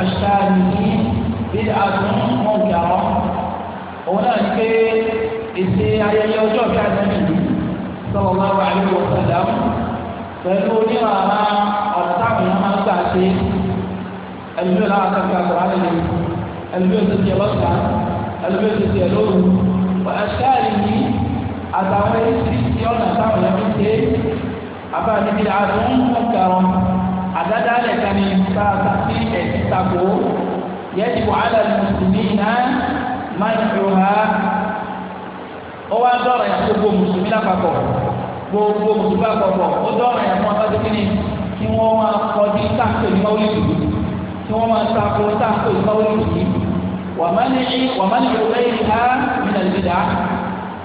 àṣàlùmí bí àtún mọ̀gàrọ̀ òun náà ti pé èsì ayẹyẹ ọjọ́ bí àtẹ́bí sọ̀rọ̀ wá wà ní wọ̀sàdàm pẹ̀lú onírànà ọ̀tá mìíràn máa ń gbà ṣe ẹlòmíràn láwọn akẹ́kọ̀ọ́ àgbà rẹ̀ ẹlòmíràn tó ti ẹ̀ lọ́sàn ẹlòmíràn tó ti ẹ̀ lóru àṣàlùmí àtàwọn ẹ̀sìn tí ọ̀nà táwọn ẹ̀ fi ṣe àbájáde àtún mọ̀gàrọ̀ àdádálẹ̀ kani bá a ta sí ẹ̀sìn tako yẹ́nì wàhálà mùsùlùmí náà máa ń yọ ha ó wá dọ̀rọ̀ yà gbogbo mùsùlùmí lápapọ̀ gbogbo mùsùlùmí lápapọ̀ ó dọ̀rọ̀ yà fún abájọ́ kínní kí wọ́n máa kọjú táàkì ìmọ̀wé ìlú kí wọ́n máa tako táàkì ìmọ̀wé ìlú wàmánìí wàmánìí lẹ́yìn ha mìíràn ìdá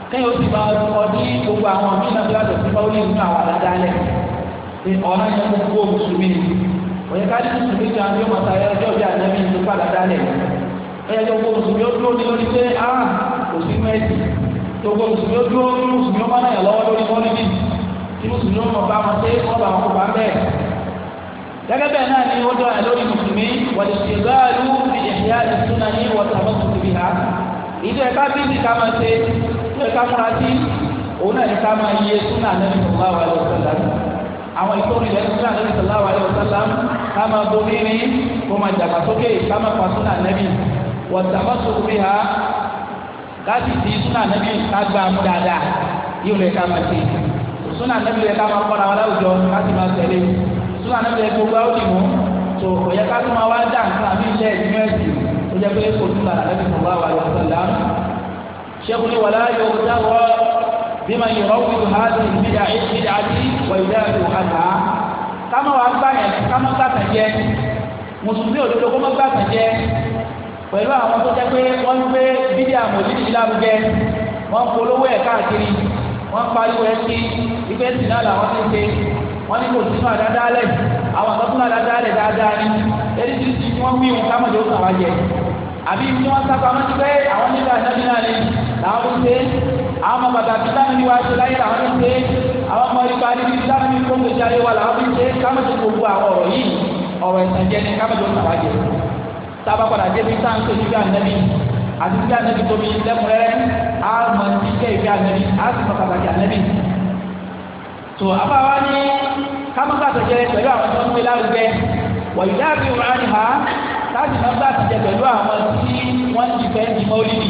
kẹ́yìn ó sì máa kọjú gbogbo àwọn mìíràn tó yàtọ̀ sí ìmọ̀wé ìlú àwọn àdádálẹ̀ ní ọ̀rá yẹn kó kó mùsùlùmí ni òye ká ní mùsùlùmí kan yóò máa tayọ ẹjọ́ bí ànábì ní padà dálẹ̀ ẹ̀yẹ tó kó mùsùlùmí ó dúró ní lórí pé á ah, kò sí mẹ́ẹ̀sì tó kó mùsùlùmí ó dúró ní mùsùlùmí ó bá náà lọ́wọ́ lórí mọ́lì bí tí mùsùlùmí ó bá wọn pé wọ́n bá wọn kó bá bẹ́ẹ̀. gẹ́gẹ́ bẹ́ẹ̀ náà ni ó dọ̀ ẹ̀ lórí mùsùlùmí wàlùsìgbàlù ìyá ìsúná ní wọ́tàbọ̀tù ìbí àwọn ìtọ́ni ilẹ̀ ṣúná lórí sàláwà alẹ́ ọ̀sálàm ká máa bomi rin kó máa dàgbà sókè ká máa fa súnà nẹ́bí wọ̀tàbá sọ̀rọ̀ bí ha láti di súnà nẹ́bí ká gbà mú dáadáa yóò lè ká máa ṣe súnà nẹ́bí lè ká máa kọ́ra wọn láwùjọ láti máa tẹ̀lé súnà nẹ́bí lè gbogbo àwọn ìmú tó òye ká tó máa wá dà nǹkan àbí ilẹ̀ ìdúró ẹ̀sìn tó jẹ́ pé kò tún lára nẹ́bí sọ̀rọ̀ àwọn alẹ́ ọ̀sálàm ṣé bímọ ìrọ̀wé hàdí ìbílẹ̀ ìbílẹ̀ àti wẹ̀lẹ́ àgbà kámọ́ wa gbà yẹn kámọ́ gbàtà jẹ mùsùlùmí òdodo kọ́mọ́ gbàtà jẹ pẹ̀lú àwọn tó jẹ́ pé wọ́n gbé bídíà mòlídì lárugẹ wọ́n polówó ẹ̀ káàkiri wọ́n pariwo ẹ̀ sí ìgbé sínú làwọn ti ń ṣe wọ́n ní kò sínú àdáadáa lẹ̀ àwọn àkọ́tún àdáadáa lẹ̀ dáadáa ni eréjì tí wọ́n wí wọn kámọ̀jọ́ sàwájẹ àbí tí wọ́n sábà wọn ti pé àwọn nígbà náà ní náà ni làwọn ń ṣe àwọn pàtàkì sáà ní wá ṣe láyé làwọn ń ṣe àwọn ọmọ ìgbà níbi sáà ní kóńtò jáde wà làwọn ń ṣe kámẹ́tì gbogbo àwọn ọ̀rọ̀ yìí ọ̀rọ̀ ẹ̀sìn jẹ́ ní kámẹ́tì ó sàwá jẹ sábà padà débi sáà ń ṣe níbi ànẹ́bí àti níbi ànẹ́bí tóbi lẹ́kùnrẹ́rẹ́ á mọ̀ ní kẹ́ ìfẹ́ ànẹ́bí á sì mọ̀ pàtàkì ànẹ́bí tó àbáwá ní kámọ́kàtà jẹ pẹ̀lú àwọn tó ń gbé lárugẹ wọ̀nyí dábì wọ́n á ní ha láti mọ́ gbà ti jẹ pẹ̀lú àwọn tí wọ́n ti fẹ́ di mọ́lìdì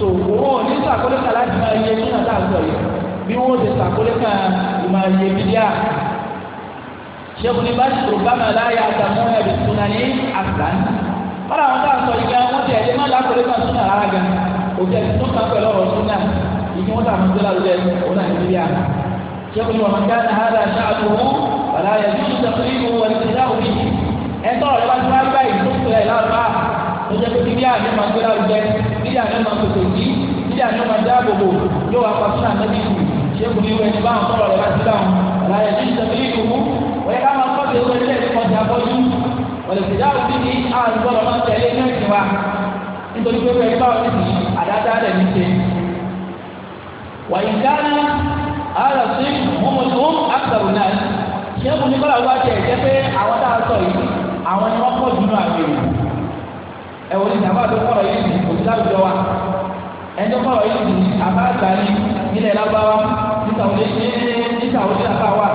so wọn ò ní sàkólé kan láti máa yẹ kí náà dáàbò yẹ bí wọn ò ti sàkólé kan ìmọ̀ yẹ bídíà sẹ́kùn ní báyìí pòrògámà láyà àtàmú ẹ̀rí túnà ní àgbàn wọn àwọn tá a sọ yìí gan wọn ti ẹ̀jẹ̀ náà lákòólé kan túnà rárá gan òjò ẹ̀sìn tó kàn pẹ̀lú ọ̀rọ̀ túnà ìdí wọn tàbí tó lálẹ́ òun náà ní bídíà sẹ́kùn ní wọn kí n sọ pé ìwọ ẹ̀sìn náà wí ẹ̀tọ́ ọ̀rẹ́ wá ti wá gbá ìdókòó ẹ̀ tó jẹ́ pé bíbí àná máa gbé lárugẹ bíbí àná máa tètè jí bíbí àná máa dáàbò bò yóò wá pàṣẹ àná bí kù ṣé kò ní wẹni báwọn sọ̀rọ̀ rẹ̀ láti bá wọn àlàyé ní ìtẹ̀lẹ́ ìlú wọ́n yẹ ká máa kọ́ tẹ̀lé wọlé lẹ́yìn kan ti abọ́jú ọ̀lẹ́sẹ̀dá òbí ní àlùbọ̀lọ̀ máa tẹ̀lé ní ẹ̀sìn wa nítorí pé wẹ́n báwọn ní àdáadáa rẹ̀ ní ṣe. wàyí dáná àrà sí mọ́mọ́tún àkàrò náà ṣé kò ní kọ́lá wá jẹ́ ìjẹ́ pé àwọn tá a sọ yìí àwọn ni wọ́n ẹ̀wọ̀n ní ìjàmbá tó kọ̀rọ̀ yìí ní òbí láwùjọ wa ẹni tó kọ̀rọ̀ yìí ní àbá àgbà ní ilẹ̀ lábáwá níta òde níta òde àbá wa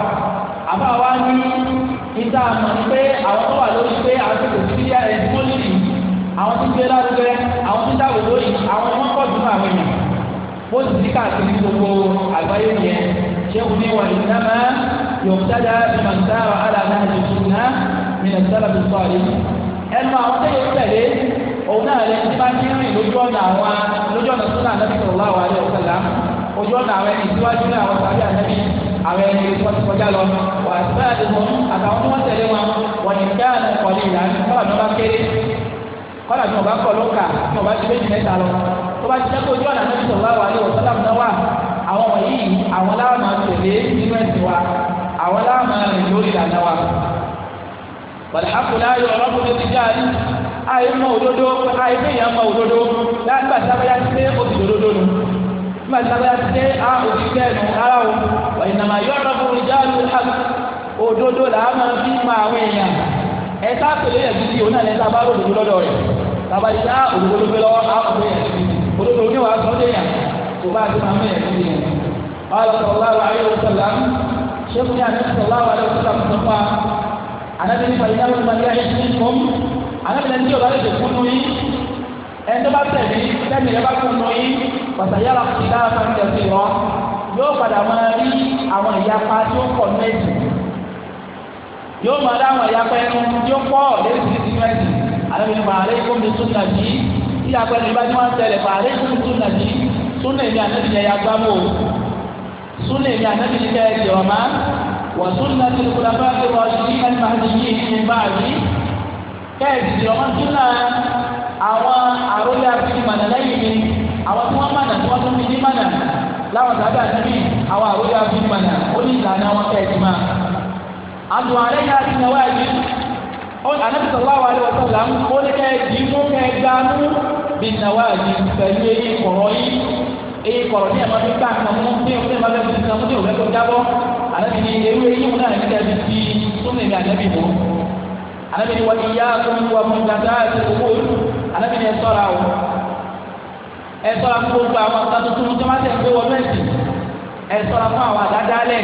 àbá wa ní níta àmọ̀ ní pé àwọn tó wà lórí pé àwọn tó kò sí ẹ̀ tó lè rí àwọn tó gbé lárugẹ àwọn tó dáwò lórí àwọn tó kọ̀ jù àwọn èèyàn bó ti di káàkiri gbogbo àgbáyé yẹn ṣé o ní wọn ìdáná yòókùtàdá ìmọ̀ntàrà alàlá ìṣúná mìíràn sábà tó sọ àlejò ẹnu àwọn tó yẹ òun náà rẹ̀ ti bá ní rìn lójú ọ̀nà àwọn lójú ọ̀nà tó náà lẹ́sìn òwúrọ̀ àwọn àlẹ́ òkàlà ojú ọ̀nà àwọn ẹni síwájú náà àwọn sábẹ́ àlẹ́bí àwọn ẹni wọ́n ti kọjá lọ wà síbẹ̀ àdìmọ́ àtàwọn tí wọ́n tẹ̀lé wọn wọ́n ní káà ní kọ́lé ìlànà kọ́lá mi bá kéré kọ́lá mi ò bá kọ́ lóka mi ò bá ti méjì mẹ́ta lọ tó bá ti jẹ́ pé ojú ọ̀nà lẹ́sìn òwúrọ̀ àwọn àlẹ́ òkàlà náà àìmọ̀ òdodo àìmọ̀ èèyàn mọ̀ òdodo lágbà sábẹ́yà ti dé òbí òdodo nù nígbà sábẹ́yà ti dé á òbí kẹ́ẹ̀nù ara o ìnàmà yọ já ìjáàlú àgbà òdodo là á máa fi mọ àwọn èèyàn ẹ̀ka pèlè yẹn ti di òun náà lẹ́ta bá òdodo lọ́dọ̀ rẹ̀ bàbá yìí á òdodo ló fẹ́ lọ́wọ́ á òdodo yẹn ti di òdodo oníwàá sọ́dẹ̀ yẹn kò bá ti máa mọ̀ yẹn ti di yẹn. sallallahu alaihi wasallam ṣé kúnyà ní sallallahu anábìlẹ̀ ní ọ̀gá lẹ́sẹ̀ kú nù yín ẹni tó bá tẹ̀lé tẹ́lẹ̀ yẹn bá kú nù yín pàṣẹyàrá kùtà máa ń tẹ̀sí rọ yóò padà máa rí àwọn ìyapa tí ó pọ̀ mẹ́sì yóò máa dá àwọn ìyapa ẹnu tí ó pọ̀ lẹ́sì sí mẹ́sì anábìlẹ̀ màálẹ́ kó mi tún nàjí tí ìyapa ẹni bá ní wọ́n tẹ̀lé màálẹ́ kó mi tún nàjí tún lè ní anábìlẹ̀ yà gbámò sunna ni anabi ni kẹ́ẹ̀sì ọmọ tún náà àwọn àròlé àfihàn mànà lẹ́yìn mi àwọn tí wọ́n mànà tí wọ́n tún fi ní mànà láwọn sábà níbí àwọn àròlé àfihàn mànà ó ní ìlànà wọn kẹ́ẹ̀sì máa. àdùn àlẹ́ yà ti náwó ẹ̀jú Ànábì sallallahu alaihi wasallam ó ní kẹ́ẹ̀sì mú kẹ́ẹ̀gbánú bí náwó ẹ̀jú pẹ̀lú eyín kọ̀rọ̀ yìí eyín kọ̀rọ̀ ní ẹ̀ma fi gbà kan mú ní òfin ẹ̀ma fẹ́ fi kan mú ní òfin ẹ̀kọ́ jábọ́ àlẹ́ alábìíní wà ní yá tó ń wà fún ìdájọ́ àti owó alábìíní ẹ ṣọ́ra o ẹ ṣọ́ra fún gbogbo àwọn ọ̀tá tuntun tó máa tẹ̀ gbé wọ́n mẹ́sì ẹ ṣọ́ra fún àwọn àdádálẹ̀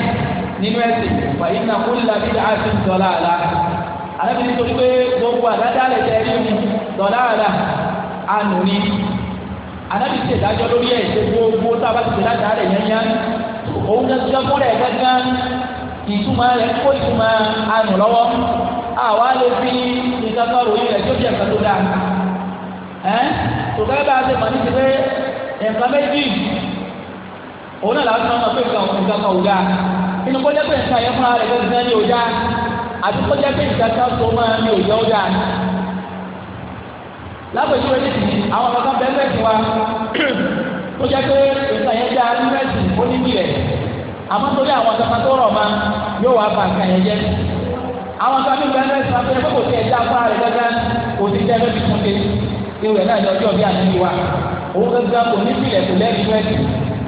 nínú ẹ̀sìn wà yín náà kó lè bíi àti dọ̀là àlà alábìíní torí pé gbogbo àdádálẹ̀ tẹ̀ rí mi dọ̀là àlà ànú ni alábìíní ti ìdájọ́ lórí ẹ̀ ṣe gbogbo tá a bá ti ṣe dáadáa yẹn yẹn òun náà ti àwa lè fi nǹkan kan ròyìn rẹ̀ tó jẹ́ nǹkan tó dáa ẹ́ tòkẹ́ bá a ṣe mọ̀ ní ti pé nǹkan méjì òun náà làwọn sọ̀rọ̀ nǹkan kan dáa inú kó jẹ́ pé nǹkan yẹn rẹ̀ gbẹ́sẹ̀ ní dáa àti kó jẹ́ pé nǹkan kan tó máa ní dáa ti àwọn ọmọ kan bẹ́ẹ̀ wa jẹ́ pé nǹkan yẹn dáa ó ní àmọ́ torí àwọn ọ̀sán tó rọ̀ yóò wá àwọn tó ní bẹ́ẹ̀ náà sàbẹ̀ pé kò sí ẹja fún ààrẹ gẹ́gẹ́ kò sí jẹ́ lóbi fún mi irú ẹ̀ náà ní ọjọ́ bí àná wa òun gẹ́gẹ́ kò ní ìpìlẹ̀ kò lẹ́yìn fún ẹ̀sìn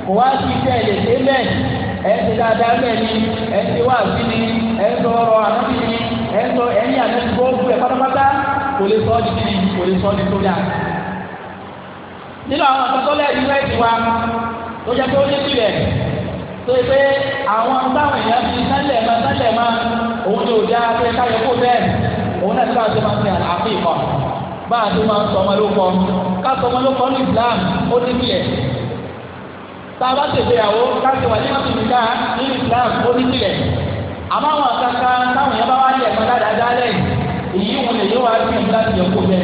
kò wá sí iṣẹ́ ẹ̀lẹ̀ dé bẹ́ẹ̀ ẹ̀ ti dáadáa bẹ́ẹ̀ ni ẹ̀ ti wá sí ni ẹ̀ ń sọ̀rọ̀ ànábì ni ẹ̀ ń sọ ẹ̀yìn ànábì gbogbo ẹ̀ pátápátá kò lè sọ ọ́ di kí ni kò lè sọ ọ́ di tó dáa nínú àwọn àtọ́tọ́lẹ̀ ìrẹsì wa tó jẹ́ pé ó ní ìpìlẹ̀ tó pé àwọn táwọn èèyàn fi sálẹ̀ máa sálẹ̀ máa òun ni òde àti káyọ̀ kó bẹ́ẹ̀ òun náà sábà tó máa fi àfi ìkọ̀ bá a tó máa ń sọmọ ló ká sọmọ ló ní Islam ó ní kílẹ̀ tá a bá ṣègbéyàwó ká ṣe wà nínú ìmìká ní Islam ó ní kílẹ̀ àmọ́ àwọn àkàkà táwọn èèyàn bá wá lẹ̀ mọ́ dáadáa lẹ́yìn èyí wọn lè yọ wá sí ìlú láti yọ kó bẹ́ẹ̀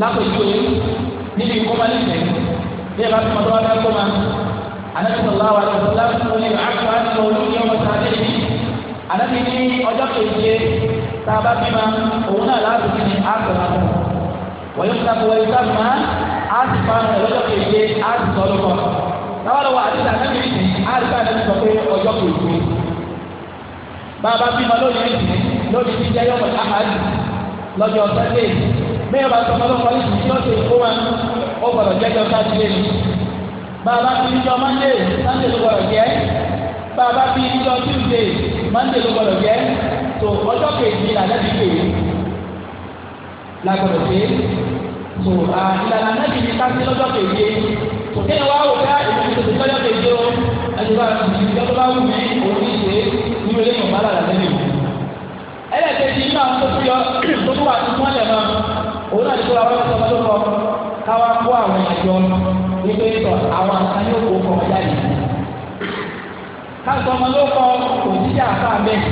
lápèjúwe níbi ìkọ́mọ́lẹ́sẹ̀ ní ìbá tó anabi sallallahu alayhi wa sallam tó ní àpò àti olú ní ọmọ sáré yìí anabi ní ọjọ́ keje tá a bá bímọ òun náà láti fi ní àpò náà wọ́n yóò sábà wọ́n yóò sábà á ti fa ọjọ́ keje á ti sọ lọ́kọ̀ táwọn lọ́wọ́ àti anabi ní á ti fa anabi sọ pé ọjọ́ keje bàbá bímọ lónìí lónìí bá sọ fọlọ́fọlọ́ ìsìn tí ó ṣe ìkó wa ó bàbá fi jọ mande mande ló gbọ́dọ̀ jẹ bàbá fi jọ tuesday mande ló gbọ́dọ̀ jẹ tó ọjọ́ kejì làdẹ́bí pè é lagbọ́dọ̀ pé tó ìlànà náà kìí ká sí lọ́jọ́ kejì tó kéèyàn wá wò ká èmi tó ti lọ́jọ́ kejì o ẹni bá ìjọ tó bá wù mí òun ní ìṣe ní ilé ìwọ̀n bàlá làdẹ́bí ẹlẹ́kẹ̀jì náà tó tún yọ tó tún wà tuntun ẹ̀ mọ́ òun náà ti kó àwọn ọmọ tó kọ káwá kó àwọn ìjọ wípé tọ̀ àwọn àtàn yóò kó kọ̀ jáde. káàtó ọmọ ló kọ kò sí sí àfa bẹ́ẹ̀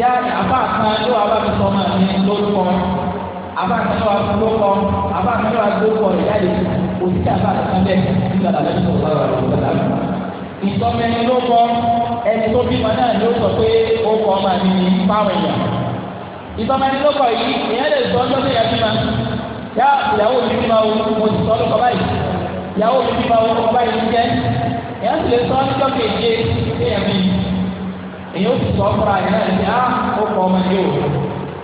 yá àfa kan ló wà bá mi sọ ọmọ mi lórúkọ àfa kan ló wà fún lórúkọ àfa kan ló wà lórúkọ jáde kò sí sí àfa kan bẹ́ẹ̀ nígbà tàbí tó sọ ọ̀rọ̀ lọ́wọ́ tàbí. ìtọ́mẹni ló kọ ẹni tó bímọ náà ló sọ pé ó kọ ọmọ mi ní fáwọn èèyàn ìtọ́mẹni ló kọ yìí ìyẹn lè sọ ọjọ́ tó yẹ kí n máa yá ìyàwó mi ní mo ti sọ ọdún kọ báyìí ìyàwó mi bá wọn ọba yìí jẹ́ èèyàn sì lè sọ ọjọ́ kéje kéèyàn mi èèyàn ó sì sọ fúnra yẹn náà ní á ah, ó kọ ọmọ yìí o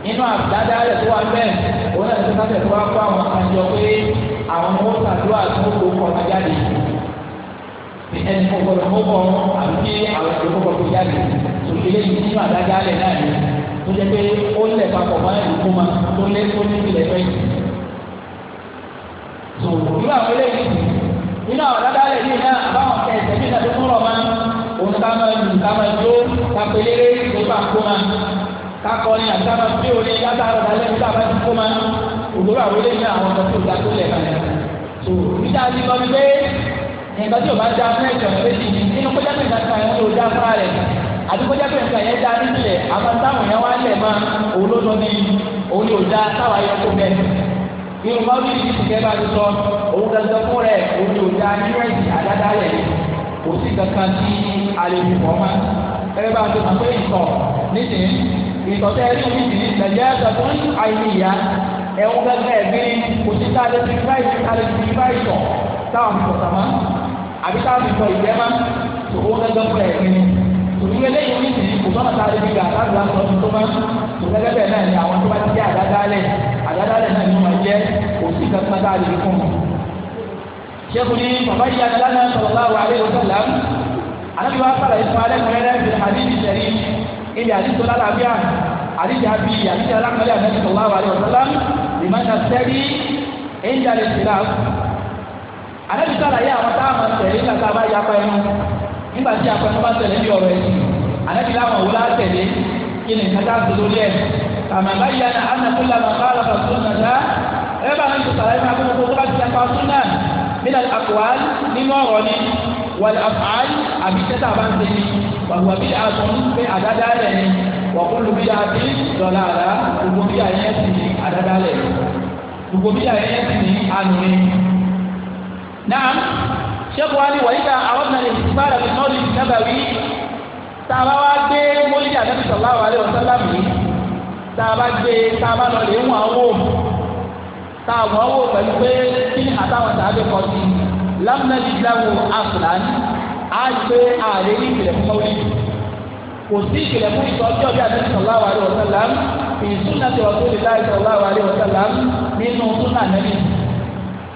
inú àdáda rẹ̀ tó wà bẹ́ẹ̀ òun náà ti sáfẹ̀ tó wá kó àwọn àjọ pé àwọn ó ṣàdúrà tó kó kọ ọmọ jáde bí ẹni kó kọ ọmọ kọ àbí àwọn ìlú kó kọ jáde tó ilé yìí nínú àdáda rẹ̀ náà ni tó jẹ́ pé ó lẹ̀ papọ̀ mọ́ ìlú ma tó lé tó ní ilẹ̀ fẹ́ tó ìlú àwọn eléyìí nínú àwọn dáadáa yìí náà àbáwọn kẹsẹ̀ nígbà tó kúrọ̀ máa òun ká máa dùn ká máa jó ká pelére tó bá kó máa ká kọrin àti ká máa fi òní látara dalẹ́ nígbà bá ti kó máa òdòdó àwọn ilé ní àwọn ọmọ tó ga tó lẹ̀ kalẹ̀ tó níta ti lọ wípé nǹkan tí o bá já fún ẹ̀jọ̀ méjì nínú kọjá pé nǹkan yẹn ló da fún rẹ̀ àti kọjá pé nǹkan yẹn da nílẹ̀ àwọn táwọn yẹn wá lẹ̀ máa òun ló lọ ní òun yóò da yorùbá bí ìsìnkẹ́ bá ti sọ òun dandan fún rẹ̀ òun yóò da nírẹ̀sì àdádálẹ̀ kò sí kankan tí àlejò pọ̀ mọ́ ẹgbẹ́ bá ti mọ̀ pé ìtọ̀ nísìnyí ìtọ̀ tẹ́ ẹni nísìnyí nàìjíríà sọ̀tún àìníyà ẹ̀hún gẹ́gẹ́ bí kò sí tá a lè fi bá ìtọ̀ tá a lè fi bá ìtọ̀ táwọn ìtọ̀ sàmọ́ àbí táwọn ìtọ̀ ìgbẹ́ mọ́ òun gẹ́gẹ́ fún ẹ̀ ìwé lẹ́yìn oníṣìí kò sọ́nà tá a lè fi gà láti láti lọ́dún tó máa kò gẹ́gẹ́ bẹ́ẹ̀ náà ni àwọn tó bá ti jẹ́ àdádálẹ̀ àdádálẹ̀ náà ni wọ́n jẹ́ òsì kankan tá a lè fi fún un. sẹ́kù ni bàbá yìí adá náà sọ̀rọ̀ láwọ̀ alẹ́ òṣèlú anábì wa fara ìfún alẹ́ mọ́lẹ́rẹ́ fi àdíjì sẹ́rí ilẹ̀ àdíjì tó lálàáfíà àdíjì àbí àdíjì alákọ̀ọ́lẹ̀ àdíjì sọ̀rọ̀ láwọ̀ alẹ́ òṣèlú ìmọ̀ta sẹ́rí ẹ̀ńdàlẹ̀ sílá anábì sọ̀rọ̀ yẹ àwọn táwọn tẹ̀lé nígbà tá a bá yapa tí àpẹẹrẹ bá tẹ̀lé bí ọ̀rọ̀ ẹ̀sìn anabi làwọn wò la tẹ̀lé kí ni kata ti lórí ẹ̀ kàmàbá yìí àná anakunla màkà àlàkà sunna ta ẹ bá mi sọ sàlàyé máa kókó tó bá ti sàkà sunna mina akwal nínú ọ̀rọ̀ ni wàlẹ afaal àbí tẹ́tà bá ń tẹ̀lé wàhùwà bí àtún pé àdáda rẹ̀ ni wàkúlù bí àti dọ̀là àrà gbogbo bí àyẹ̀ sì ni àdáda rẹ̀ gbogbo bí àyẹ̀ sì ni ànú ni. náà sẹ́kù wa ni wàyíká àwọn ọ̀nà ìsìnkú àdàbí nọ́ọ̀lì nàbàwí tàbá wá gbé mólídìí àdébí sallallahu alaihi wasallam yìí tàbá gbé tàbá lọ lè wọ́n wò táwọn wò pẹ̀lú pé kí àtàwọn tàbí kọ sí lámúnájìláwò àfúlàní á gbé ààrẹ ní ìpìlẹ̀ fún kò sí ìpìlẹ̀ fún ìtọ́jú ọbẹ̀ àdébí sallallahu alaihi wasallam ìsúná ti ọ̀tún lè láì sallallahu alaihi wasallam nínú súnà nẹ́bí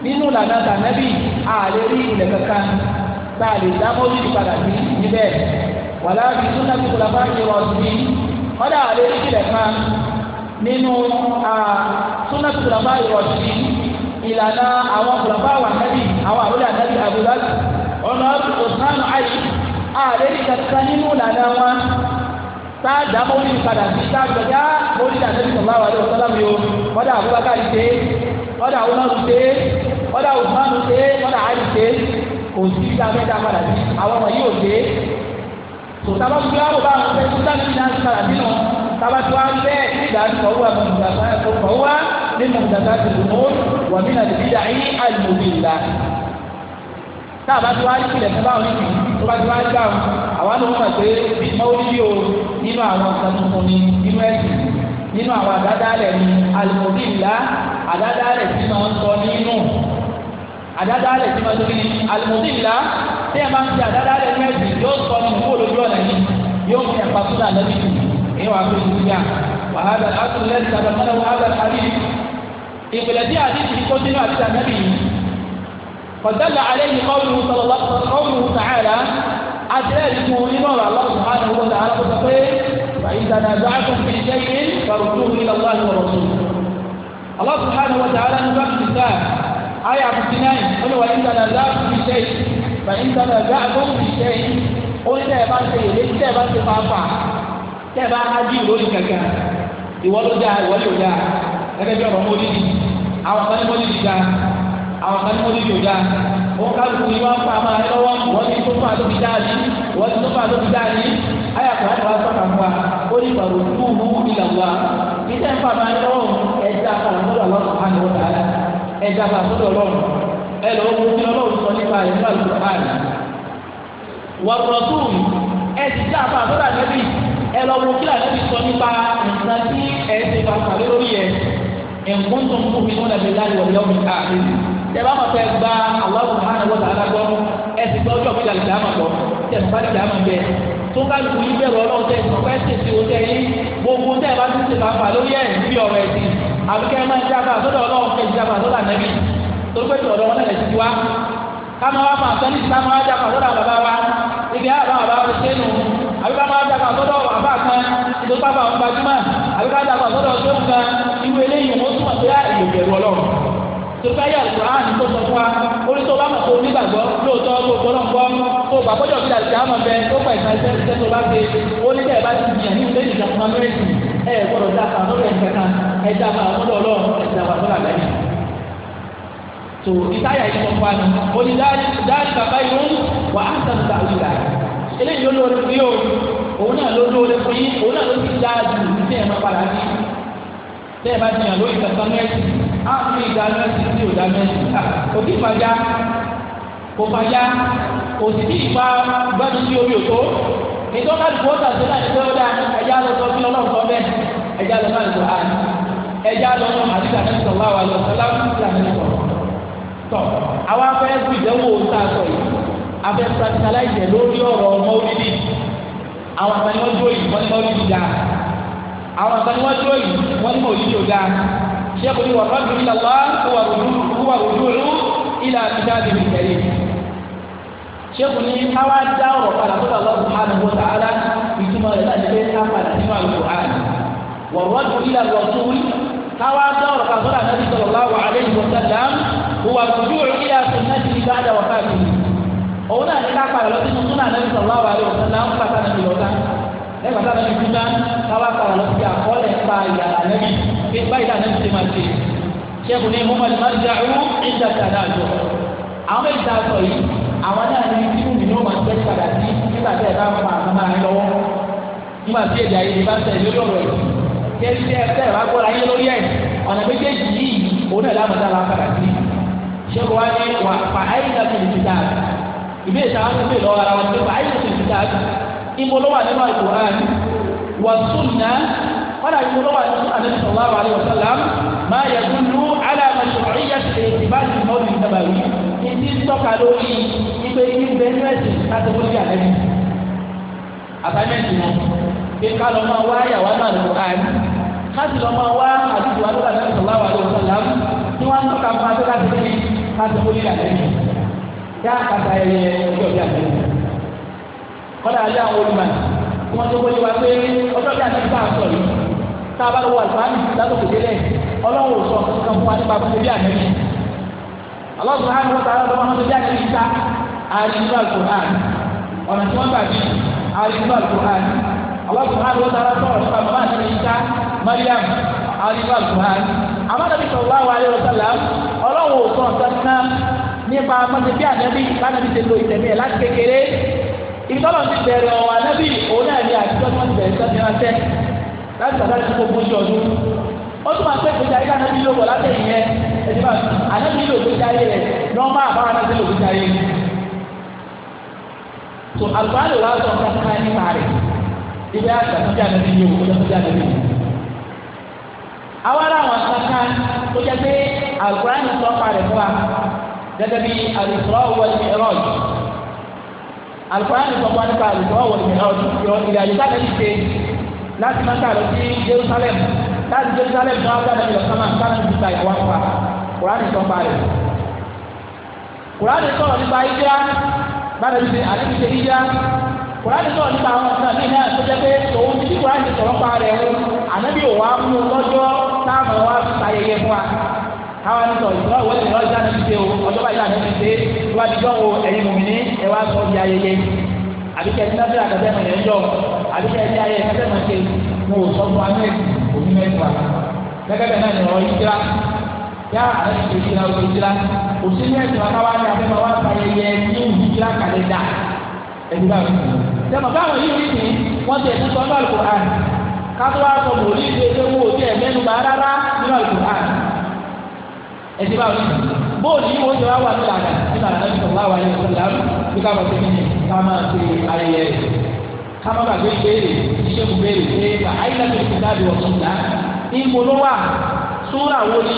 nínú làná tànẹ́bí ààrẹ rí ilẹ̀ kankan tá a wàlá fi súnà tí kò lábá yẹ wà sí kọ́dà àlẹ́ ìpìlẹ̀ kan nínú súnà tí kò lábá yẹ wà sí ìlànà àwọn kòlàbá wà nábì àwọn àrólẹ̀ ànábì àbúrásì ọ̀nà òsánù àyè àlẹ́ ìkàtà nínú ìlànà wọn tá a dá mọ́lì padà sí tá a gbọ̀dá mọ́lì ànábì sọ̀rọ̀ àwọn àlẹ́ òsánù mi o kọ́dà àbúrákà yìí dé kọ́dà àwọn ọmọ tó sábà gbé àwọn bá àwọn ẹgbẹ́ sáà ní náà sára nínú sábà tó wá bẹ́ẹ̀ nígbà tó wà mọ̀ nígbà tó wà nínú ìdàgbà tó lò ó wà mí náà dìbí dàí àlùmọ̀bí ìlà. táà bá tó wá ní ìpìlẹ̀ sábà òní tó bá tó wá gbà àwọn àwọn ọmọ pé bí mọ́wúlí o nínú àwọn kan tuntun nínú ẹ̀sìn nínú àwọn àdádálẹ̀ ni àlùmọ̀bí ìlà àdádálẹ̀ tí wọ́n sọ nínú àdádálẹ̀ tí wọ́n sọ nínú àlùmọ̀bí ìlà tí ẹ bá ń fi àdáda rẹ ní ẹsìn yóò sọ ní ìwúwo lójú ọ̀nà yìí yóò fi ẹ̀fà tó dà lẹ́bi kù èyí wàá fi ìlú yà wàhálà àtúnlẹ̀ sábà mọ́lá wàhálà àbí ìpìlẹ̀ tí àdìsí ti kó sínú àti ànábì yìí kọ̀dálà alẹ́ yìí kọ́ọ̀lù sàlọ́lá adẹ́rìkún nínú ọ̀rọ̀ Allah subhanahu wa ta'ala kó sọ pé ìdáná ìdáhùn fi bàyìn sábà gbá agbóhùn mi sẹ́yìn ó ní tẹ́ ẹ bá ṣe èlé tẹ́ ẹ bá ṣe máa fà tẹ́ ẹ bá ájú lórí kankan ìwọ ló dáa ìwọ ló dáa gẹ́gẹ́ bí ọ̀rọ̀ mọ́lídì àwọn kan ní mọ́lídì dáa àwọn kan ní mọ́lídì ò dáa wọn ká lùkù yìí wọn fà á máa lọ́wọ́ wọ́n ti tó fà lóbi dáa ní wọ́n ti tó fà lóbi dáa ní ayàtọ̀ àti wàá sọ̀rọ̀ àfọwà ó ní ìgbàgbọ́ tó mú ìlàwọ́ ìjẹ́ fà máa lọ́wọ́ ẹ̀dá fà lọ́wọ́ ẹ̀dá ẹ lọ wo kí ọlọ́run sọ nípa ẹ̀ nípa ìlú àná wọ́n rọ̀ tó ẹ ti dá àbá àbúrò àlẹ́bí ẹ lọ wo kí àlẹ́bí sọ nípa nǹkan tí ẹ ti fà pàdé lórí ẹ nǹkan tó ń kú mi wọn lẹ́bi láti wọlé ọmọ ìka àti tẹ bá wọn fẹ́ gba àwọn ọmọ wọn tààlà gbọ́ ẹ ti gbọ́ ọjọ́ ìgbà ìgbà àmọ̀ gbọ́ tẹ̀ nípa ìgbà àmọ̀ bẹ́ẹ̀ tó ká lù yín bẹ̀rù ọlọ́run tẹ̀ sọ fẹ́ tètè o tẹ̀ yín gbogbo tẹ̀ bá ti ṣe fàǹfà lórí ẹ̀ ń bí ọ̀rọ̀ ẹ̀sìn àbíkẹ́ máa ń jábà torí pé tọ̀dọ̀ wọn náà lè ti wá káma wá máa sọ ní ti káma wá jà pàtó dà bàbá wa ibi àbá bàbá wa ṣe nù àbí káma wá jà pàtó dọ̀ bàbá kan tó pápá wọn gbajúmọ̀ àbí káma jà pàtó dọ̀ ṣéwù kan irú eléyìí wọn túmọ̀ pé àyè bẹ̀rù ọlọ́run tó fẹ́ yà tó sọ fún wa orí tó bá mọ̀ tó nígbàgbọ́ lóòótọ́ tó gbọ́dọ̀ gbọ́ tó bá gbọ́dọ̀ fi àlùkò àmọ̀ bẹ tó pa ìgbà iṣẹ́ iṣẹ́ tó bá ṣe ó bá ti jìyàn ní ìlú ìjàmbá mẹ́rẹ̀ẹ́sì ẹ̀ gbọ́dọ̀ dáa kà lórí ẹ̀ńkẹ́ta ẹ̀ dáa kà lọ́dọ̀ ọlọ́run ẹ̀ dáa kà lọ́dọ̀ àgbáyé tó ìtayà ìfọ̀fọ̀ àná ó ní dáàdì bàbá yìí ń wà á sàn gbà wíwà eléyìí ló lóore fún yóò òun náà ló lóore fún yín òun náà ló ti dáa jù ní tẹ́ ẹ̀ máa padà sí tẹ́ ẹ̀ bá ti yàn lórí kankan mẹ́sì á fi ìdá mẹ́sì sí òdá mẹ́sì ká òkè fàjà kò fàjà kò sì bí ìfà gbádùn sí orí òtó ìtọ́ka lùkọ́ ọ̀tà tó láti tẹ́ ọ́ dáa ẹ̀já lọ sọ bí ọlọ́run sọ bẹ́ẹ̀ ẹ̀já lọ sọ àdìsá ẹ̀já lọ sọ àdìsá tọ àwọn afẹ́ bí ìdánwò tá a sọ yìí afẹ́ practicalize lórí ọ̀rọ̀ mọ́wílì àwọn àgbàni wọ́n dúró yìí wọ́n ní mọ́wílì dá àwọn àgbàni wọ́n dúró yìí wọ́n ní mọ́wílì tó dá ṣé kò ní wọ́n rọ́ọ̀dù ní lọ́wọ́ kó wà lójú olú ilà àbíjá àbíjá ìkẹyẹ ṣéèkù ní káwá dá ọ̀rọ̀ padà tó bá lọ́wọ́ hàn wọ́n tààrà ìtumọ̀ rẹ̀ láti pé ká padà sínú àlùkò hàn. wọ̀rọ̀ tó ilà lọ́tún káwá dá ọ̀rọ̀ padà tó bá lọ́wọ́ àlejò sàlám wà lójú ìlà sunnati ní báyà wà káàkiri òun náà ní ká padà lọ sínú súnà nàbí sallallahu alaihi wasallam ń pàtà nàbí lọ́tà lẹ́gbàá tá nàbí kúta káwá padà lọ sí àkọọ́lẹ̀ nípa ìyàrá nàbí pé báyìí náà nàbí ti máa ṣe ṣẹ́kù ní mọ́mọ́ ní máa ń dàrú ìjà tàdá àjọ àwọn méjì tá a sọ yìí àwọn náà ní kí wùmí ní wọ́n máa tẹ́ padà sí nígbà tí ẹ bá máa máa máa ń lọ́wọ́ nígbà tí èdè ayé bá tẹ̀ lórí ọ̀rọ̀ yìí kí ẹ ti tẹ́ ẹ bá gbọ́ra yín lórí ẹ̀ ọ̀nà méjèèjì yìí òun náà lámọ̀dá wa padà sí sẹ́kù wá ní wà fà áyì náà fi lùtìtà ìbéèrè táwọn ti fi lọ́wọ́ ara wọn pé fà áyì náà fi lùtìtà ìmọ̀ lọ́wọ́ àdéhùn àlùkùrán wà sunna wọ́n dà ìmọ̀ lọ́wọ́ àdéhùn àdéhùn sallallahu alaihi wasallam máa yẹ dúdú alámọ̀ṣọ̀rìyà ṣe ìbáṣe mọ́ọ̀lù ìdàbàwí ìdí tọ́ka lórí ìgbé ìgbé nẹ́ẹ̀sì láti wọ́n ti àlẹ́ àtàmẹ́ǹtì wọn pé ká máa wá yàwá náà lọ àárín ká sì máa wá àdúgbò alóbàdàn sallallahu alaihi wasallam tí wọ́n ń tọ́ka káàtó kó nílà lẹ́yìn yá kàtà ẹyẹ ọjọ́ bí àlẹ́ yìí kọ́dà alẹ́ àwọn olùmọ̀ kí wọ́n tó kó yíwa pé ọjọ́ bí àlẹ́ bá sọ yìí tá a bá lọ wọ àlùfáàmì látòkè délẹ̀ ọlọ́run sọ kankan fún wa nípa tó bí àlẹ́ yìí alọ́sùn hàn wọ́n tààrà lọ́wọ́ tó bí àlẹ́ yìí ká àrínú àlùkùrán ọ̀nà tí wọ́n gbà bí àrínú àlùkùrán alọ́sùn hàn wọ́n tààrà sọ̀rọ̀ nípa màmá àti àmọ́tàbí sallallahu alaihi wasallam ọlọ́run ò sàn kankan nípa mọ́tẹ́bí ànábì bánàbí ti lo ìtẹ̀mí ẹ̀ láti kékeré ìtọ́lọ̀ ti bẹ̀rẹ̀ ọ̀rọ̀ ànábì òun náà ní àtijọ́ tí wọ́n ti bẹ̀rẹ̀ sọ́ni ránṣẹ́ láti sàdá ti fún ogójì ọdún ó tún máa pẹ́ ìgbésí ayé ànábì ló bọ̀ látẹ̀yìn yẹn ẹ̀dínwá ànábì ló gbé jáde rẹ̀ nọ́ọ̀mà àbára náà ti ló gbé jáde rẹ̀ tó àgbáyé wa sọ kankan nípa rẹ̀ ibẹ̀ àgbà tó bí ànábì yìí ò àwa làwọn kankan tó jẹ́ pé Al-Qur'ani sọ parẹ̀ fún wa gẹ́gẹ́ bí Al-Isra wal-Mi'raj Al-Qur'ani sọ fún wa nípa Al-Isra wal-Mi'raj yọ ìrìn àjò táwọn ti ṣe láti máa ta lọ sí Jerusalem láti Jerusalem náà gbàdá ìlọ sámà sámà ti ta ìwà fún wa Al-Qur'ani sọ parẹ̀ Al-Qur'ani sọ̀rọ̀ nípa ìjà bára bíi àti ṣe yíyá kùránì sọ̀rọ̀ nípa àwọn ọ̀sán mi náà tó jẹ́ pé tòun ti kùránì sọ̀rọ̀ pa rẹ̀ o ànábì ò wá mú lọ́jọ́ káwa ní sọ ìṣúná ìwé ìṣúná ìṣúná ti ṣe o ọjọ́ báyìí láti fi ṣe wá ti dán o ẹ̀yin mùmíní ẹ wá sọ di ayẹyẹ àbíkẹ́ ẹni lábẹ́ àtẹ̀tẹ̀ mọ̀ yẹn jọ àbíkẹ́ ẹni ayẹyẹ ẹ̀tẹ̀ mọ̀ ṣe mo sọ fún wa mẹ́rin òní mẹ́rin wa gẹ́gẹ́ bẹ́ẹ̀ náà ni ọ̀rọ̀ ìṣúná yá àti ìṣúná ìṣúná òṣèlú ẹ̀sìn wa káwa ní abẹ́mọ̀ wá sa ayẹyẹ ní ìṣúná kàlẹ́dà ẹ̀dí báwo sẹ́mọ̀ báwọn yìí ní wọ́n ti ẹ̀sìn sọ́ńdọ̀ àlùkò hàn káwọn wá sọ mòlí ìṣe ìṣe wo ti ẹ̀ mẹ́nu bá rárá ẹsẹ báwo ni bóòlù yìí wọ́n jọ wá wà ní ìlànà ní ìlànà náà sọ̀rọ̀ àwọn ẹ̀yẹ sọ̀rọ̀ àwọn bí ká máa tẹ̀lé ká máa ṣe ayẹyẹ rẹ̀ ká má bàgbé béèrè iṣẹ́ kò béèrè pé ká ayélujára ti dáàbò ọ̀tún dá ìbò ló wà súrà wo ni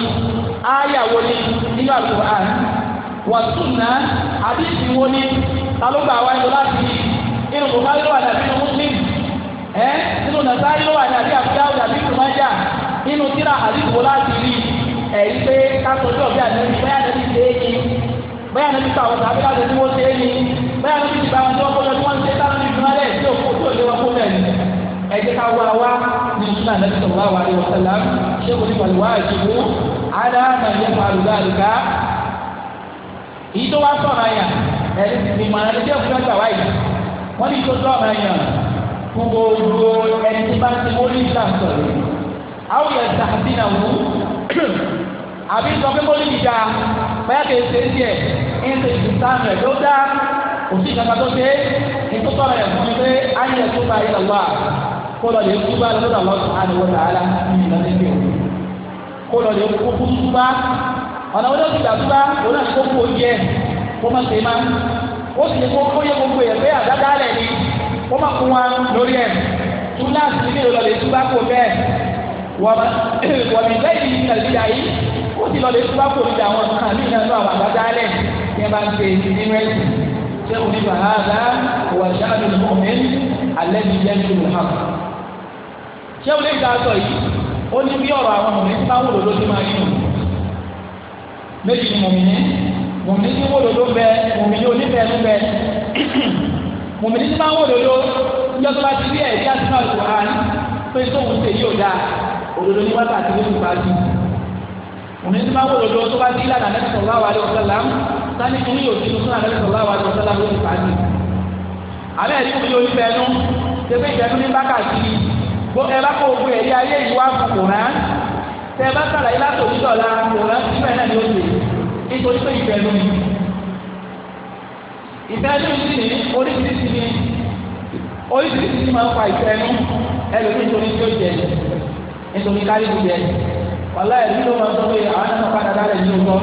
áyà wo ni nínú Al-Qur'an wà sunna àdìsí wo ni ta ló gbà wá yọ láti inú kò bá lọ́wọ́ àdàbí inú muslim ẹ́ inú nàzárí lọ́wọ́ àdàbí àbújá àdàbí kùmájà inú tíra àdìsí wo láti rí i ẹ̀rí pé kásojú ọ̀bí ànábi bẹ́ẹ̀ ànábi ṣe é ni bẹ́ẹ̀ ànábi sọ àwọn tàbí láti wọ́n ṣe é ni bẹ́ẹ̀ ànábi ti bá wọn tí wọ́n kọ́ lọ tí wọ́n ṣe táwọn ìlú wọn lẹ̀ tí òkú tí òde wọn kó lẹ̀ ni ẹ jẹ́ ká wá wá ní ìṣúná ànábi sọ̀rọ̀ wá wàlẹ̀ wọ̀sẹ̀lá ṣé kò ní wàlúwà ìṣubú àdá nàìjíríà pàlùdà àlùkà èyí tó wá sọ̀rọ̀ àyàn ẹ̀rí ti mọ̀ ẹ̀rí tí òkú lọ́gbà wáyé wọ́n ní ìṣó sọ̀rọ̀ àyàn fún gbogbo ẹni tí bá ti wọ́n ní ìṣàǹsọ̀rọ̀ àwọn yẹn ta àti nà wù àbí sọ pé mọ́lì ìjà báyà kì í ṣe é díẹ̀ ń ṣe ìtàn rẹ̀ ló dá òsì ìjọba tó ṣe ìtútọ́ rẹ̀ fún mi pé ayé tó bá yẹ lọ́wọ́ kó lọ lè kú bá lọ́dọ̀ lọ́wọ́ sùhánù wọ́n tààlà lọ́dẹ̀ kó lọ lè kú kú túbá ọ̀nà wọlé òsì ìgbàtúbá òun náà kó kú oúnjẹ kó má ṣe má ó sì kó kó yẹ gbogbo yẹ pé àdáda rẹ̀ ni kó má lórí ẹ̀ tún náà sì ní lọ́dọ̀ lè kó bẹ́ẹ̀ wọ̀bí bẹ́ẹ̀ ni nàìjíríà yìí ó ti lọ lè tún bá kò ní àwọn kan ní ìnáwó àwọn àbájáde ní ẹ bá ń ṣe nínú ẹ̀sìn ṣé o ní bàhálà wà ṣáàdù mọ́mìn alẹ́ ní ilé ẹ̀jú muhammed ṣé o lè gbà sọ yìí ó ní bí ọ̀rọ̀ àwọn mọ̀mìn bá wò lòdó sí máa yín méjì ni mọ̀mìn mọ̀mìn tí wò lòdó bẹ mọ̀mìn onífẹ̀ẹ́ nú bẹ mọ̀mìn tí máa wò lòdó yọ́tọ́ òdodo ní wákàtí ló ti bá ti òní tí máa wọ òdodo tó bá ti lànà lẹ́sìn sọ̀rọ̀ àwọn àlẹ́ ọ̀sẹ̀ làm sani kí ni yóò ti nùsọ̀rọ̀ àlẹ́ sọ̀rọ̀ àwọn àlẹ́ ọ̀sẹ̀ làm ló ti bá ti. àbẹ́ ẹ̀rí kò yóò fẹ́ nu tẹ́fẹ́ ìfẹ́ nu ní wákàtí bó ẹ bá kó ogun ẹ̀rí ayé yìí wá fún kòrán tẹ bá sàlàyé látò nídọ̀la kòrán síbẹ̀ náà ni ó lè nítorí pé ìfẹ́ nu ni ìfẹ́ nu sì ni oríṣiríṣi ni oríṣiríṣi ni máa ń fa ìfẹ́ nu ẹlòmíì torí tí jẹ nítorí kálíbù jẹ wàlá ẹ̀rí ló máa ń sọ pé àwọn náà padà dálẹ̀ ní ọkọ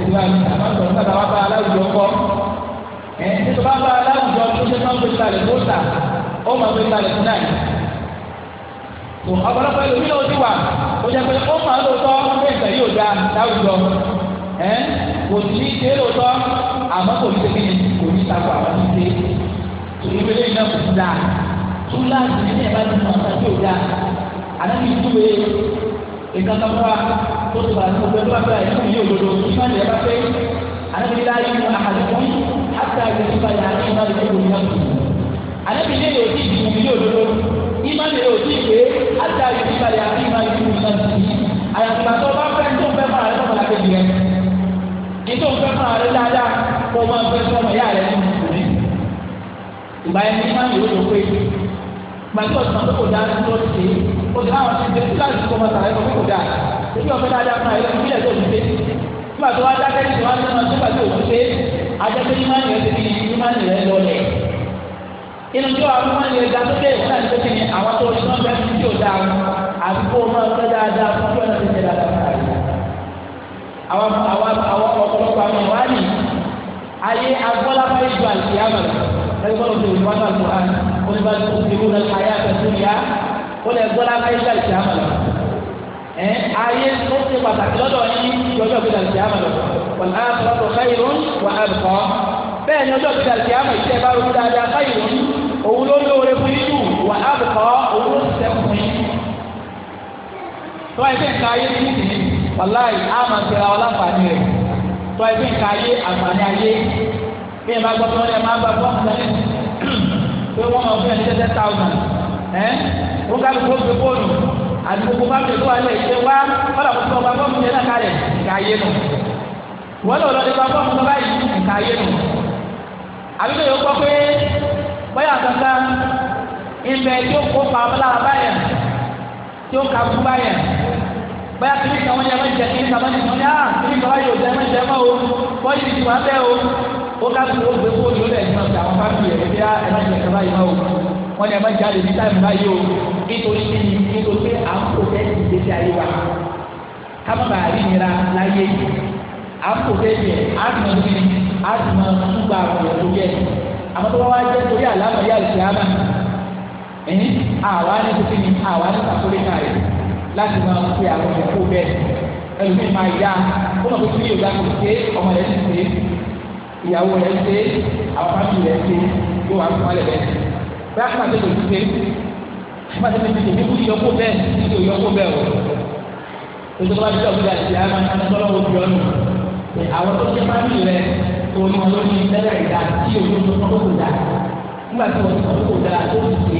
ẹ̀dùn àmì àbáǹtọ̀ nígbà táwa bá aláwùjọ kọ ẹ̀ nítorí bá bá aláwùjọ tó ṣe máa ń gbé kalẹ̀ bóta ó máa gbé kalẹ̀ fún náà tó ọ̀pọ̀lọpọ̀ ẹlòmí náà ti wà ó jẹ́ pé ó máa lóòótọ́ pé ìfẹ́ yóò da láwùjọ ẹ̀ kò sí ṣe lóòótọ́ àmọ́ kò ní tẹ́lẹ̀ kò ní takò àwọn ti ṣe tòun ìwé lẹ́yìn náà kò sí dáa tó láti ní ẹ̀ bá ti mọ̀ ànábi ìdúwe ìkàkàmúra tó ti bàtà gbogbo ẹgbẹ́ bàtà ìlú yìí òdodo ìfàdé ẹ bá fẹ́ ànábi láàyè mu àhàlùkún àtà ìdúwe bàtà àti ìfàdé gbogbo ìlú náà ànábi lè yóò ti ìdìbò yìí òdodo ìmàlè yóò ti pé àtà ìdúwe bàtà àti ìfàdé gbogbo ìlú náà àyàtúmọ̀ àtọ́ bá fẹ́ tó fẹ́ fún àrẹ lọ́kọ̀ọ́ láti dìrẹ́ ètò fẹ́ fún àrẹ dáadáa kó o máa fẹ́ fún ọmọ ìyá rẹ nínú ìgbà yẹn ní gbàtí ọ̀sán tó kò dáa tó ti o ti náà ti bẹ́ẹ̀ láti kọ́ ọmọ sàrẹ́ kọ́ kò dáa ebi ọ̀fẹ́ dáadáa fún ayẹyẹ ìbílẹ̀ tó ti dé nígbà tó wá dákẹ́ tó wá nínú ọdún gbàtí òkú dé ajẹ́pẹ́ ìmánì rẹ̀ ti di ìmánì rẹ̀ lọlẹ̀ inú tí wàá fún ìmánì rẹ̀ ga tó dé ìmánì rẹ̀ tó ti ní àwọn tó ti náà bẹ́ẹ̀ ti dáa àdúgbò máa fẹ́ dáadáa fún bí ọ̀nà ti tẹ̀ ẹgbọ́n tó ìwé wákà tó hàn ó ní bá tó ìwé náà ayé àtẹ̀tù yá ó lè gbọ́ lápá ilé àti àmà lọ. ẹ ayé tó ṣe pàtàkì lọ́dọ̀ yín ti ọjọ́ ìgbé àmà lọ. wọ́n á sọ pé káyìrún wà á bọ̀. bẹ́ẹ̀ ni ọjọ́ ìgbé àti àmà ìṣe bá rúdú dáadáa káyìrún òun ló lóore fún yíyù wà á bọ̀ òun ló ṣiṣẹ́ fún yín. tọ́ ẹgbẹ́ nǹkan ayé ní ìsìn bí ẹ bá gbọ́ pé wọ́n lè máa bá gbọ́ àtàlẹ́ pé wọ́n máa fún ẹ̀ ní tẹ́tẹ́ táwọn ẹ̀ wọ́n ká ló kó gbé fóònù àti gbogbo bá mi lọ́wọ́ alẹ́ ìṣe wá kọ́lá kó tó ọba bọ́ọ̀mù yẹn náà kalẹ̀ ìka yé nù wọ́n lọ́ọ́ lọ́ọ́ lè bá bọ́ọ̀mù bá yìí ìka yé nù àbíkó yóò gbọ́ pé bóyá kankan ìmẹ̀ tí ó kó pàmòlà báyẹn tí ó ka kú báyẹn bóyá kí ni kàwọn yẹn wọ́n jẹ kí ni kàwọn yẹn wọ́n yá ah, kí ni kàwọn yóò jẹ wọ́n jẹ mọ́ o bọ́ọ̀lì ti wà bẹ́ẹ̀ o ó káàkiri ó gbé fóònù ó lẹ́yìn náà àwọn fábì ẹ̀ bí ẹ má jẹ kaba náà o wọ́n ní ẹ má jáde ní táìmù báyìí o nítorí kí ni nítorí pé à ń kó fẹ́ẹ́ ti gbèsè ayé wa kábàbà àríyìnra láyé à ń kó fẹ́ẹ́ yẹ á ti máa gbìn á ti máa túbà àwọn èèyàn tó yẹ àmọ́ tó bá wá jẹ́ torí àlámọ̀ yá ìṣẹ́yàmà ẹ̀yìn àwa ní kókè ni àwa ní sàkólé káyọ̀ láti máa fi àwọn èèyàn kó bẹ́ẹ̀ ẹlòmíì máa yá ó lọ kó kí yóò dá kó ké ọmọ rẹ̀ ti pè é ìyàwó rẹ̀ ṣe àwọn fábí rẹ̀ ṣe yóò wá fún alẹ́ rẹ̀ ṣe bẹ́ẹ̀ kí pàṣẹ tòun ṣe pàṣẹ tòun ṣe níbi ìyọkó bẹ́ẹ̀ níbi ìyọkó bẹ́ẹ̀ o tòun bá jẹ́ òkúta ìyá máa ń tán lọ́wọ́ bí ọ̀nù àwọn tó ṣe fábí rẹ̀ òun ni wọn ló ní lẹ́rẹ̀ ìdá tí òun tó tọ́ kó dà nígbà tí wọ́n ti tọ́ kó dà tó ti ṣe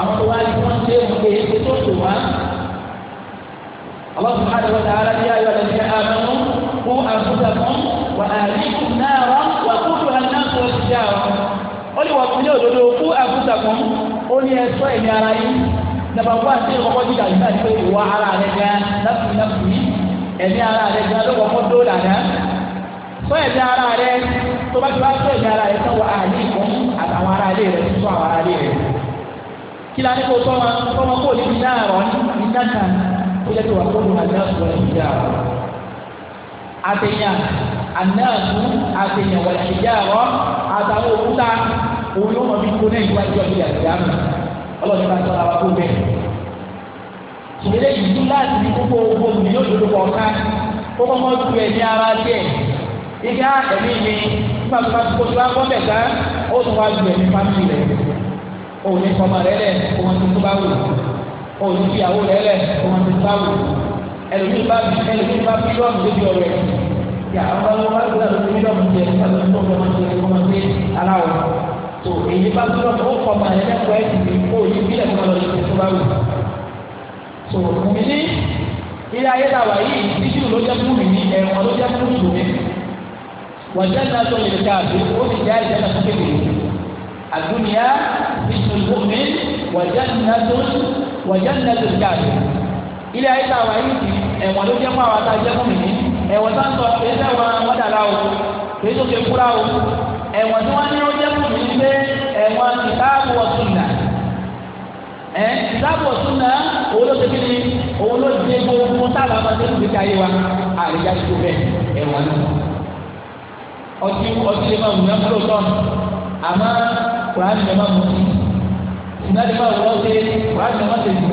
àwọn tó wá ní wọ́n ṣe é ṣe é tó tó wá. Allah subhanahu wa ta'ala ya ayyuhal ladina amanu qu anfusakum وآتيكم نارا وقودها الناس والحجارة ó ní wọ́n fi ní òdodo fún àbúṣàkùn ó ní ẹ̀sọ́ ẹ̀mí ara yín nàbàbọ́ àti ìkọ̀kọ́ jíjà yìí láti pé ìwà ara rẹ̀ gan láti láti yìí ẹ̀mí ara rẹ̀ gan ló kọ́kọ́ tó dàda sọ ẹ̀mí ara rẹ̀ tó bá ti wá sọ ẹ̀mí ara rẹ̀ sọ wà á ní ìkún àtàwọn ará àtẹ̀yàn ànáàtú àtẹ̀yàn wà ìjáàrọ̀ àtàwọn òkúta òun ló mọ̀ bí kó náà ìwà ìjọ ìyà ìyàmù ọlọ́run bá tọ́ra wa kó bẹ́ẹ̀. ìṣẹ̀lẹ̀ yìí tún láti ní gbogbo owó mi yóò dodo kọ̀ ká kó kọ́ mọ́ ju ẹ̀mí ara díẹ̀ ìgbà ẹ̀mí mi nígbà tó bá ti kó tó bá gbọ́ bẹ̀ká ó tún wá ju ẹ̀mí fámìlì rẹ̀ òun ní kọ́mọ rẹ̀ lẹ̀ òun ti ti tó bá wù ẹlòmíì bá ẹlòmíì bá bílíọ̀nù lójú ọ̀rọ̀ ẹ̀ yà àwọn ọmọ bá gbé àlọ́ bílíọ̀nù jẹ àlọ́ tó fẹ́ máa jẹ kó máa gbé aláwọ̀ tó èyí bá bílíọ̀nù ó kọ́ máa yẹn lẹ́kọ̀ọ́ ẹ̀ tì kó yí bílẹ̀ kó lọ sí tó bá wù. tó mi ní ilé ayé la wà yìí títí ló jẹ́ fún mi ní ẹ̀wọ̀n ló jẹ́ fún mi wọ́n jẹ́ náà tó lè káàbí ó ilé ayé tá a wà yìí ẹ̀wọ̀n ló jẹ́ fún àwọn fún mi ẹ̀wọ̀n tá a sọ ẹ̀sẹ̀ wọn wọ́n dàda o kìí tó ṣe kúra o ẹ̀wọ̀n tí wọ́n ní ó jẹ́ fún mi ni pé ẹ̀wọ̀n kìtáàbù ọ̀túnà ẹ̀ kìtáàbù ọ̀túnà òun ló ṣe kí ni òun ló máa yé wa àríyá ti bẹ́ẹ̀ ẹ̀wọ̀n náà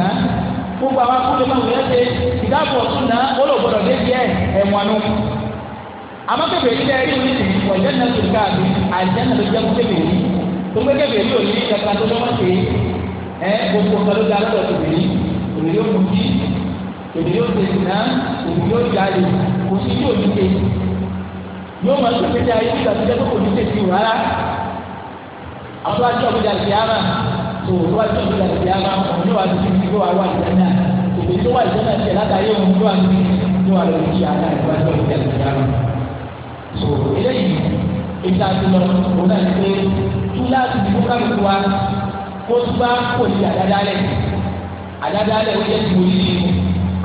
ọtí gbogbo àwọn akúndé máa wọlé ṣe ìdáàbò ọ̀tún náà ó lò gbọdọ̀ dé díẹ̀ ẹ̀wọ̀n nù. àmọ́ kébèrè yìí lẹ́yìn ní ìsìn ọ̀jẹ́ náà tó ká àbí àìsàn náà ló jẹ́ fún kébèrè yìí tó gbé kébèrè yìí ò ní kankan tó lọ́wọ́ ṣe é gbogbo nǹkan ló dá lọ́dọ̀ kébèrè yìí kébèrè yóò mú kí kébèrè yóò ṣe ìná kébèrè yóò jáde kò sí yóò ní ṣe yóò máa tó kéde ayé nígbà tó jẹ́ tó kò ní ṣe ti wàhálà tó wájú ọ̀gbìn àti àmà òun yóò wá sí ibi yóò wá wà ìdáná òbí tó wà ìdáná tiẹ̀ látàrí òun yóò wá sí yóò wá lórí ìyá àná ìwájú ọ̀gbìn àti àmà. tó eléyìí ibi tá a ti lọ òun náà ti pé túláàsì ti kó káàkiri wa kó tó bá kò sí àdádálẹ̀ àdádálẹ̀ ó jẹ́ ti wò yìí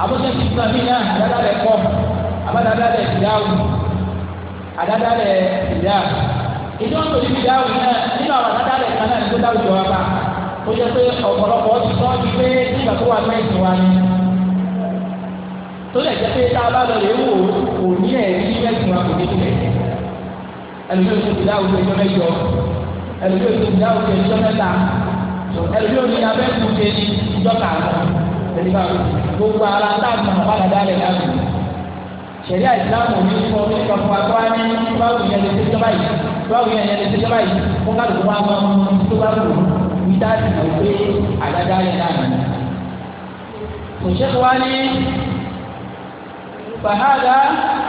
àbọ̀sẹ̀ ti fún mi náà àdádálẹ̀ kọ́ àbádádálẹ̀ ìdáhùn àdádálẹ̀ ìdáhùn ìjọ́ nítorí ìdáhùn náà nínú àwọn àdádálẹ̀ kan náà ní kó dáhùn jọ wá bá a ó jẹ́ pé ọ̀pọ̀lọpọ̀ ti sọ ọ́ di pé nígbà tó wà náà ìsìn wa ni tó lè jẹ́ pé tá a bá lọ lè wò ó ní ẹ̀rí mẹ́sìn wa kò ní tilẹ̀ ẹlòmíràn tó ti dá òkè ẹjọ́ mẹ́jọ ẹlòmíràn tó ti dá òkè ẹjọ́ mẹ́ta ẹlòmíràn ní abẹ́kùn kéde ìjọ kàánù ẹ̀rí bá gbogbo ṣẹ̀ríà ìsìláàmù ní sọ ní kankan àgbà ní báwo yẹn lè ṣe jọba yìí báwo yẹn lè ṣe jọba yìí kó ká lóko máa máa mú tó bá lò wí dáàbì lò pé àdáda yẹn náà nìyẹn. òṣèlú wa ní fàhádà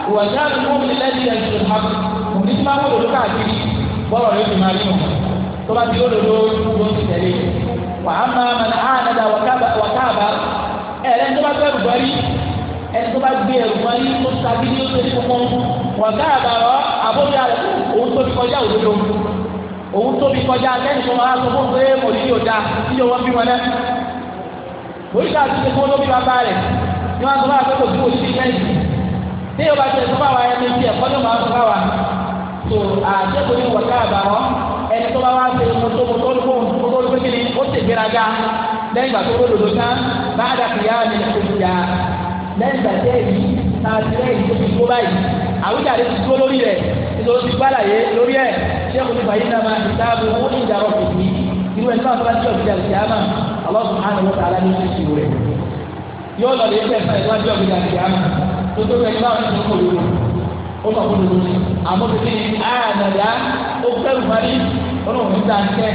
ìwàjá lómi lẹ́yìn ẹ̀sìn ìhàbù òní tí máa ń wọlé káàkiri bọ́ọ̀rọ̀ yóò fi máa rí wọn tó bá ti lódodo gbogbo ti tẹ̀lé wà ẹni tó bá gbé ẹrù bọ́rí tàbí ní oṣù tuntun wà gáàbà rọ àbójà rẹ òun tóbi kọjá òdodo òun tóbi kọjá lẹ́yìn tó máa sọ fún pé mòlíì ò dáa tí yóò wọ́n bí wọn lẹ́ oríṣi àti ṣe fún olóbi bàbá rẹ ni wọn sọ fún àgbẹ̀ kò sí òṣìṣẹ́ lẹ́yìn tí yóò bá ti sọ fún àwa ẹni tí ẹ̀kọ́ ló máa sọ fún àwa tó àjẹkù ní wà gáàbà rọ ẹni tó bá wá ṣe mọ́tò mọ́tò olùkọ́ lẹ́yìn ìgbà tó tààtìlẹ́ ìdókòwò tó báyìí àwùjáde ti dúró lórí rẹ̀ nítorí ti gbàlàyé lórí ẹ̀ ṣé kò ní fàyè náà máa ti dáàbò owó ní ìdàrọ̀ kò sí irú ẹni náà tó bá ti ọ̀gbìn àti àmà Allah subhanahu wa ta'ala ní ti ṣòro rẹ̀ yóò lọ lè fẹ́ fẹ́ wájú ọ̀gbìn àti àmà tó tó bẹ́ẹ̀ náà ní kò lóru ó mọ̀ kó lóru àmọ́ tètè àyànnàdá ó kẹ́rù parí ọlọ́run ní dáńtẹ́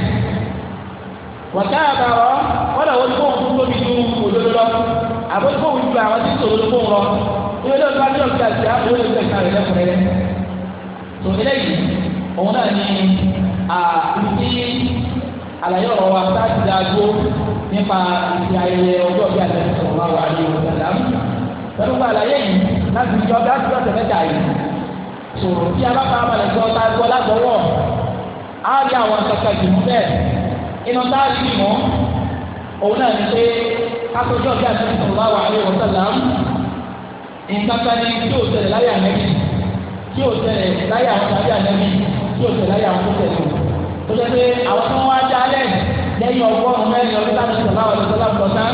wàtá àbárọ̀ wọ́n làwọn tó ń fún lóbi ju òdodo lọ àbójúkòwò ju àwọn tí ń sòrò ìwé náà bá jọ gbà sí àwọn olùgbé ẹ̀ka rẹ̀ lẹ́kùnrin rẹ̀ tó eléyìí òun náà ní àbí àlàyé ọ̀rọ̀ wa sáàtì dáadó nípa ìsìn ayẹyẹ ọjọ́ bí àti ẹ̀sìn ọ̀rọ̀ wa ní ìwòsàn pẹ̀lú pa àlàyé yìí láti jọ bí láti jọ́sẹ̀ mẹ́ta yìí sòrò tí a bá fara balẹ̀ jọ ta gbọ́ lágbọ́wọ́ á rí àwọn kankan jù bẹ́ẹ̀ inú tá a rí mọ́ òun náà ní pé kákó jọ́ bí àti ẹ̀sìn ọ̀rọ̀ wa ní ìwòsàn nǹkan ní tí o tẹ̀lé láyà lẹ́bi tí o tẹ̀lé láyà tàbíà lẹ́bi tí o tẹ̀lé láyà tó tẹ̀lé o tẹ̀lé àwọn tó ń wá já lẹ̀ lẹ́yìn ọgọ́rùn-ún mẹ́rin ọdún láti sọ̀rọ̀ àwọn ọ̀dọ́ láti sọ̀tán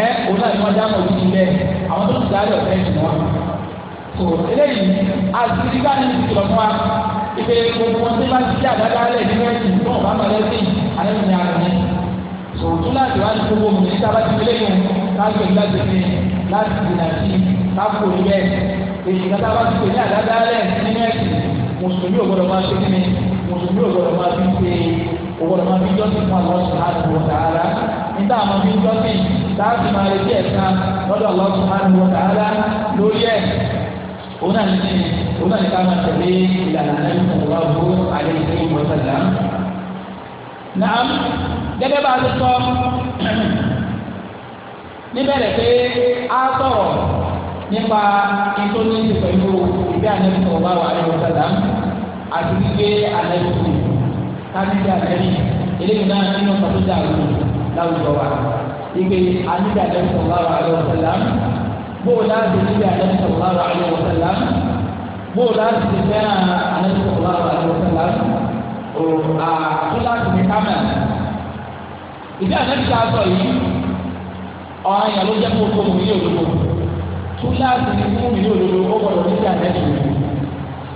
ẹ òun náà ni wọ́n já mọ̀ òjijì bẹ́ẹ̀ àwọn tó ti dá lẹ̀ ọ̀fẹ́ jù wọn. tó eléyìí àti bá ní ìkìlọ̀ fún wa ìpè gbogbo wọn tí wọ́n ti dá àdá òtún láti wá ní gbogbo mi níta bá ti fi léyìn láti ìgbà tèmi láti ìgbà tí káfò níbẹ̀ èyí kata bá ti pè ní àdáda rẹ̀ nínú ẹ̀sìn mùsùlùmí ò gbọdọ̀ máa ṣe kí ni mùsùlùmí ò gbọdọ̀ máa fi ṣe ò gbọdọ̀ máa fi jọ́sìn fún àwọn ọ̀sán àti wọ̀tà ara níta àwọn fi jọ́sìn láti máa retí ẹ̀sán lọ́dọ̀ àwọn ọ̀sán àti wọ̀tà ara lórí ẹ̀ òun náà ní òun náà ní ká gẹ́gẹ́ bá a ti sọ níbẹ̀rẹ̀ pé a sọ̀rọ̀ nípa ìtọ́jú ti pẹ̀lú ìbí ànẹ́sọ̀ bá wà ní ọ̀sẹ̀dá àti gbígbé ànẹ́sọ̀ kábíyé ànẹ́sọ̀ eléyìí náà nínú pàtójà àwùjọ láwùjọ wa ìgbé ànẹ́sọ̀ ànẹ́sọ̀ bá wà ní ọ̀sẹ̀dá bóò láti gbígbé ànẹ́sọ̀ bá wà ní ọ̀sẹ̀dá bóò láti ti fẹ́ràn ànẹ́sọ̀ bá wà ní ọ̀sẹ̀dá òòrùn ìdí ànábi tá a sọ yìí ọ̀hán yẹn ló jẹ́ kó kó mu ní òdodo tún láti ní fún mi ní òdodo ó gbọdọ̀ ní ìdí ànábi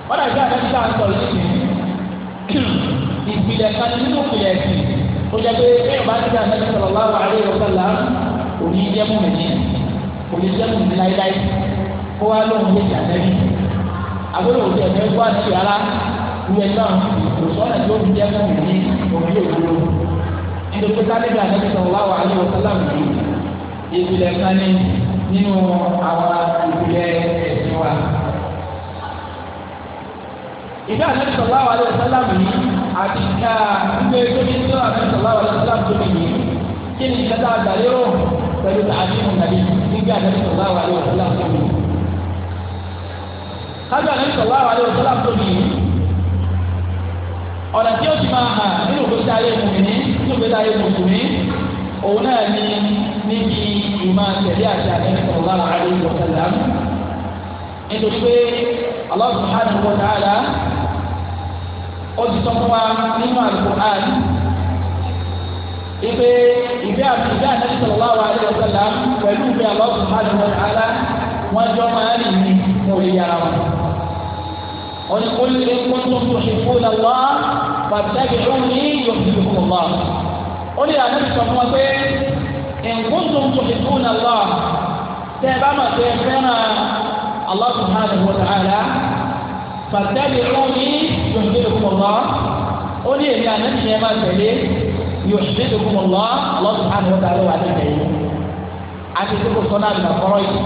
wọ́n dàbí ànábi tá a sọ yìí ìpìlẹ̀ kan nínú ìpìlẹ̀ ẹ̀sìn ó jẹ́ pé ẹ̀yọ̀ bá ti dá ànábi sọ̀rọ̀ láwà àlẹ́ ìrọ̀sọ̀lá òní jẹ́ mú mi ní òní jẹ́ mú mi láíláí kó wá lóhun lè jà ànábi àbúrò òde ẹ̀fẹ́ nítorí pé kálíbà níbi sallallahu alaihi wasallam ìpìlẹ̀ kan ní nínú àwọn ìpìlẹ̀ ẹ̀sìn wa. ìgbà níbi sallallahu alaihi wasallam àti ká gbé tóbi tó àti sallallahu alaihi wasallam tóbi yìí kí ni ìjọba àgbàlérò pẹ̀lú tàbí mùnàbí nígbà níbi sallallahu alaihi wasallam tóbi yìí kájọ àlẹ́ sọ̀rọ̀ àwọn àlẹ́ òṣèlú ọ̀nà tí ó ti máa hàn nínú òkúta ayé ìmùmí ní nínú ìgbésí ayé mùsùlùmí òun náà ní níbi ìmọ̀ tẹ̀lé àti àtẹnukọ̀ ọ̀gá àlẹ́ ìwọ̀sẹ̀lá nítorí pé Allah subhanahu wa ta'ala ó ti sọ fún wa nínú Al-Qur'an ipe ìfẹ́ àti ìfẹ́ àti sallallahu alaihi wasallam pẹ̀lú ìfẹ́ Allah subhanahu wa wọ́n jọ máa ń rìn ní orí yàrá wọn wọ́n ní kólé ẹ̀ kó tó tó ṣe fún la wá bàtẹ́bí ó ní yọ̀bí kò wá. ó ní àdébí sọ fún wa pé ẹ̀kó tó tó ṣe fún la wá tẹ́ ẹ bá mà tẹ́ ẹ fẹ́ràn Allah subhanahu wa ta'ala bàtẹ́bí ó ní yọ̀bí kò wá. ó ní èmi àdébí yẹn máa tẹ̀lé yọ̀bí kò wá Allah subhanahu wa ta'ala wà ní ìgbẹ̀yìn. àti ìdókòsọ́nà àgbà kọ́rọ́ yìí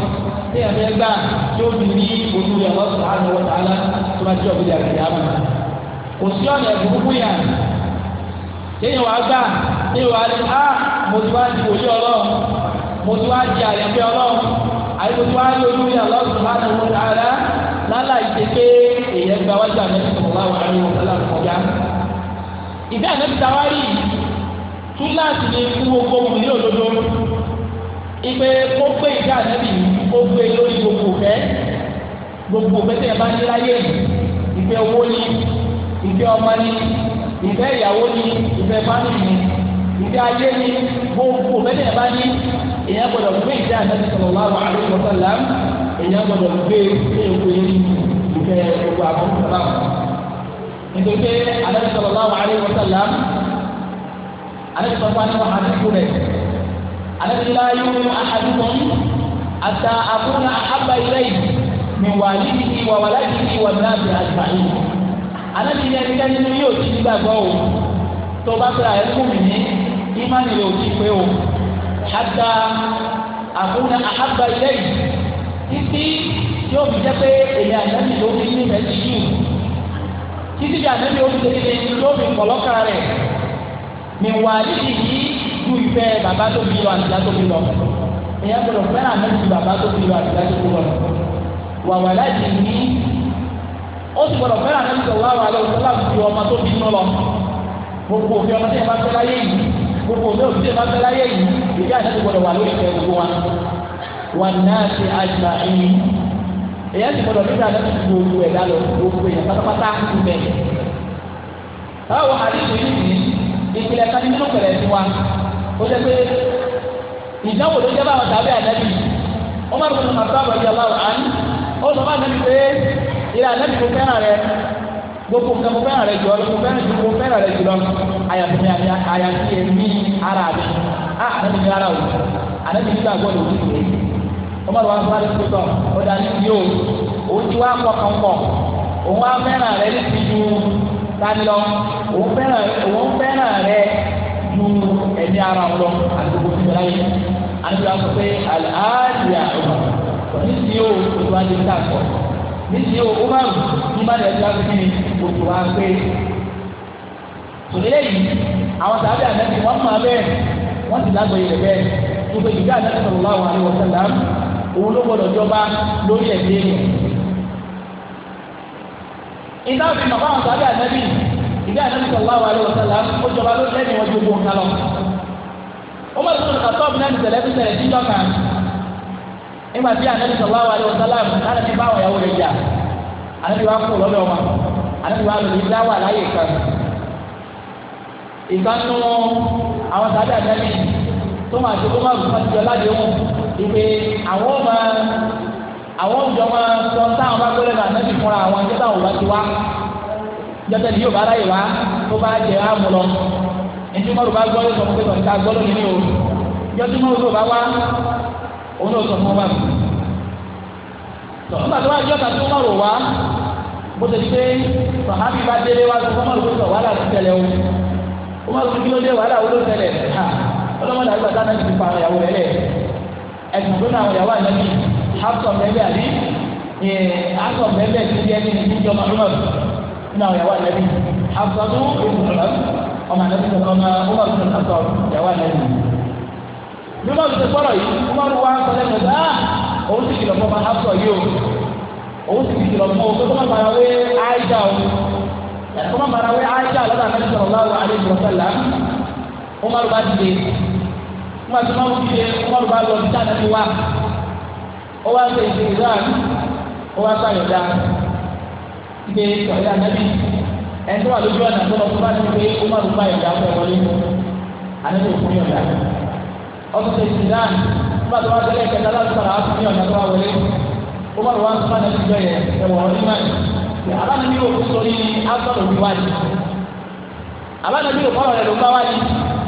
ní ẹ̀fẹ́ gbà tí ó dùn ní ojú rẹ̀ lọ́sùn àná wọ́tà alá tó bá jẹ́ òbílẹ̀ àgbẹ̀dẹ̀ àmà. kò sí ọ̀nà ìbùkún yà kéèyàn wá gbà kéèyàn wá lé a mo ti wá di òye ọlọ́ mo ti wá di àyẹ̀fẹ́ ọlọ́ àyè mo ti wá lé ojú rẹ̀ lọ́sùn àná wọ́tà alá lálà ìṣe pé èèyàn gba wájú àmì ìbẹ́ àná ti tawárì túláàsì ni fún gbogbo ó gbé lórí gbogbo fẹ́ gbogbo fẹ́ tẹ̀ bá ní láyé ìfẹ́ owó ni ìfẹ́ ọmọ ni ìfẹ́ ìyàwó ni ìfẹ́ fámì ni ìfẹ́ ayé ni gbogbo fẹ́ tẹ̀ bá ní èèyàn gbọ́dọ̀ gbé ìfẹ́ àtẹ́tẹ́ sọ̀rọ̀ wá wà lórí ọ̀sán èèyàn gbọ́dọ̀ gbé ìfẹ́ ìfẹ́ ìfẹ́ gbogbo àkókò náà nítorí pé àtẹ́tẹ́ sọ̀rọ̀ wá wà lórí ọ̀sán àtẹ́tẹ́ sọ̀rọ̀ wá ní àtà àbúrò àbá ilé yìí mi wà níbi ìwà wà láti ní ìwà náà bí àgbà yìí alábi ní ẹni kẹ́ni o tó bá fẹ́ àyẹ̀ fún mi ní ìmánì rẹ̀ ti pé o àtà àbúrò àbá ilé yìí títí yóò fi jẹ́ pé èyí àyẹ̀mí ló fi ní mẹ́tì yìí títí bí àyẹ̀mí ó fi ṣe ní ló fi kọ̀lọ́kà rẹ̀ mi wà níbi yìí ju ìfẹ́ bàbá tó bí lọ àti ìyá tó bí lọ. èèyàn gbọ́dọ̀ fẹ́ràn mẹ́tì bàbá tó fi lọ àtìláṣẹ tó lọ wà wà láti ní ó sì fẹ́ràn mẹ́tì wà lọ fi ọmọ tó bí nù gbogbo òfin ọmọ tí yẹn bá fẹ́ láyé yìí gbogbo òfin òfin tí yẹn bá fẹ́ láyé yìí ìdí àti wà lórí ìfẹ́ gbogbo wa wà náà ti sì ìdánwò ló jẹ́ báwọn tàbí ànábì ọmọ ìlú ọmọ àbúrò àbọ̀dé aláwọ̀ àní ó sọ fún ànábì pé ilé ànábì kò fẹ́ràn rẹ gbogbo nǹkan mo fẹ́ràn rẹ jùlọ mo fẹ́ràn jù mo fẹ́ràn rẹ jùlọ àyàfi mi àyàfi èmi ara mi á ah, ànábì mi ara wò ànábì mi gbàgbọ́ lòdì rẹ ọmọ ìlú àbúrò àbọ̀dé tó ọ̀dà ní ìdí o òun ti wá pọ̀ kàn pọ̀ òun á fẹ́ràn rẹ ní ti ju tani lọ òun fẹ́ràn rẹ ju ẹni ara wọn lọ àti gbogbo ti bẹ̀rẹ̀ yìí àti wọn sọ pé àlàáfíà àrùn nísìnyí o tó wá lè ta àkọ nísìnyí o ó bá rù ní bá lẹ́yìn wá sí gbogbo wa pé tòlẹ́ yìí àwọn tàbí àmẹ́sì wọ́n máa bẹ́ẹ̀ wọ́n ti lágbo yìí bẹ́ẹ̀ gbogbo ìgbà àmẹ́sì sọ̀rọ̀ láwọn àríwọ̀ sẹ́lá òun ló gbọdọ̀ jọba lórí ẹ̀dẹ́ rẹ̀ ìdáhùn ìmọ̀ fáwọn tàbí àmẹ́sì ìdí àná nípa wà wàlẹ́ wọ́sálà ó ló lẹ́nu wọn gbogbo nǹkan lọ. ó mọ̀ lóṣù kàtọ́ọ̀bù náà nìṣẹ̀lẹ̀ tó nígbà tí àná nípa ìyàwó rẹ̀ jà wa kú lọ́dọ̀ wọn wa lòdì dá wà láyè kan. ìgbàanú àwọn sábẹ́ ànábi tó máa ṣe kó má bùkún àti jọ láde wọn ìpè àwọn máa jọ́tẹ́ ni yóò bá ráyè wá tó bá jẹ wá mú lọ ẹtí mọ́rù bá gbọ́ yóò sọ fún pé tọ̀síta gbọ́ lónìí ni o yọtí mọ́rù tó bá wá òun yóò sọ fún wa tọ̀ nígbà tó wá jọ́ta tó mọ́rù wá bó ti di pé sọ̀hábì bá délé wá tó mọ́rù tó sọ wàhálà tó tẹ̀lé o ó má tún kí ló dé wàhálà olóò tẹ̀lé ha ọlọ́mọdé àgbà sáà náà ti pa ìyàwó rẹ̀ lẹ̀ ẹ̀sùn tó náà nínú àwọn ìyàwó àlẹ́bí àfọ̀dú ìmùlọ́ ọmọ àlẹ́bí nìkan máa ó wà lóṣù àtọ̀ ìyàwó àlẹ́bí. bí wọ́n ti gbọ́dọ̀ yìí wọ́n wá sọ lẹ́nu bá ah, òun sì kìlọ̀ fún ọmọ àfọ̀ yìí o òun sì kìlọ̀ fún ọmọ tó máa wé ájà o yàtọ̀ máa mara wé ájà lọ́dọ̀ àlẹ́bí sọ̀rọ̀ láwọ àlẹ́bí ọ̀sẹ̀lá Umaru bá dìde Umaru tó máa ń dìde Umaru bá lọ ṣe sọ̀rọ̀ ànábì ẹni tó wà lójú ọ̀nà tó lọ tó bá ti pé ó má ló bá ìyá fẹ́ wọlé mú ànábì òfin yọ̀dà ọkọ̀ tó ti dáhùn nígbà tó wá tẹ́lẹ̀ kẹta láti sọ̀rọ̀ á fún tó wá wọlé ó má ló wá fún ànábì jọ yẹ ẹ̀wọ̀n ọ̀rọ̀ nígbà yìí yóò fún sórí ásọ̀rọ̀ òbí wájú àbánabí yóò fọ́rọ̀ rẹ̀ bá wájú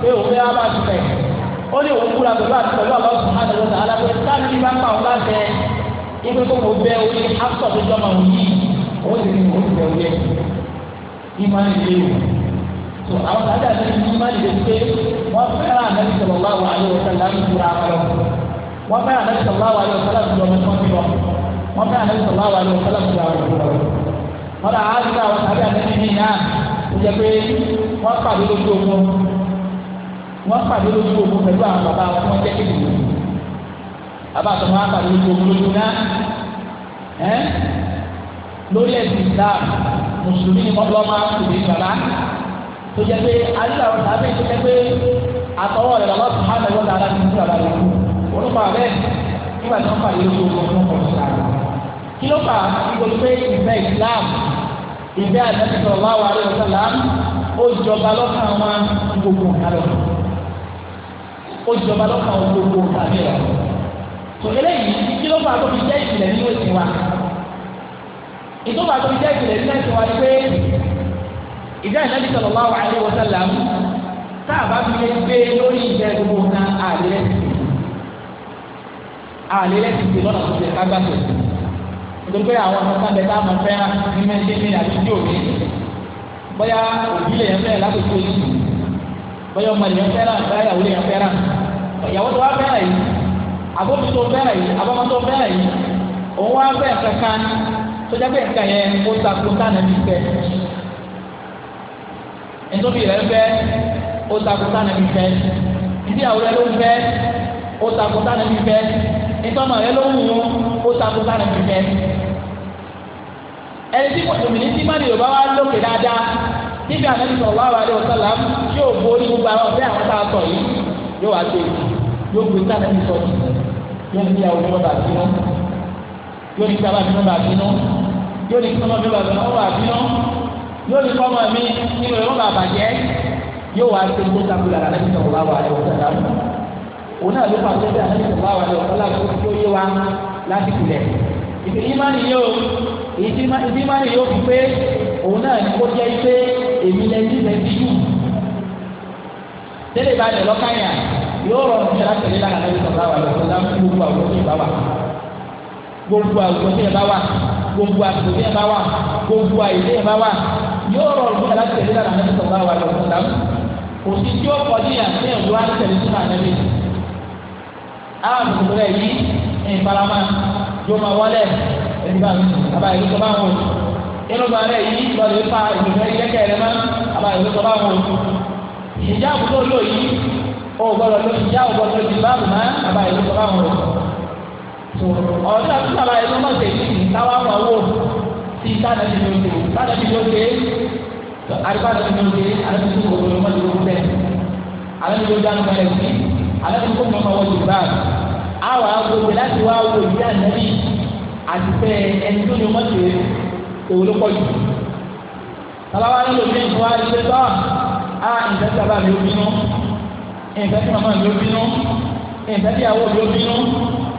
pé òun fẹ́ wá bá ó ní òun kúra pẹ̀lú àti àbá ọ̀sán àdàlọ́ta alábẹ́ sáà ní bá pa òun láṣẹ ibi tó kò bẹ́ orí ásọ̀rọ̀ ìjọba òun yìí wọ́n ti ní wọ́n ti bẹ̀rù yẹ ìmánì lé wò tó àwọn sáájà náà ní ìmánì lé pé wọ́n fẹ́ràn ànábì sallallahu alaihi wasallam ìtura àpàlọ́ wọ́n fẹ́ràn ànábì sallallahu alaihi wasallam ìtura àpàlọ́ wọ́n fẹ́ràn ànábì sallallahu alaihi wasallam ìtura àpàlọ́ wọ́n dà á ti ká àwọn sáájà náà ní náà ó jẹ pé wọ́n pàdé lójú ogun wọ́n pàdé lójú ogun pẹ̀lú àwọn bàbá wọn tí wọ́n jẹ́ kékeré àbá àtọ̀mọ́ àpàdé lójú ogun lójú náà ẹ́ lórí ẹ̀sìn Islam mùsùlùmí ni kọ́ńtọ́ máa ń tòbi bàbá tó jẹ́ pé alílà ọ̀rọ̀ tàbí tó jẹ́ pé àtọwọ́ rẹ̀ lọ́wọ́ sùn hánà ìwọ́n dáadáa ti ń bàbá rẹ̀ kú wọ́n fà bẹ́ẹ̀ nígbà tí wọ́n fà yé oṣù ogun fún ọ̀sán kí ló fà ìgbòho pé ìfẹ́ Islam ìfẹ́ àtẹ́sọ̀rọ̀ wá wà lóyún sàlám ó jọba lọ́kàn wọn gbogbo nǹkan lọ ó jọba lọ́kàn wọn gbogbo nǹkan lọ tòkẹ́lẹ́ yìí kí ló fà tó fi jẹ́ ìpìlẹ̀ ìtọ́ba tó jẹ́ ìpìlẹ̀ nínú ẹ̀sìn wa ni pé ìjà ìnábi sallallahu alaihi wasallam tá a bá fi lè gbé lórí ìjẹ́ gbogbo nǹkan àlẹ́ àlẹ́ ti ti lọ́nà tó ti ká gbàgbé nítorí pé àwọn ọmọ sábẹ́ tá a máa fẹ́ràn ní mẹ́tẹ́ẹ̀mí àti ní òní bóyá òbí lè yẹn fẹ́ràn lákòókò yìí bóyá ọmọ lè yẹn fẹ́ràn bóyá ìyàwó yẹn fẹ́ràn ìyàwó tó wá fẹ́ràn yìí àbóbi fẹ́ràn yìí àbọ́mọ fẹ́ràn yìí òun wá fẹ́ kankan tó jẹ́ pé nǹkan yẹn ó ta kó tá nàbí fẹ́ nítorí rẹ̀ fẹ́ ó ta kó tá nàbí fẹ́ ìdí àwọn rẹ̀ ló fẹ́ ó ta kó tá nàbí fẹ́ ìtọ́nà rẹ̀ ló wù ó ta kó tá nàbí fẹ́ ẹni tí mùsùlùmí tí má ní yorùbá wá lókè dáadáa níbi ànábi sọ̀rọ̀ wá wàlẹ́ ọ̀sálà yóò borí gbogbo àwọn ọ̀fẹ́ àwọn tá a sọ yìí yóò wá gbé yóò gbé tá a nàbí yóò ní àwọn ọmọ bàbá yóò ní sábà bínú bá bínú yóò ní sọmọ bínú bá bínú bá bínú yóò ní kọ́mọ mi nínú ìwé bá bàjẹ́ yóò wá sí kó takùlà lálẹ́ bí sọ̀rọ̀ bá wà ní ọ̀sán náà òun náà ló fà sókè àlẹ́ bí sọ̀rọ̀ bá wà ní ọ̀sán náà tó yé wa láti kulẹ̀ ìfìyímánì yóò ìfìyímánì yóò fi pé òun náà ní kó jẹ́ pé èmi lẹ́yìn lẹ́yìn jù tẹ́lẹ̀ bá yẹ lọ́kàn yà yóò rọrùn sí aláṣẹ gbogbo àwùjọ tí yẹn bá wà gbogbo àtò tí yẹn bá wà gbogbo àyè tí yẹn bá wà yóò rọrùn fún yàrá tẹ̀lé lára àti sọ̀rọ̀ àwọn àlọ́ fún dàmú òsì tí ó kọ́ ní àti ẹ̀rọ àti tẹ̀lé sínú ànábì àwọn àtòkò rẹ̀ yí ìfarama yóò máa wọlé ẹni bá mi àbá ìlú tó bá ń wò inú ma rẹ̀ yí lọ́dọ̀ ipa ìdùnnú ìdẹ́kẹ̀ rẹ̀ mọ́ àbá ìlú tó bá ń wò ìjà àbúrò lò yí ó gbọ́dọ̀ lò ìjà àbúrò lò tó ọ̀dọ́ àti sábà ẹ̀ lọ́mọ ṣe ti táwa wà wò tí sábà ti lóde sábà ti lóde àdìpá ti lóde àdìpá ti lóde ọmọ ti lóde bẹ́ẹ̀ àdìpá ti lóde àti ọmọ ẹ̀sìn àdìpá ti lóde ọmọ ọwọ́ yorùbá àwọn agbègbè láti wá wò ìdí ànábì àti pé ẹni tó ní ọmọ ti èwo ló pọ̀ jù sábà wà nílò mí fún wa tọ́ a nǹkan sábà mi ò bínú nǹkan tí mi ò bínú nǹkan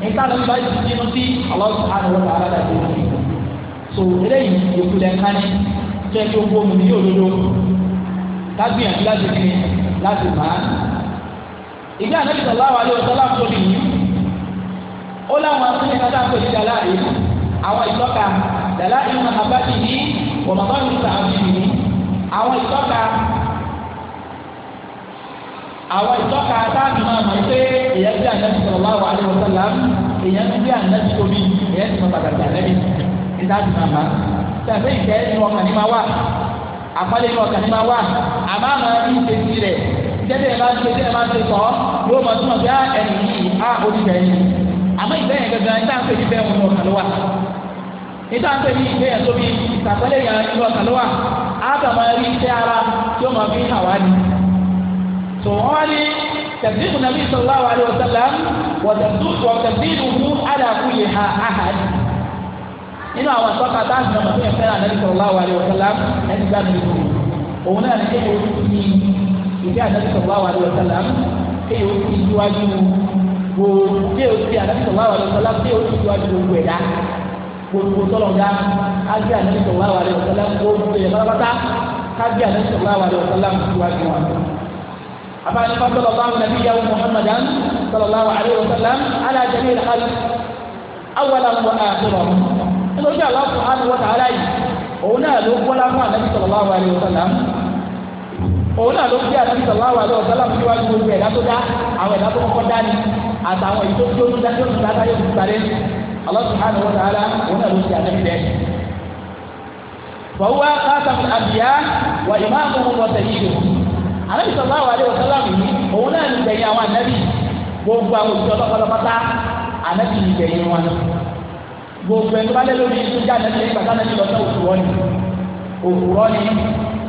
nígbà tó ń bá yìí nínú sí Allah subhanahu wa ta'ala dàbí òfin so eléyìí èkó lẹ́ka ní jẹ́ kí ó gbóhùn ní òdodo lágbìyànjú láti kiri láti máa ìgbà ànábì sallallahu alaihi wasallam tó nìyí ó láwọn akúnyẹ kátà pé ní dàláì àwọn ìtọ́ka dàláì máa bá ti ní wọ̀mọ̀tọ́ ìrúta àbí nìyí àwọn ìtọ́ka àwọn ìtọ́ka táàbì máa mọ̀ pé èyàn bí ànábì sallallahu alaihi wasallam èyàn bí ànábì omi èyàn ti mọ pàtàkì ànábì ìtàbí máa ma tàbí ìkẹ́ ní ọkàn ní máa wà àpálẹ̀ ní ọkàn ní máa wà àmọ́ àmọ́ ní ìṣesí rẹ̀ jẹ́jẹ́ máa ń ṣe jẹ́jẹ́ máa ń ṣe sọ yóò máa túmọ̀ bí ah, ẹnì yìí á ah, oníṣẹ́ yìí àmọ́ ìfẹ́ yẹn gẹ́gẹ́ níta ń pè ní bẹ́ẹ̀ wọn yẹn tóbi ìtàpẹ́lẹ̀ yẹn ní ọkàn á kà rí iṣẹ́ ara tí máa fi hàn wá ni tó wọ́n wá ní tẹ̀síkù nàbí sallallahu alaihi wasallam wọ̀tẹ̀síkù aláàkúyè ha ahad nínú àwọn àtọ́ka tá a sì nàmọ̀ fún ẹ̀fẹ́ ànábì sallallahu alaihi wasallam ẹni gbà mí lóko òun náà ní kéde ojú ti ìdí ànábì sallallahu alaihi wasallam kéde ojú ti iwájú gbogbo kéde ojú ti ànábì sallallahu alaihi wasallam kéde ojú ti iwájú gbogbo ẹ̀dá gbogbo tọ́lọ̀ dá ágbé sallallahu alaihi wasallam gbogbo ẹ̀dá pátápátá kágbé ànábì sallallahu alaihi wasallam iwájú wọn. أبعد فضل الله نبيه محمدا صلى الله عليه وسلم على جميع الخلق أولا وآخرا nítorí Allah subhanahu wa ta'ala yìí òun náà ló gbọ́ lápá ànábì sallallahu alaihi wa sallam òun náà ló gbé ànábì sallallahu alaihi wa sallam níwájú gbogbo ẹ̀dá tó dá àwọn ẹ̀dá tó kọ́kọ́ dá ni àtàwọn èyí tó tó ń dá tó ń dá táyé òkúta rẹ̀ Allah subhanahu wa ta'ala òun náà ló gbé ànábì rẹ̀. wa huwa khatamul anbiya wa imamuhum wa sayyiduhum àlejò sọ̀rọ̀ àwọn àlejò sọ́lámù yìí òun náà ní gbẹ̀yìn àwọn ànábì gbogbo àwọn òṣìṣẹ́ ọlọ́pàá ànábì ní gbẹ̀yìn wọn gbogbo ẹni tó bá lé lórí tó jẹ́ ànábì lẹ́yìn pàtàkì ànábì lọ́sọ̀ òṣùwọ́ ni òṣùwọ́ ni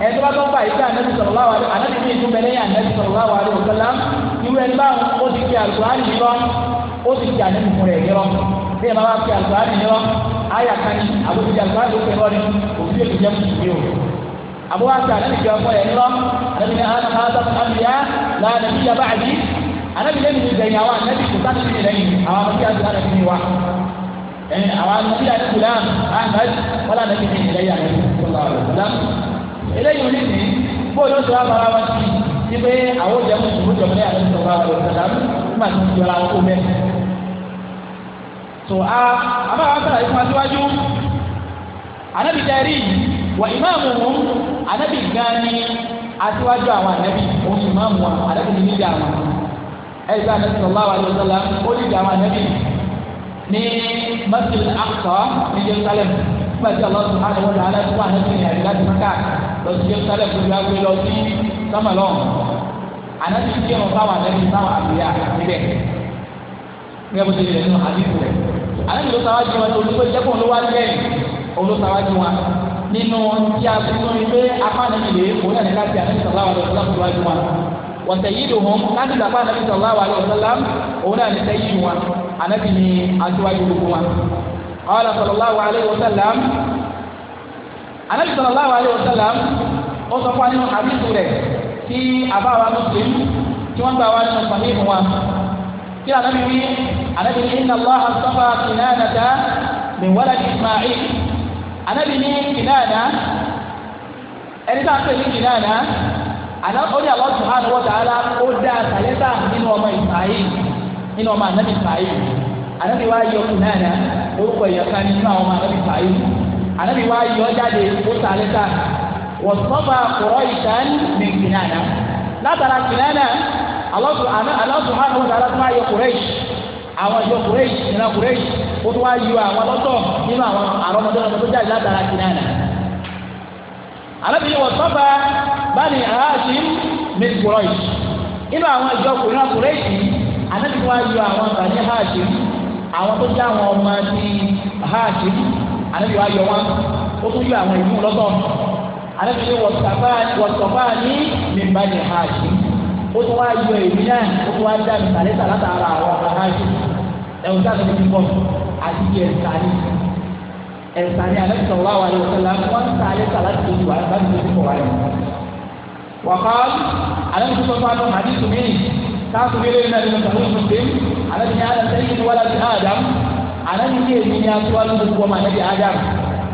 ẹni tó bá tó ń bá ìṣe ànábì sọ̀rọ̀ láwà ànábì ní ìtúbẹ̀ lẹ́yìn ànábì sọ̀rọ̀ láwà àlejò sọ́lámù irú ẹni báwọn ó ó ti fi ànábì bí ẹ bá wá fi àlùkùránì nírọ́ ayà kan ní àbójútó àlùkùránì ló fẹ́ rọ́ ni òfin èkó jẹ́ mùsùlùmí o àbúrò àti ànábì jọ ọkọ yẹn lọ ànábì ní adam anbiya la ànábì yaba àbí ànábì lẹ́nu ní ìgbẹ̀yìn àwọn ànábì kò sáà níbi lẹ́yìn àwọn ànábì àti ànábì ní wa ẹni àwọn ànábì àti gulam ahmed wọn ànábì ní ìlẹ́yìn ànábì sọlá gulam eléyìí wọn ní bóyá ó sọ àbára wọn sí ní pé àwọn òjò ẹmu sùnmù jọmọlẹ àti sọlá gulam nígbà tó ń jọra wọn kó mẹ. tó a àbára wọn sọ̀rọ̀ ìfún wa síwájú ànábì tẹ́rì wà ìmáàmù gan ni aṣíwájú àwọn ànábì òun sì máa mú wa ànábì ní níbi àwọn ẹgbẹ́ ànábì sallallahu alaihi wasallam ó níbi àwọn ànábì ní masjid Aqsa ní Jerusalem nígbà tí Allah subhanahu wa ta'ala fún ànábì ní àyè láti maka lọ sí Jerusalem tó yà gbé lọ sí samalon ànábì tí wọn fáwọn ànábì sáwọn àbúyá níbẹ̀ ní ẹbí tó yẹ nínú àdìsí rẹ ànábì ló sáwájú wọn olùkọ́ ìjẹ́kùn ló wá lẹ́yìn olùsáwájú wọn nínú tí a fi tó ni pé apánàmì lè kó náà ní láti àti sọ̀rọ̀ àwọn ọ̀dọ́ tó wájú wa wọ̀tẹ̀ yìí dùn hún láti dàpá àti sọ̀rọ̀ àwọn ọ̀dọ́ lám òun náà ní sẹ́yìn dùn wa ànábì ní aṣíwájú gbogbo wa. ọ̀rọ̀ sọ̀rọ̀láwọ̀ aleyhi wasalam ànábì sọ̀rọ̀láwọ̀ aleyhi wasalam ó sọ fún wa nínú àbísù rẹ̀ tí àbáwa muslim tí wọ́n gbà kí ànábì wí ànábì ní inna Allah astafa kinanata min walad Ismail anabi ní kìnàdá ẹni tá a pè ní kìnàdá àná ó ní Allah subhanahu wa ta'ala ó dá sàlẹ́sà nínú ọmọ ìsàáyì nínú ọmọ anabi ìsàáyì anabi wa yọ kìnàdá orúkọ ìyọ̀ká nínú àwọn ọmọ anabi ìsàáyì anabi wa yọ jáde ó sàlẹ́sà wọ́n sọ́ba kọ̀rọ̀ ìsàn ní kìnàdá látara kìnàdá Allah subhanahu wa ta'ala tó máa yọ Quraysh àwọn ìjọ kùrẹ́yì ìran kùrẹ́yì ó tún wá yọ àwọn lọ́tọ̀ nínú àwọn àrọ́mọdé ọmọ tó jáde látara kìnìànà. alábìyẹn wọ sọ́ba bani haashim min kùrẹ́yì nínú àwọn ìjọ ìran kùrẹ́yì anábìyẹn wá yọ àwọn bani haashim àwọn tó jẹ́ àwọn ọmọ ti haashim anábìyẹn wá yọ wọn ó tún yọ àwọn ìlú lọ́tọ̀ anábìyẹn wọ sọ́ba ní min bani haashim ó tún wá yọ èmi náà ó tún wá dá mi sàlẹ̀ sàlẹ̀ sàlẹ̀ àwọn ọ̀rọ̀ náà jù ẹ̀wọ̀n tí a tún ti kọ́ àti bí ẹ̀sà ni ẹ̀sà ni alẹ́ sọ̀rọ̀ wá wà lọ́wọ́ sọ̀rọ̀ wọ́n sàlẹ̀ sàlẹ̀ tó ti wà lọ́wọ́ tó ti kọ̀ wá lọ́wọ́. wàhálà alẹ́ mi sọ̀rọ̀ fún àdìsù mi káàtó mi lẹ́yìn náà ló ń sọ̀rọ̀ fún mi alẹ́ mi ní alẹ́ sẹ́yìn wọ́n láti Adam alẹ́ mi ní èmi ní atúwá ló ń gbọ́ mọ́ alẹ́ mi Adam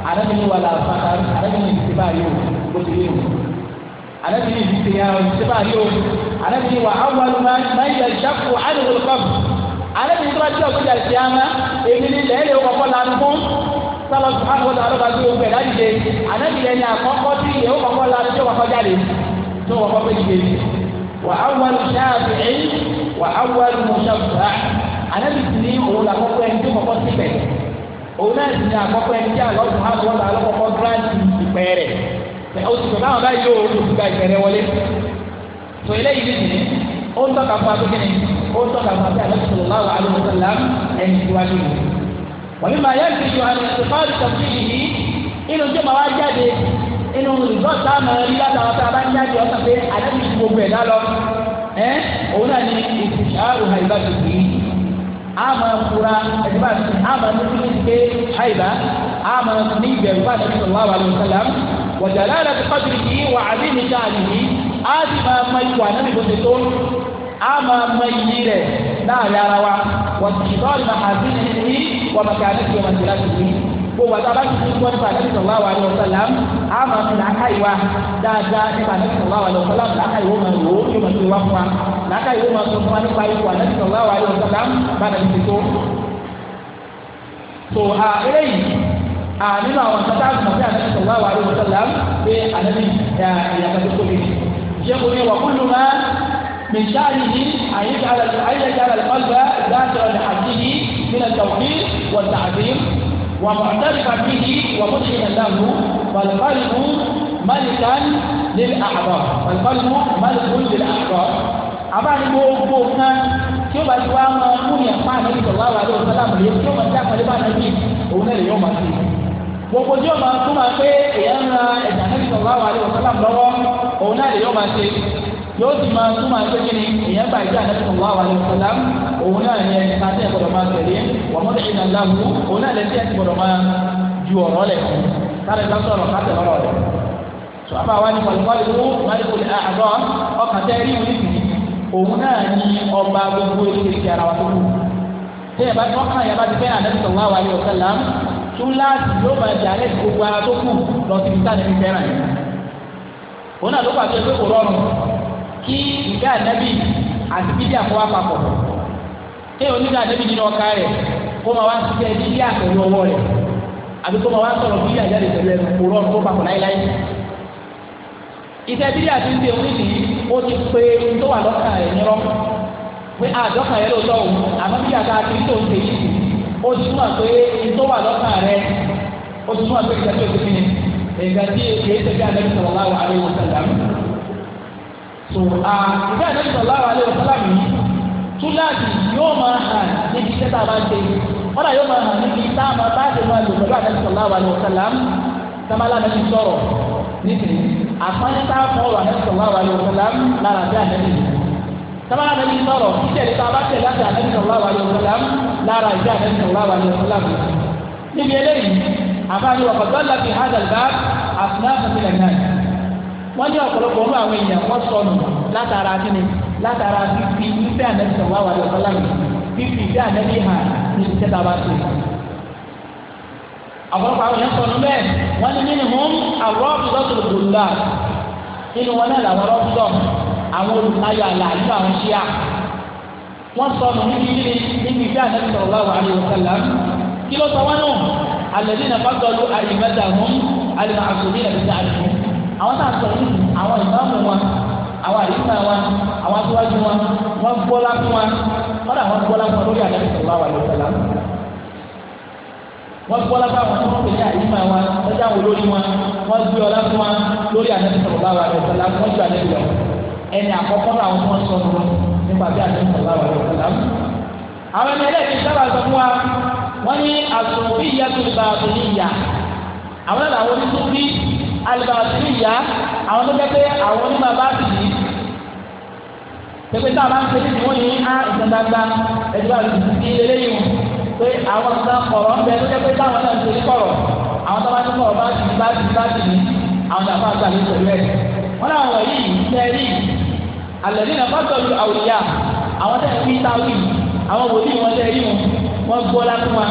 alẹ́ mi ní wàlá fàtà alẹ́ mi ní ìsìnbáyé o ó ti lé o alábìrin yìí ti yára ọ̀hún ṣe bá rí o alábìrin wà áwọn máa ń yẹ ṣàkó àdìgbò kọ́ọ̀bù alábìrin tó bá jẹ́ òkúta ṣe á má èmi ni lẹ́yìn ọkọ̀ lanu fún sábà sùpàgọ́ àlọ́ba tó gbẹ láyìíde alábìrin ni àkọ́kọ́ tí ìyẹ̀wò kọ́kọ́ lanu tó wọ́kọ́ jáde tó wọ́kọ́ péjìde wà áwọn ṣáàbìrín wà áwọn mọ̀ṣàbùrà alábìrin ni òun làkọ́kọ́ ẹni tó kọ́kọ́ síbẹ̀ òun náà sì ni àkọ́kọ́ ẹni o ti sọ báwọn báyìí yóò o ti gba ìfẹ̀rẹ̀ wọlé tó eléyìí bí nìyí ó ń tọ́ka fún abúlé ni ó ń tọ́ka fún abúlé alẹ́ sọ̀rọ̀ láwọn alẹ́ sọ̀rọ̀ láwọn ẹni tó wájú ni. wọ́n mi máa yẹ kí ju àwọn ẹ̀sìn fáwọn ìtọ́sí yìí inú tí màá wá jáde inú rìsọ́ọ̀tì àmọ́ rí látàwọn tá a bá ń jáde ọ̀sán pé alẹ́ ti gbogbo ẹ̀dá lọ ẹ́ òun náà ni ìfìṣàrò àyíká tó kì àmọ́ fura ẹ̀dínwá àmọ́ nítorí pé àyíká àmọ́ ní ìbẹ̀rù bá a wọ̀jàlá rẹ̀ ti kọ́jú yìí wà á bí mi dáa nìyí á sì máa mọ ikú ànábì bó ṣe tó á máa mọ iyì rẹ̀ láàrin ara wa wọ̀jì lọ́ọ̀rì máa hàn sí nìyí wọ́n máa kà á ní kí wọ́n máa ṣe láti fi gbogbo àti abájú tó ń gbọ́ nípa àdébí sọ̀rọ̀ àwọn àlọ́ sọ̀lá á máa fi làákà ìwà dáadáa nípa àdébí sọ̀rọ̀ àwọn àlọ́ sọ̀lá làákà ìwò máa wò ó yóò máa fi wá fún wa làákà ìwò máa sọ fún wa nípa ipò àdébí sọ̀rọ̀ àwọn àlọ́ sọ̀lá bá nínú àwọn kata àgùnmọ̀ sí àti sọ̀rọ̀ àwọn àríwọ̀ sọ̀rọ̀ pé ànábì ìyàtọ̀ tó kó lè ṣe kò ní wà kúlù máa من شأنه أن يجعل أن يجعل القلب ذاكرا لحقه من التوحيد والتعظيم ومعترفا به ومسلما له فالقلب ملكا للأعضاء فالقلب ملك للأعضاء àbáni gbogbo kan tí ó bá ti wá máa mú yàn fún ànábì sọ̀rọ̀ àwọn àdéhùn sálámù yẹn tí ó máa ti àpàlẹ́ bá ànábì òun náà lè yọ̀ máa ti. gbogbo tí o máa tún máa pé èèyàn ń ra ẹ̀dá náà sọ̀rọ̀ àwọn àlejò sọ́lá lọ́wọ́ òun náà lè yóò máa ṣe yóò sì máa tún máa pé kí ni èèyàn gba ìdí àná sọ̀rọ̀ àwọn àlejò sọ̀lá òun náà ní ẹni tá a tẹ̀ gbọ́dọ̀ máa tẹ̀lé wàmọ́tẹ̀ ìdá láàbù òun náà lẹ́sẹ̀ ẹ̀ gbọ́dọ̀ máa ju ọ̀rọ̀ lẹ̀ sáré lásọ̀rọ̀ ká tẹ̀ lọ́rọ̀ túláàsì yóò máa jà lẹ́sìn gbogbo ara tó kù lọ sí ìta níbi fẹ́ràn yìí. òun náà ló pàṣẹ pé kò rọrùn kí ìgbà ànábì àti bíbí àfọwọ́ papọ̀ kéèyàn onígbà ànábì nínú ọkà rẹ̀ kó máa wá sí ẹni bí àtẹ̀wé ọwọ́ rẹ̀ àbí kó máa wá sọ̀rọ̀ bí àjáde pẹ̀lú ẹnu kò rọrùn kó papọ̀ láíláí. ìtẹ́ bíbí àti ń ṣe oníṣìí ó ti pé tó wà lọ́kàn rẹ̀ nírọ́ pé àdọ́kàn rẹ̀ lóòótọ́ òun àmọ́ bíbí àti tó ń ṣe yìí ó túmọ̀ pé tó wà lọ́kàn rẹ ó túmọ̀ pé ìgbà tó ti fi ìgbà tí èyí tẹ̀ bí Ànábì sallallahu alaihi wasallam. tó a ìgbà Ànábì sallallahu alaihi wasallam yìí túláàsì yóò máa hàn níbi iṣẹ́ tá a máa ń ṣe náà yóò máa hàn níbi tá a máa bá ṣe máa lò pẹ̀lú Ànábì sallallahu alaihi wasallam tamala Ànábì sọ̀rọ̀ nítorí àpáńtà fọ́ọ̀rọ̀ Ànábì sallallahu alaihi wasallam lára bí Ànábì yìí sábà nàbí sọ̀rọ̀ títẹ̀lé tá a bá tẹ̀lé àti ànábì sallallahu alaihi wasallam lára ìdí ànábì sallallahu alaihi wasallam. níbi eléyìí àbáyé wọ̀kọ̀ dọ́là fi hàn dàgbà àfúnáfà sílẹ̀ náà. wọ́n ní ọ̀pọ̀lọpọ̀ ọmọ àwọn èèyàn wọ́n sọnù látara kíni látara fífi ìfẹ́ ànábì sallallahu alaihi wasallam fífi ìfẹ́ ànábì hàn ní ìṣẹ́ tá a bá tó. ọ̀pọ̀lọpọ̀ àwọn èèyàn sọnù àwọn olùtayọ àlà nínú àwọn ṣíà wọ́n sọnù níbi kíni níbi bí àná sọ̀rọ̀ wá wà lóyún sálà kí ló sọ wọn nù alẹ́dí nàfà sọ̀rọ̀ àyìnbẹ́dà mú alẹ́nà àkùnrin nàbẹ́dà àdùnnú àwọn tá a sọ̀rọ̀ nù àwọn ìmáàmù wọn àwọn àdìsá wọn àwọn aṣáájú wọn wọn gbọ́lá fún wọn wọn dà wọn gbọ́lá fún wọn lórí àná sọ̀rọ̀ wà lóyún sálà wọ́n gbọ́lá fún àwọn tí wọ́n pèsè àyíká wa wọ́n dáhùn lórí wọn wọ́n gbé ọlá fún wa lórí àná sọ̀rọ̀ wà lóyún sálà wọ́n ju àná ẹni àkọ́kọ́ náà wọ́n sọ ọ́ nípa bí àti ìsọ̀lá wà lọ́wọ́ sọ́lá. àwọn ẹni ẹlẹ́ẹ̀kì sábà sọ fún wa wọ́n ní àsòfin ìyá tó ba àtòní ìyá àwọn ẹ̀rọ àwọn oníṣòfì alìbàtòní ìyá àwọn tó kẹ́kẹ́ àwọn onímọ̀ bá ti dì í. pépé tá a bá ń pè ní wọ́n ní á ìsọ̀dàgbà ẹ̀dùbà ti lélẹ́yìn pé àwọn kan kọ̀rọ̀ ń bẹ tó kẹ́kẹ́ táwọn náà ti kọ̀rọ̀ àwọn tó bá ti kọ̀rọ̀ bá ti bá ti bá ti ní àwọn àbá àgbà ló pẹ̀lú ẹ̀. wọ́n láwọn wọ̀nyí ń àlẹ́lẹ́ náà pásítọ̀ ju àwòyá àwọn tẹ̀ fi táwí àwọn wòlíì wọn tẹ̀ rí wọn wọn gbọ́ lápún wa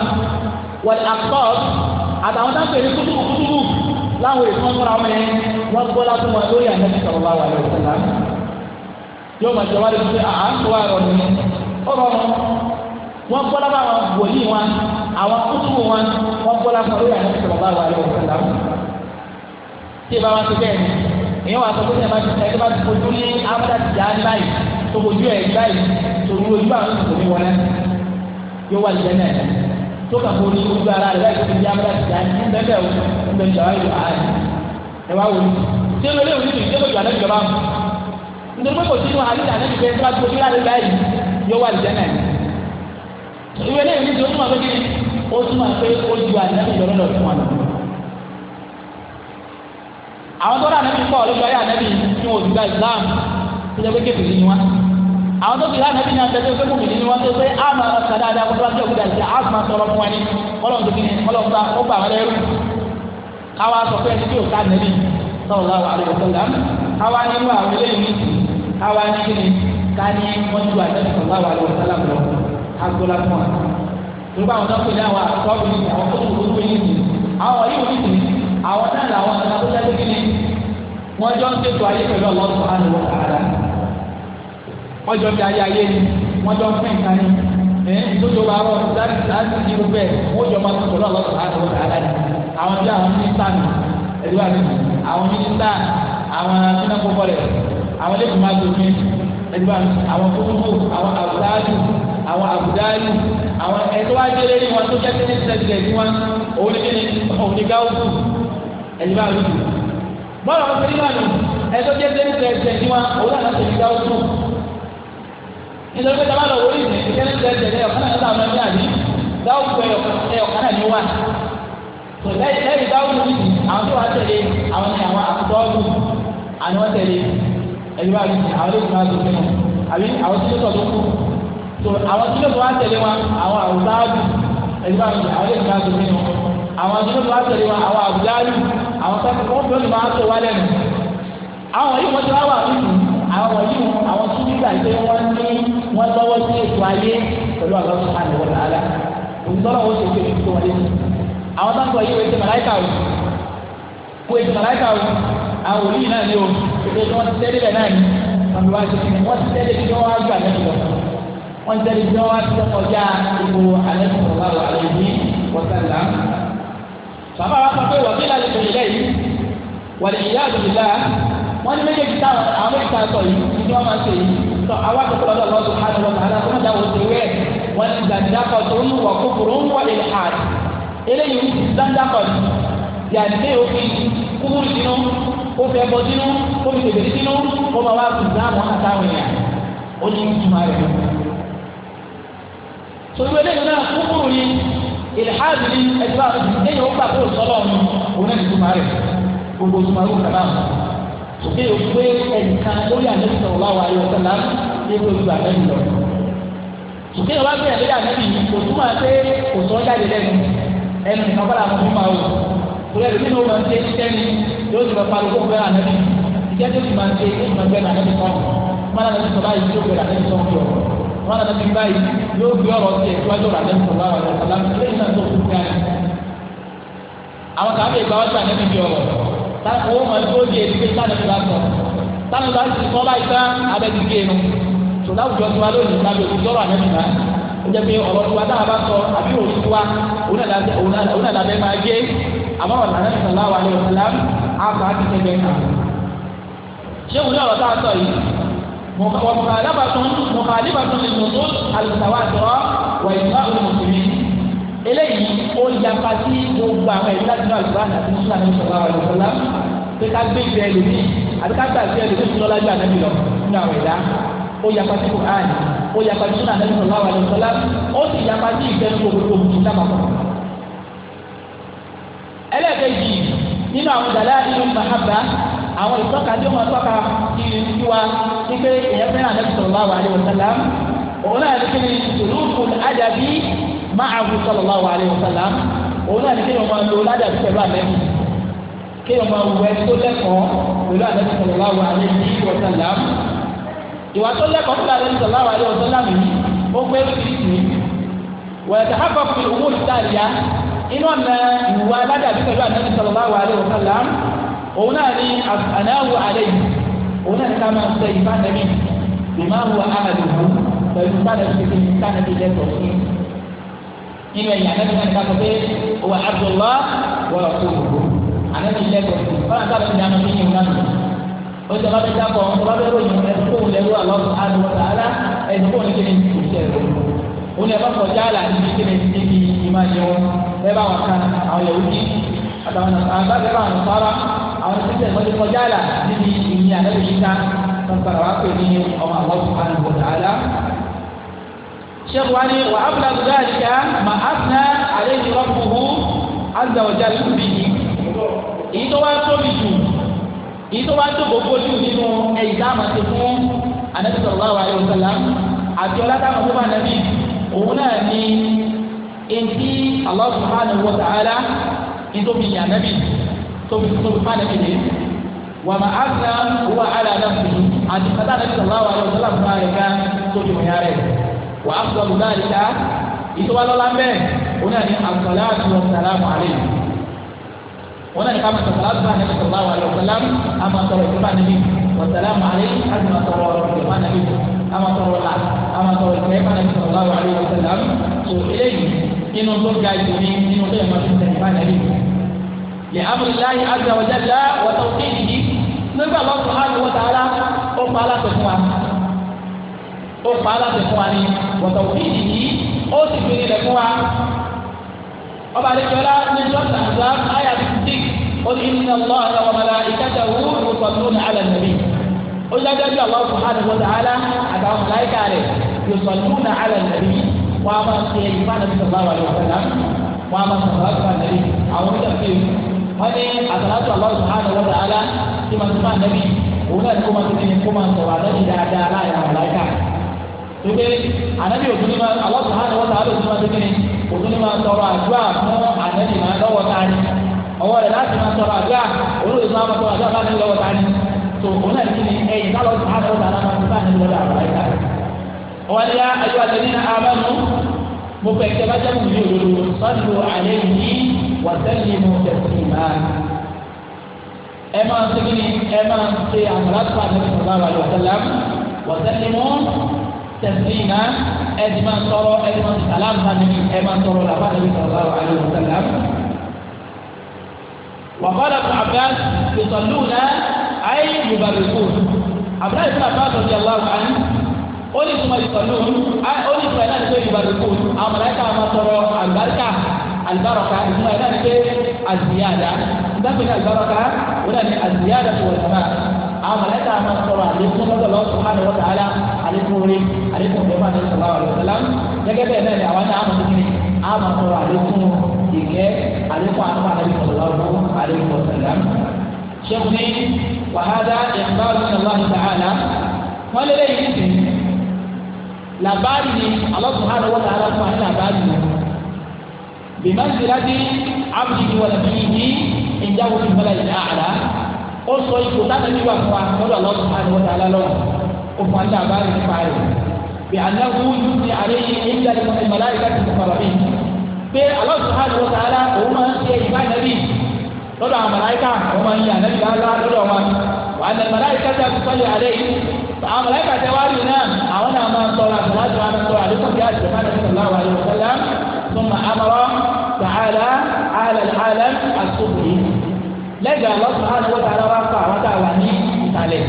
wọ́n àkọ́ àtàwọn táwọn pèrè kútùkù kútùkù láwọn èso ń múra wọn yẹn wọ́n gbọ́ lápún wa lórí àlẹ́bí sọ̀rọ̀ wa wà lórí ọ̀sán yóò máa jẹ wá lórí àá tó wà rọ̀ ní ọ̀rọ̀ wọn gbọ́ lápá àwọn wòlíì wọn àwọn kútùkù wọn wọ́n gbọ́ lápún wa lórí àlẹ́bí sọ̀rọ̀ wa wà lórí ọ̀sán èyàn wà sọ pé ní ẹ bá ti sẹ ẹ bá ti fojú ní amúdá ti dá báyìí tó fojú ẹ báyìí tó ní ojú àwọn ìṣòro ní wọlé yóò wà lẹ́yìn náà tó kà fún ní ojú ara rẹ láì fi ní amúdá ti dá ní bẹ́ẹ̀ o ń bẹ jàwá ìlú ààrẹ ẹ wá wọlé tí ẹ lọlé òní tó ìjọba ìjọba nítorí pé kò sínú àlejò àlejò bẹ́ẹ̀ tó bá ti fojú láàrin báyìí yóò wà lẹ́yìn náà ìwé lẹ́yìn ní ti o túmọ̀ pé kí ni o túmọ̀ pé o ju àlejò lọ́dọ̀ fún wa lọ́dọ̀ àwọn tó rà nẹ́bí pọ̀ lójú ayé ànẹ́bí tí wọn ò islam tó jẹ́ pé kékeré ni wọn àwọn tó ti rà nẹ́bí náà tẹ́tẹ́ pé kòmìnir ni wọn tó pé àmà ọ̀sán dáadáa kó tó bá jẹ́ òkúta ìṣe àmà sọ̀rọ̀ fún wa ní ọlọ́run tó kí ni ọlọ́run bá ó bà wọn lẹ́rù káwa sọ pé ẹni tí ò ká nẹ́bí sallallahu alaihi wasallam káwa nínú àwọn eléyìí káwa ní kíni ká ní wọ́n ju àjẹsí sallallahu alaihi wasallam lọ agbóla fún wa nígbà àwọn tó ń pè ní àwọn àtọ́bìnrin àwọn tó ń gbogbo yìí àwọn àwọn náà làwọn àtàkùn tó ń wọ́n jọ ń ṣètò ayé pẹ̀lú Allah subhanahu wa ta'ala wọ́n jọ ń darí ayé ni wọ́n jọ ń pín nǹkan ni ẹ̀ tó tó bá rọ̀ láti láti di gbogbo ẹ̀ wọ́n jọ máa tọ̀tọ̀ Allah subhanahu wa ta'ala ni àwọn bí àwọn mínísítà mi ẹ̀rí wà nínú àwọn mínísítà àwọn sinagogo rẹ̀ àwọn lẹ́kùn máa tó mi ẹ̀rí wà nínú àwọn kúrúkú àwọn àbúdáàlù àwọn àbúdáàlù àwọn ẹ̀tọ́ wá délé ní wọn tó jẹ́ bọ́ọ̀lù ọ̀sẹ̀ nígbà ní ẹjọ́ jẹ́ tẹ́lẹ̀ tẹ́lẹ̀ tẹ́lẹ̀ ní wa òun náà ti fi dáwọ́ tó nítorí pé tábà lọ wọlé ìsìn tẹ́lẹ̀ tẹ́lẹ̀ tẹ́lẹ̀ ọ̀kan náà táwọn ọmọdé àbí dáwọ́ gbẹ ní wa lẹ́yìn dáwọ́ tó ní àwọn tó wà tẹ̀lé àwọn ní àwọn àkùtọ́ ọ̀gùn àni wọ́n tẹ̀lé ẹ̀yọ́ àbí àwọn ẹ̀yọ́ àbí àwọn tó àwọn akínyìn wa tẹ̀lé wa àwọn àbújáàlù àwọn sọ́kùn wọn fẹ́ẹ́ máa tó wa lẹ́nu àwọn yìí wọ́n ti wá wà nínú àwọn yìí àwọn tí nígbà tí wọ́n ní wọ́n lọ́wọ́ sí ètò ayé pẹ̀lú àwọn ọ̀sán àti wọ́n làálà òǹtọ́rọ̀ wọ́n ti gbé ètò wọn lẹ́nu àwọn sọ́kùn yìí wọ́n ti màláìkà o wọ́n ti màláìkà o àwọn òlì náà ni o ètò tí wọ́n ti tẹ́lẹ̀ bẹ̀ náà ni wọ́n ti wá ti wọ́n ti tẹ́lẹ̀ bí wọ́n wá gbà lẹ́nu lọ wọ́n ti tẹ́lẹ̀ bí wọ́n wá ti tẹ́kọ̀ọ́ bàbá wa sọ pé wàkílà lè tòlè lẹ́yìn wàlẹ ìyá àdùnnìlá wọn ní méjèèjì táwọn àwọn méjì táwọn sọ yìí ní wọn máa ń sè yìí tọ àwọn àtọkọlọ lọ́dọ̀ lọ́dọ̀ hàn wọn tààlà fún ọjà wọn ti wẹ wọn ti gbàdúrà tó ń wọ kókòrò ń wọlé hàn eléyìí dáńdá kọ yàtí ó fi kúrú sínú ó fẹ́ bọ́ sínú ó fi tètè sínú ó máa wá kù dáàmú àtàwọn èèyàn ó ní ìtumọ̀ rẹ̀. sọ̀rọ̀ eléyìí náà kúkúrú ni ìlhàbí ní ẹgbẹ́ àwọn ti kéèyàn ó gbà kó sọ́lọ́ ọ̀nà òun náà ti tó máa rẹ̀ gbogbo tó máa rú kàdá àwọn òkè òkè ẹnìkan lórí àlejò sọ̀rọ̀ wá wáyé ọ̀sẹ̀ náà ní ẹgbẹ́ olùgbà mẹ́rin lọ. òkè ọba gbé ẹ̀dẹ́gbẹ́ àmẹ́bí kò túmọ̀ pé kò sọ jáde lẹ́nu ẹnu nìkan bá làwọn fún máa wò torí ẹ̀rọ nínú máa ti lọ ti máa ń wọn nana bí báyìí yóò gbé ọ̀rọ̀ tiẹ̀ síwájú ọ̀rọ̀ àdéhùn sọlá ọ̀rọ̀ sọlá lẹ́yìn náà tó kúkú káyà àwọn kàwé ìgbà wọn gbà nínú ibi ọ̀rọ̀ táwọn ọmọ tó di èdè táwọn ìgbà sọ táwọn ìgbà sì kọ́ báyìí tán abẹ́dìgé nu sọlá òjò tiwa lónìí lábẹ́ òjò ọ̀rọ̀ àdéhùn náà ó jẹ́ pé ọ̀rọ̀ tiwa táwọn bá sọ àbí òjò tiwa òun àdàbẹ́ máa gé àmọ́ ọ̀rọ̀ àdéhùn sọlá wà lẹ́yìn sọlá àkọ́ àti tẹ́gbẹ́ kan ṣé òun mọ̀kàlíbàtún mọ̀kàlíbàtún lè mọ̀ tó àlùsàwàdọ̀ wà ìgbà òmùsùlùmí eléyìí ó yapa sí gbogbo àwọn ẹ̀rí láti ní àlùbá àti nígbà ní sọ̀rọ̀ àwọn ọ̀dọ́lá pé ká gbé ìgbẹ́ ẹlòmí àti ká gbà sí ẹlòmí tó lọ́lájú ànábì lọ nínú àwọn ẹ̀dá ó yapa sí Qur'an ó yapa sí sunan ànábì sọ̀rọ̀ àwọn ọ̀dọ́lá ó sì yapa sí ìfẹ́ gbogbo òmùsùn lápapọ̀. ẹlẹ́ẹ̀kejì nínú àwọn dàlá ìlú mahabba àwọn ìtọ́ka tí ó máa tọ́ka ti ìlú wa ní pé èyàn fẹ́ràn àdébí sallallahu alaihi wasallam òun náà ní kíni sùlùkùn ádàbí ma'ahu sallallahu alaihi wasallam òun náà ní kíni ọmọ lò ládàbí pẹ̀lú àmẹ́bí kí ọmọ wẹ tó lẹ́kọ̀ọ́ pẹ̀lú àdébí sallallahu alaihi wasallam ìwà tó lẹ́kọ̀ọ́ pẹ̀lú àdébí sallallahu alaihi wasallam yìí ó gbé kìrìsì wọ̀yẹ̀tẹ̀ hákọ̀ọ́ fi owó ìtàlíyà inú ọ̀nà ìwà òun náà ní àdáwò alẹ́ yìí òun náà ní ká máa sọ ìbánẹ́bí ìmáàmù àhàdùkú pẹ̀lú ìbánẹ́bí tètè ní ìbánẹ́bí lẹ́tọ̀ọ́ sí nínú ẹ̀yìn àdáwò náà ní ká sọ pé òwò àdùlá wọ́n kó òwò àdáwò lẹ́tọ̀ọ́ sí fọlá sábà ti dáná fún yìí náà o jọba bẹ dákọ o bá bẹ ròyìn ẹsùn òun lẹrú àwọn àdùn ọ̀tà ara ẹsùn òun kéde ní ìṣẹ̀ rẹ̀ òun lẹ bá kọjá àlà níbi kéde ní ibi ìmáyẹwò ẹ bá wà ká àwọn yòówù àtàwọn àgbàgbẹ́ bá wọn sára àwọn tí tẹ̀lé wọ́n ti kọjá àlà níbi ìyìn àlẹ́bí yìí ká tọ́gbàrà wá pè ní ọmọ àwọn sùpàlù wọ̀ tààlà. sẹ́kù wá ní wà á fúlà gbogbo àdìgá mà á fúnà àlẹ́ yìí rọ́ fún un àgbà ọ̀jà lùbí yìí. èyí tó wá tóbi jù èyí tó wá tó gbogbo nínú ẹ̀yìn àmà fún Ànábì sallallahu alaihi wasallam àti ọlátàmọ̀ tó bá nàbí òun náà tóbi tóbi fáànà kìíní wà má àgbà wà àlà náà fi àti kàtà nàbí sọlá wà lọ sọlá fún àrẹ ká tóbi wọn yára ẹ wà á sọ lùdá àríkà ìtọ́wálọ́lá mbẹ́ wọn náà ní àgbàlá àti wọn sàlá mọ́ àlẹ́ yìí wọn náà ní ká máa sọ̀rọ̀ àti bá nàbí sọlá wà lọ sọlá a máa sọ̀rọ̀ ìfúnpá nàbí lè amúniláyé agbẹ̀wọ̀jẹ̀dá wọ́tọ̀ kéèdì nígbà lọ́sùn áàdì wọ́tà alá ó pa aláṣẹ fún wa ó pa aláṣẹ fún wa ní wọ́tọ̀ kéèdì yìí ó sì fi nílẹ̀ fún wa ọba àdéjọ́lá ní jọ́sà àgbà áyà fífi ó ní inna Allah wa malaikatahu yusalluna ala nabi ó dájú Allah subhanahu wa ta'ala àtàwọn màláìkà rẹ̀ yusalluna ala nabi wọ́n á máa ṣe ìfànàbí sọ̀rọ̀ àwọn àlọ́ wọn a ma sọ̀rọ̀ àgbà nàlẹ́ àwọn oníjà fún yìí wọ́n ní àtàlátù Allah subhanahu wa ta'ala tí màá tún máa nẹ́bí òun náà ní kó máa tẹ̀lé kó máa sọ̀rọ̀ ànábì dáadáa láàyè àwọn Tóbi ànábì òtún ní máa Allah subhanahu wa ta'ala òtún máa tẹ̀lé òtún ní máa sọ̀rọ̀ àdúrà fún ànábì máa lọ́wọ́ tani. Ọwọ́ rẹ̀ láti máa sọ̀rọ̀ àdúrà òun ló máa sọ̀rọ̀ àdúrà láti lọ́wọ́ tani. Tó òun náà ní ẹ̀yìn lálọ́ subhanahu wa ta'ala máa tún máa lọ́wọ́ àláìka. Wọ́n yá وسلموا تسليما اما سكني اما سي امرات النبي صلى الله عليه وسلم وسلموا تسليما اجمع صلوا اجمع سلام النبي اما صلوا على النبي صلى الله عليه وسلم وقال ابن عباس يصلون اي يبركون عبد الله بن عباس رضي الله عنه ó ní ìtumọ̀ ìsọ̀lú ó ní ìtumọ̀ ìlànà tó ìbàdàn kù àwọn mọ̀lẹ́kà máa tọrọ àgbàríkà alibaraka ìdúmọ̀ ẹ̀ náà ni pé aziyada ìdáhùn ní alibaraka wọn náà ni aziyada tó wọlé náà àwọn mọ̀lẹ́ta máa sọ̀rọ̀ àlékún lọ́dọ̀ lọ́wọ́ sọ̀rọ̀ àlẹ́ wọ́n tààlà àlékún orí àlékún ọ̀gbẹ́ máa ní sọ̀rọ̀ àwọn ọ̀lọ́lá gẹ́gẹ́ bẹ́ẹ̀ náà ni àwọn náà máa ní àmà sọ̀rọ̀ àlékún ìkẹ́ àlékún àwọn àlẹ́ sọ̀rọ̀ àwọn àlékún ọ̀sẹ̀lá. sẹ́kù ní wàhálà ìyàmbá ọ̀sán tààlà wọ́n lé bimanzilati abdihi wa nabiyyihi indahu fil mala'il a'la ó sọ ipò tá a nàbí wà fún wa lọ́dọ̀ Allah subhanahu wa ta'ala lọ́wọ́ ó fún ajá àbá rẹ̀ nípa rẹ̀ bí anáwó yóò fi àlẹ́ yìí ẹ̀yìn jáde fún ìmọ̀lá yìí láti fún bàbá mi pé Allah subhanahu wa ta'ala òun máa ń ṣe ìbá nàbí lọ́dọ̀ àwọn màláìka òun máa ń yà nàbí lọ́dọ̀ lọ́dọ̀ wọn wà á nà màláìka tẹ àkùsọ́lẹ̀ àlẹ́ yìí àwọn màláìka tẹ wá rí náà àwọn náà máa ń tọrọ àtúnwájú àwọn tọrọ àdékùn ta'ala ala alam asopoli lẹ́gbẹ̀ Allah subhanahu wa ta'ala wá pa àwọn tá a wà ní ìtàlẹ̀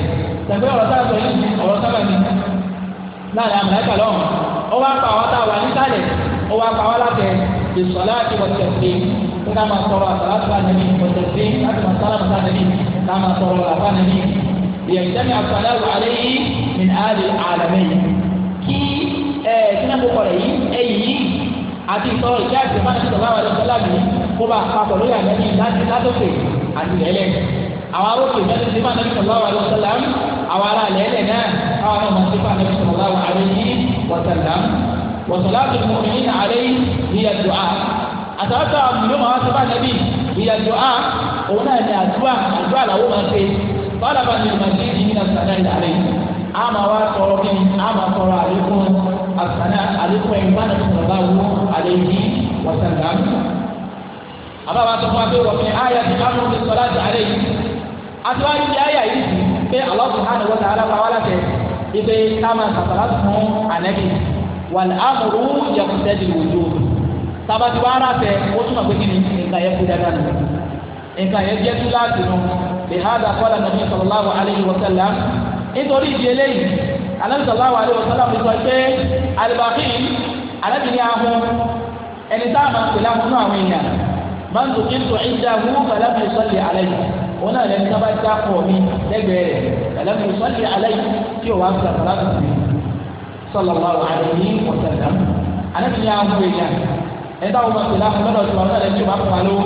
tẹ̀gbẹ́ ọ̀rọ̀ tá a sọ yìí ọ̀rọ̀ sábà ní láàrin àmàlẹ́kà lọ́wọ́ ó wá pa àwọn tá a wà ní ìtàlẹ̀ ó wá pa wá látẹ̀ ìsọ̀lá àti ìwọ̀tẹ̀sẹ̀ tó ká máa sọ̀rọ̀ àtàlà tó bá nẹ̀mí ìwọ̀tẹ̀sẹ̀ láti máa sára mọ́tà nẹ̀mí ká máa sọ̀rọ̀ àbá nẹ̀mí ìyẹ̀dẹ́mi àtàlẹ́wò alẹ́ yìí min àlè àlàmẹ́yìn kí ẹ̀ẹ́dínlẹ́kọ̀ọ́ rẹ̀ yìí ẹ̀yìn yìí àti ìtọ́rọ ìṣe àti ìmọ̀ àti ìtọ́lá àwọn ọ̀dọ́ lábì kó bá papọ̀ lórí àgbẹ̀ni láti látòkè àti ìrẹ́lẹ̀ àwọn arókè mẹ́tò sí máa nẹ́bí sọ̀lá àwọn ọ̀dọ́ lábì àwọn ará ìrẹ́lẹ̀ náà káwọn náà máa ti fà nẹ́bí sọ̀lá àwọn àrẹ́yìn wọ̀sẹ̀lá wọ̀sẹ̀lá tó mú mi ní àrẹ́yìn ní ẹ̀dùn á á òun náà ní máa ṣe fọ́lá àmà wa tọrọ kí ni àmà tọrọ àlékún àtàná àlékún ẹ̀yìn bá nàìjíríà bá wú àlejì wàsàlá. àbáwá sọ fún wa pé wọ́n fi àyà ti ká lóun ti sọ láti àlẹ́ yìí. àtiwájú ti àyà yìí sì pé Allah subhanahu wa ta'ala pa wá láti ipe táwọn sàtàlá fún ànẹ́bí wal amru yaqtadi al-wujub. tábàtì wa ara tẹ ó túmọ̀ pé kí ni nǹkan yẹn kú dáadáa nù. nǹkan yẹn jẹ́ tú láti nù. bihadha qala nabi sallallahu alayhi wa sallam nítorí ìdí eléyìí Ànábì sallallahu alaihi wasallam sọ pé alibaki Ànábì ní ahun ẹni tá a máa pè láhùn náà àwọn èèyàn máa ń tó kí n tó ìdá hu kàlámù ìsọ̀lì alẹ́ yìí òun náà lẹni tó bá dá pọ̀ mí lẹ́gbẹ̀ẹ́ rẹ̀ kàlámù ìsọ̀lì alẹ́ yìí tí ò wá ń sàkàlà tó fi sallallahu alaihi wasallam Ànábì ní ahun èèyàn ẹni táwọn máa pè láhùn lọ́dọ̀ tó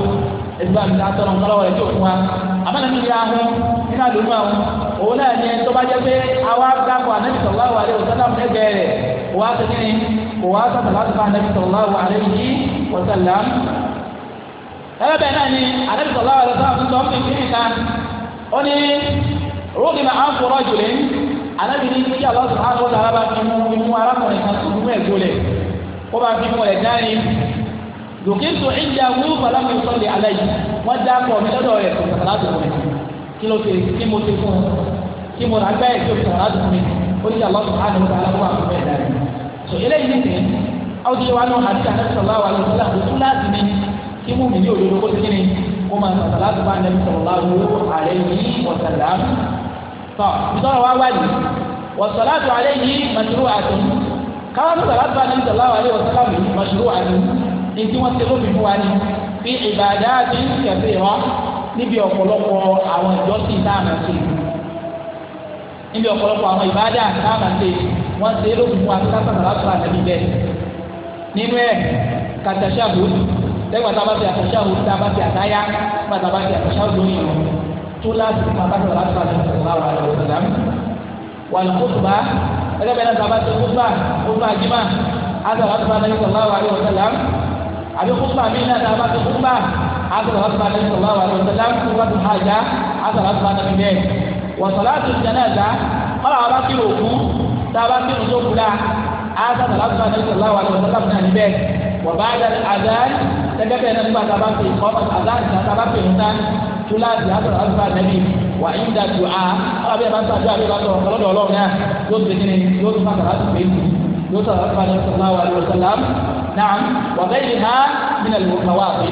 ẹgbẹ́ àti àtọ́nà ńkọ́lọ́wọ́ ẹ̀ tí ò fún wa àmọ́nà mi rí ahọ́n nínú àdúgbò àwọn òun náà ní ẹni tó bá jẹ́ pé àwa dákọ̀ ànábì sallallahu alaihi wasallam lẹ́gbẹ̀ẹ́ rẹ̀ kò wá sẹ́kẹ́ ni kò wá sọ̀tọ̀ láti fún ànábì sallallahu alaihi wasallam. ẹlẹ́bẹ̀ẹ́ náà ni ànábì sallallahu alaihi wasallam ń sọ fún ìpínlẹ̀ kan ó ní rúbì máa ń fọ̀rọ̀ jù lé ànábì ní fi mú imú arákùnrin kan tó mú ẹ̀gbọ́lẹ̀ kó fi mú ẹ̀ dání dòkè tó ẹ̀jẹ̀ awúrò bàlá mi sọ lè alẹ́ yìí wọ́n já pọ̀ mi lọ́dọ̀ rẹ̀ kò sàkàlà tó wọlé kí ló ṣe kí mo ṣe fún un kí mo rà gbẹ́ kí o sàkàlà tó wọlé ó ní àlọ́ sọ̀rọ̀ àdéhùn sàkàlà tó wà fún bẹ́ẹ̀ dáre so eléyìí ní sèé àwọn tí wọn náà àti àti sọ̀rọ̀ àwọn àlọ́ sọ̀rọ̀ àti sọ̀rọ̀ àti ní kí mú mi ní òdodo kó ti kí ni kó máa sàkàlà tó bá ń lẹ́nu sọ̀rọ̀ yìí ọ̀sàlá tọ́ ìtọ́rọ̀ wá wáyé wọ̀sọ̀lá tó àlẹ́ yìí màṣúrù ètí wọ́n ti lóbi fún wa ni fi ìbàdà àti ìkẹsẹ̀ wa níbi ọ̀pọ̀lọpọ̀ àwọn ìjọsìn tá a máa ṣe níbi ọ̀pọ̀lọpọ̀ àwọn ìbàdà tá a máa ṣe wọ́n ti lóbi fún wa kí sásàmà láti wà níbi bẹ́ẹ̀ nínú ẹ̀ kàtàṣà bòódù lẹ́gbàá tá a bá ti àtàṣà bòódù tá a bá ti àtáyà nígbà tá a bá ti àtàṣà bòódù yìí tó láti fún abájọ láti wà níbi sọ̀rọ̀ àwọn àlọ́ ìsìlám wà ní kótóbá ẹgbẹ́ bẹ́ẹ̀ náà tá a bá ti kótóbá kótóbá jimá àbí kúkúbà mí náà tá a bá ti kúkúbà àtàlà wàtí bá nàbí sọlá wàlú ọ̀sẹ̀ láti wàtí hàjá àtàlà wàtí bá nàbí bẹ́ẹ̀ wàtàlà tó ti jẹ́nà ẹ̀dá ọ̀là wàbá kí ló kú tá a bá kí ló tó kú dá àtàlà wàtí bá nàbí sọlá wàlú ọ̀sẹ̀ láti nàbí bẹ́ẹ̀ wàbá àdán gẹ́gẹ́ bẹ́ẹ̀ náà nígbà tá a bá fi ọmọ àdán tá a bá fi ìhùn tán sọ àdúrà bí bá sọ ọlọdọ Ọlọ́run náà yóò tó kékeré yóò tó fàtàlá tó fèé yóò tó àlọ́ fàtàlá sọlá wa alẹ́ wa náà wàlẹ́yìn ha nínú ìlúkà wà pé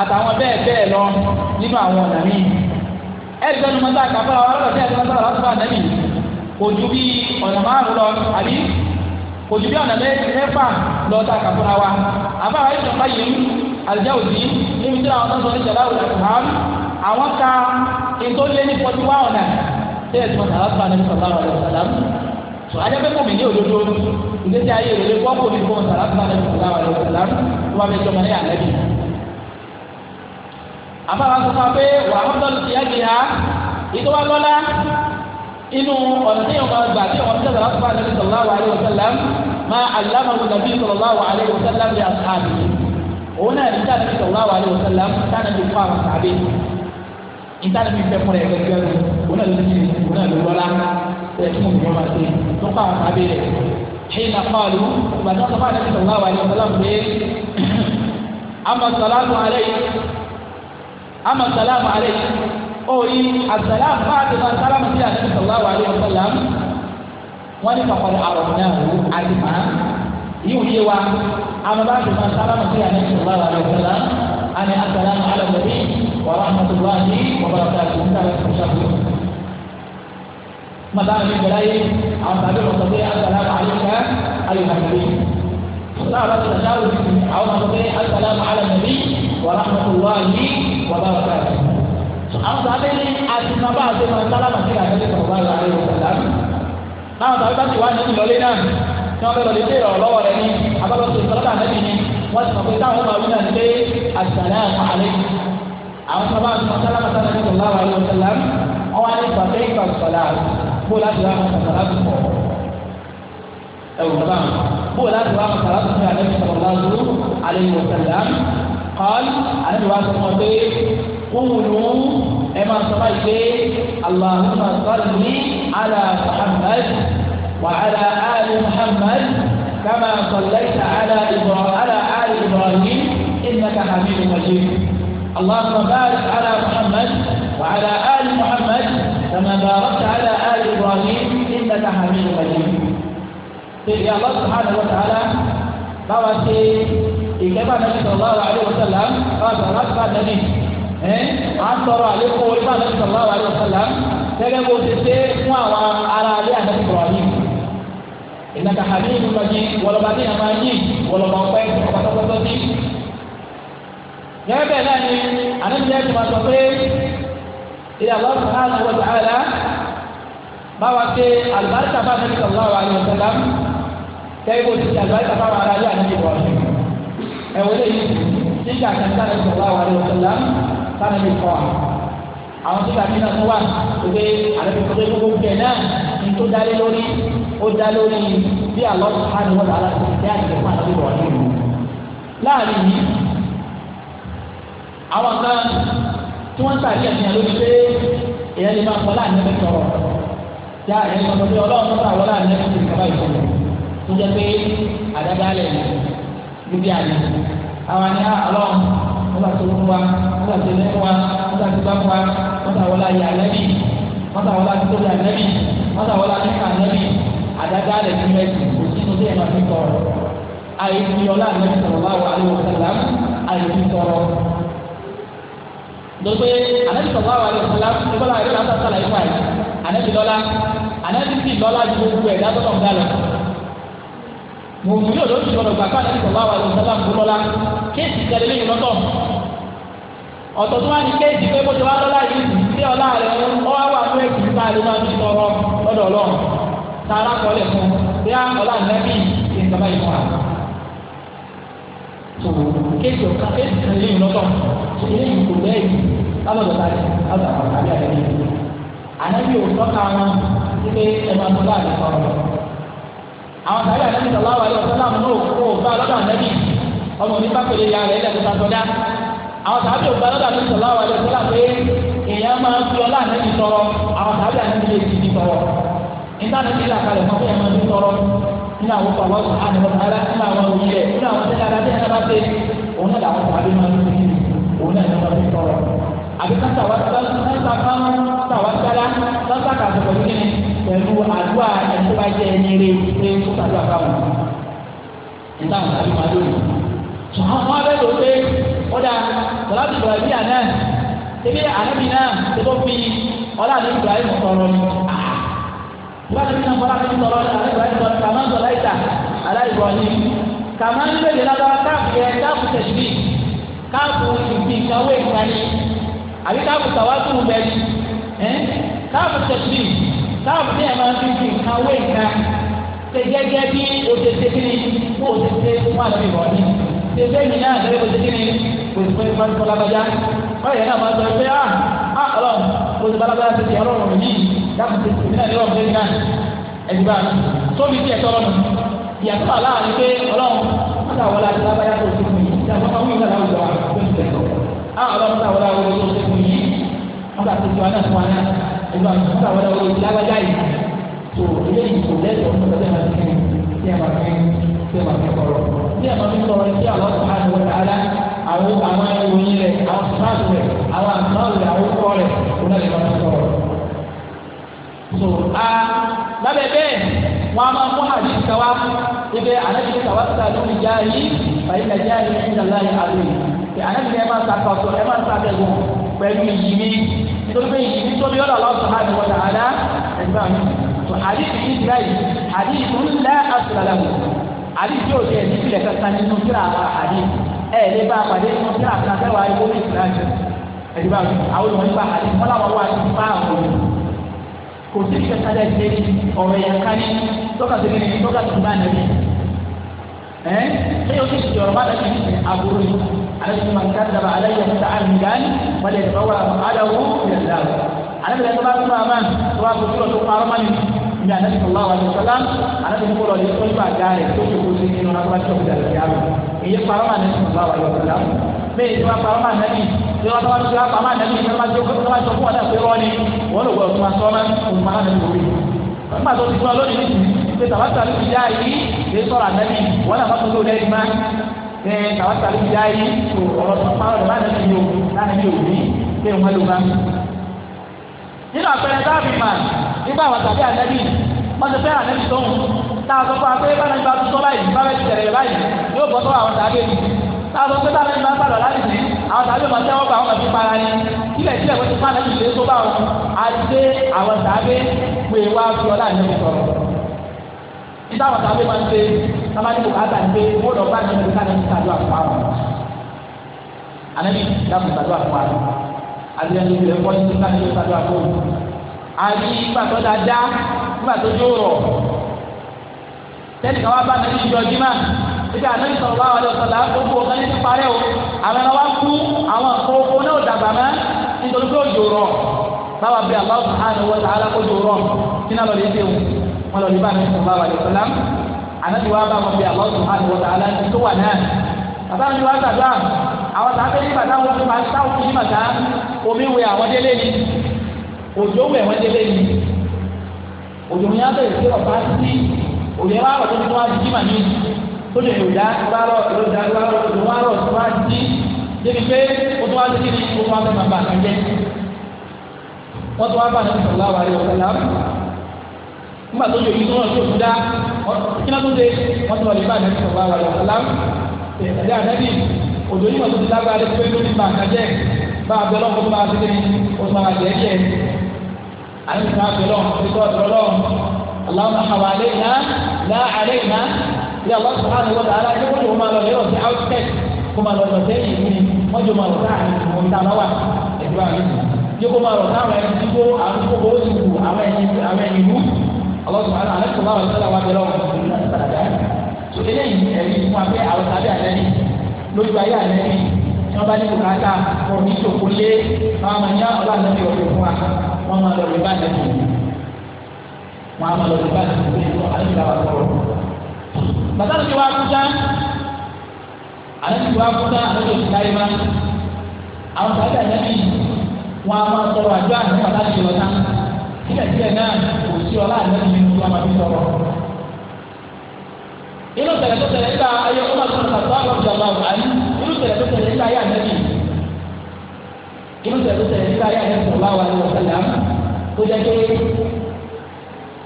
àtàwọn bẹ́ẹ̀ bẹ́ẹ̀ lọ nínú àwọn ọ̀nà míì ẹ̀ẹ́dẹ́gbẹ́ ni wọ́n bá kàfọ́ àwọn ọlọ́ọ̀tẹ́ ẹ̀ẹ́dẹ́gbẹ́ sọ̀rọ̀ láti bá nẹ́bì kò ju bí ọ̀nà márùn lọ àbí kò ju bí ọ̀nà mẹ́fà lọ ta kàfọ́ra wa àbáwá ìjọba yìí àlùjáwòsí níbi tí àwọn sọ̀rọ̀ ìjọba òkú àwọn ka ètò lé ní pọ̀jù wá ọ̀nà tẹ́ẹ̀tì wọn sàrà tó ajẹ́pẹ́ kò mí ní òdodo ìgbésí ayé rẹ̀ kọ́ kò ní kó sàrà fún alẹ́ fún aláwọ̀ alẹ́ sàrà tó wà bẹ́ẹ̀ jọmọ ní alẹ́ bi. àbára sọ fún wa pé wà á mọ́tò ti yá gíga ìtọ́ wa lọ́la inú ọ̀nà tí yọ̀mọ̀ gbà tí yọ̀mọ̀ sàrà fún alẹ́ sallallahu alaihi wasallam máa ìtàlẹ́ mi fẹ́ fún ẹ gẹ́gẹ́ rẹ òun náà ló ti ṣe òun náà ló lọ́la ẹ kí mo yọ máa ṣe tó pa àwọn abẹ́ rẹ. حين قالوا بعد ما النبي صلى الله عليه وسلم أما السلام عليك أما السلام عليك أي السلام بعد ما سلم فيها النبي صلى الله عليه وسلم wọ́n fọ̀kọ̀ àròmìnàwó àdìmá yóò yé wa àmọ́ bá ti ma sálámù sí àná ìṣòwò àwọn ọ̀dọ́ àná àtàlámù alẹ́ warahmatullahi wabarakatuh ń dàbí ìfúnṣàkó. màtá mi bẹ̀rẹ̀ ayé àwọn tàbí ọ̀sọ̀ pé asàlámù alayka alìmọ̀lẹ́bí. sọláwọ́ bá ti sàṣà òbí àwọn ọ̀sọ̀ pé asàlámù alàmọ̀lẹ́bí warahmatullahi wabarakatuh. àwọn tàbí ní àtìmọ́bá àti mọ̀tálàmà sí àgbẹ̀ wọn bẹ lọlẹ tẹyọ lọ́wọ́ rẹ ni abalọ sọsọ lọba anabi ni wọn sọ pé táwọn máa wí náà ṣe asalamu alaykum àwọn sábà tó sálámà sálámà ní sọlá wà lọ sọlá wọn wá ní pàṣẹ ìkà sọlá bó láti wá máa sọlá tó pọ ẹwù sábà bó láti wá máa sọlá tó pọ àlẹ́ sọlá tó àlẹ́ wọ sọlá kọ́l àlẹ́ wà sọ wọn pé kúmùnú ẹ máa sọ báyìí pé aláhùnmá sọ́ọ̀lì àlà Muhammad wà àlà àlù Muhammad kàmá sọ̀lẹ́ta àlà ìbọ̀ àlà àlù Ibrahim ìnàkà hàmìlì mọ̀jẹ́. اللهم بارك على محمد وعلى آل محمد كما باركت على آل إبراهيم إنك حميد مجيد يا الله سبحانه وتعالى báwa ṣe ìkẹ́bà nàbí sallallahu alaihi wasallam báwa ṣe aláṣà nàbí ẹ máa tọrọ àlékún orí bá nàbí sallallahu alaihi wasallam gẹ́gẹ́ bó ṣe ṣe fún àwọn ará alẹ́ àdàbí sọ̀rọ̀ yìí. ìnàkà hàmí ìlú lọ́jì wọlọ́ba ní àmà yìí wọlọ́ba ọ̀pẹ́ ọ̀pọ̀tọ̀pọ̀tọ̀ ní gẹ́gẹ́ bẹ́ẹ̀ náà ni ànábìyẹ ti máa sọ pé ilé àwọn sàrán àwọn sàrán bá wa ṣe àlùbáríkà bá nàbí sọ̀rọ̀ àwọn àlùbáríkà sọ̀rọ̀ kẹ́kẹ́ bó ti ṣe àlùbáríkà bá wàrà yóò ànábì wọ̀ ẹ̀wọ̀n lè yí nígbà kan sáré sọ̀rọ̀ àwọn àlùbáríkà sáré lè kọ́ àwọn tó tàbí náà tó wà pé àlùbáríkà tó gbogbo jẹ náà ní tó dálé lórí ó dá lórí bí àlọ́ sàrán àwọn àlùbáríkà láàrin yìí àwọn kan tí wọ́n ń tàbí ẹ̀sìn ẹ̀ lórí pé èèyàn lè máa sọ láàrin ẹ̀mí sọ̀rọ̀ já ẹ̀yìn kan sọ pé ọlọ́run tó tàwọ́ láàrin ẹ̀mí sọ̀rọ̀ kaba ìṣòro tó jẹ́ pé àdáda alẹ̀ níbi àná àwọn ni ah, ọlọ́run wọ́n bá tó fún wa wọ́n bá tó lẹ́fún wa wọ́n bá tó bá fún wa wọ́n tàwọ́ láàyè àlẹ́bí wọ́n tàwọ́ láti tóbi àlẹ́bí wọ́n tàwọ́ láti ká àlẹ́bí àdáda alẹ̀ ti mẹ́sì kò sínú bí ẹ̀ma fi tọrọ àyè fi ọlá àlẹ́bí sọ̀rọ̀ lọ́gbẹ́ anabi sọ̀rọ̀ àwọn àlọ́ ìfọlá ìfọlá àti ìlànà sàlà ìfọ̀ àyè anabi lọ́la anabi sì lọ́la ju gbogbo ẹ̀ dátọ́tọ̀ ńgá lọ. mòmùmí yóò lóṣù lọ́dọ̀ gbà fún anabi sọ̀rọ̀ àwọn àlọ́ ìfọlá ńgó lọ́la kéèsì tẹ̀lé lẹ́yìn lọ́tọ̀ ọ̀tọ̀ tó wá ní kéèsì pé bó ti wá lọ́la yìí sí ọ̀la rẹ̀ ọ wá wà fún ẹ̀kú nípa àlọ́ máa fi tọrọ lọ́dọ̀ ọlọ́run tá a lákọ̀ọ́lẹ̀ fún bí tó kéèkì ọ̀ka kéèkì kan lé ìlọ́tọ̀ tó ilé ìkó bẹ́ẹ̀ yìí lábàbọ̀ ta ni lábàbọ̀ ta ni àlẹ́ yìí ànábì ò tọ́ka wọn pé ẹ máa tọ́lá àlẹ́ kan lọ. àwọn tàbí ànábì sọ̀lá wà lọ́sọ̀ náà mú òkú bá lọ́dọ̀ ànábì ọmọ mi bá pèlè ya rẹ̀ ilẹ̀ tó ta sọdá àwọn tàbí ò bá lọ́dọ̀ ànábì sọ̀lá wà lọ́sọ̀ náà pé èèyàn máa fi ọlá ànábì tọrọ àwọn tàbí ànábì lè ti di tọrọ nígbà tó ti là kalẹ̀ fún nínú àwọn bàbá ọ̀sán àná ọ̀sán nínú àwọn òye ẹ̀ nínú àwọn tẹ́lẹ̀ adájẹ́ náà bá dé òun náà làwọn sàbí máa ń fi òun náà lọ́wọ́ fi sọ̀rọ̀ àbí sáta wá sáta bá wọn sáta wá sára sáta kà sọ̀rọ̀ ní kíni pẹ̀lú àdúrà ẹni tó bá jẹ́ ẹni rè pé kó sàdúrà bá wọn nígbà wọn sàbí máa lóyún sọ̀rọ̀ wọn bẹ́ẹ̀ ló pé ọ̀dà sọ̀rọ̀ àti ìbọ̀lá bíi àná tẹ̀lé àná bíi náà tẹ̀lé fi ọlá àná ìbọ̀lá yìí sọ̀rọ̀ ni wọ́n ti fi nàkọ́lá fi sọ̀rọ̀ aláìbọ̀ kàmá sọ̀rọ̀ ìta aláìbọ̀ ni kàmá ń gbèdè lábára káàpù yẹ káàpù tẹ̀síbì káàpù ìbí ìkàwé ìkànnì àbí káàpù tàwátù bẹ́ẹ̀ni káàpù tẹ̀síbì káàpù ní ẹ̀ma fi fi ìkàwé ìkà ṣe gẹ́gẹ́ bí òṣèṣe kiri kó òṣèṣe fún àlọ́ ìbọ̀ ni ṣe bẹ́ẹ̀ báyìí náà máa sọ pé á ah, á ah, ọlọ́run mo ti balabala ti di ọlọ́run mi yìí dáàbò ti ti nílẹ̀ ọlọ́run mi náà ẹ̀dùbà tóbi tiẹ̀ tọrọ nù ìyàtọ̀ aláàlú pé ọlọ́run mọ́tà wọlé àti lábáyá tó ti fún yìí ìyàtọ̀ máa wí ìgbàlá òjò àwọn tó ti tẹ̀ á ah, ọlọ́run mọ́tà wọlé àwọn tó ti fún yìí mọ́tà tó ti wà náà fún wa náà ẹ̀dùbà mọ́tà wọlé àwọn tó ti lábáyá yìí tó eléyìí kò lẹ́tọ̀ọ́ mọ́tà tó ti máa fi tí a máa fi kọ̀rọ̀ tí a máa fi kọ̀rọ̀ tí àwọn àwọn ìròyìn rẹ̀ àtàkù rẹ̀ àwọn àtàkù rẹ̀ àwọn orúkọ rẹ̀ kó náà lè máa fi sọ̀rọ̀. so a lábẹ́ bẹ́ẹ̀ wọ́n á máa mú àdé ìkàwá ibẹ̀ ànábi ìkàwá ti sàdún ní jáàyí bàyí ní jáàyí ní ìdàlá yìí àlè yìí ànábi ẹ máa sàkàtọ ẹ máa sàbẹ̀wò pẹ̀lú ìyí mi nítorí pé ìyí mi tóbi ọ̀dọ̀ lọ́sọ̀ àti wọ́n dàda ẹgbẹ́ mi so àdìsí yìí ti báyìí àdìsí ńlá àtúrà làwọn àdìsí yóò jẹ́ ìdílé kankan nínú kíra àdìsí ẹ lè bá pàdé nínú tí àti àtẹwà ikú ní ìsìlájú ẹ̀dùn báwọn àwọn ìwọ̀n nípa àti fọláwọn wà ní bá àwọn òbí kò sí ìṣẹ̀ṣẹ̀ lẹ̀ ṣe ọ̀rọ̀ ẹ̀yà kárí lọ́kàtí ní lọ́kàtí bá nàbí ẹ̀ ṣé o ti ṣe ọ̀rọ̀ bá dàbí àbúrò yìí àti ìmọ̀ nǹkan dàbà aláyẹ̀ fún àmì gánì wọlé ìfọwọ́ àdáwó ìrẹ̀lá àlẹ́ ní anabi sọlá wa sọlá anabi ń kọlọ yìí fún ìbàdà rẹ tó ti kó sí nínú abájọ ìdàlẹ yàrá èyí parama ní sọlá wa sọlá bẹ́ẹ̀ tí wọn parama nẹbi tí wọn tọwọ tí wọn parama nẹbi tí wọn tó tó wọn tó fún wọn dàgbé wọn ni wọn lò wọlé fún wọn sọmọ fún wọn nẹbi wọlé wọn gbà tó ti fún wọn lónìí nísìnyí pé tàbátà ló ti yìí lè sọ̀rọ̀ ànẹbi wọn làwọn tó tó lẹ́yìn má ẹ tàbátà ló ti yìí tó ọ̀rọ̀ tó parọ́ nínú àpẹẹrẹ dábì mà nígbà àwọn tàbí ànábì wọ́n ti fẹ́ràn ànábì tó ń táwọn sọ fún wa pé báwọn ẹni bá tó sọ báyìí bá bẹ́ẹ̀ ti tẹ̀lé báyìí yóò bọ́ sọ́wọ́ àwọn tàbí ẹni táwọn sọ pé báwọn ẹni bá pàdọ̀ láti sìn àwọn tàbí ọmọ tẹ́wọ́ gba àwọn ọmọ ìpara ni ilẹ̀ tí ẹ̀kọ́ ti fún ànábì lé tó bá wọn àti àwọn tàbí pé wá fi ọlá ànábì sọ̀rọ̀ nígbà àwọn tàbí máa ń ṣe sábàdì kò káàtà ní pé wọ́n lọ àbí ẹni tó ẹ̀kọ́ ní sísá ní ìpàdé àbọ̀ àbí ìgbà tó dáadáa ìgbà tó yóò rọ̀ tẹ́lifà wa bá nàbí ìjọ jimá ibi ànábi sọ̀rọ̀ bá wàlẹ̀ ọ̀sọ̀lá gbogbo ọ̀gá ní parẹ́ o àwọn ẹ̀rọ wa kú àwọn àkókò náà ò dàgbà mọ́ nítorí pé òjò rọ̀ báwa bí àbá subhanahu wa ta'ala kójú rọ̀ iná lọ́ọ̀lì àwọn sábẹ́ ní bàtà wọn fi máa táwọn fi ní bàtà omi wẹ àwọn délé ni òjò wẹ àwọn délé ni òjò ọ̀bá sí òjò tó wá jí tó lè lòdà lòdà tó wá jí débi pé o tó wá sí ni o tó wá fẹ́ jẹ́ wọ́n tó wá ní sọ̀rọ̀ òjò yìí wọn ti lágbára pé lórí bá àkàjẹ bá a bẹlọ kó bá a tẹlẹ kó bá a jẹ jẹ àyè bá bẹlọ kó bá اللهم حو علينا لا علينا يا الله سبحانه وتعالى يقول لهم على غيره في اوتكت كما لو نتيجي من مجمع رتاعي ومتعلوة ẹgbẹ́ àmì yóò kó máa rọ̀ táwọn ẹni tí kó àwọn kó kó sì wù àwọn ẹni àwọn ẹni wù ọlọ́sùn àná alẹ́ kò máa rọ̀ sọ́dọ̀ wa bẹ̀rẹ̀ ọ̀hún ìlú náà sàdá. tó eléyìí ẹ̀rí fún wa pé àwọn sábẹ́ àlẹ́ yìí lójú ayé àlẹ́ yìí tí wọ́n bá ní bùkátà kò ní sòkò lé àwọn àmà ní ọba àlẹ́bí ọ̀dọ̀ fún wa wọ́n máa lọ rìbá àlẹ́bí wọ́n á máa lọ rìbá àlẹ́bí àlẹ́bí làwọn sọ̀rọ̀. bàtà ti wá kúta àlẹ́bí wá kúta àlẹ́bí òsì láyé má àwọn sàbẹ̀ àlẹ́bí wọ́n á máa sọ̀rọ̀ àjọ àlẹ́bí bàtà ti lọ náà kò sí ọlá àlẹ́bí nínú tó inú tẹ̀lé tó tẹ̀lé nígbà ayé ọmọ àti ọmọ àti ọmọ àti ọmọ àmàlí inú tẹ̀lé tó tẹ̀lé nígbà ayé ànẹ́bí inú tẹ̀lé tó tẹ̀lé nígbà ayé ànẹ́bí sọ̀rọ̀ báwa ni wọ́n tẹ̀lé àmà tó jẹ́ pé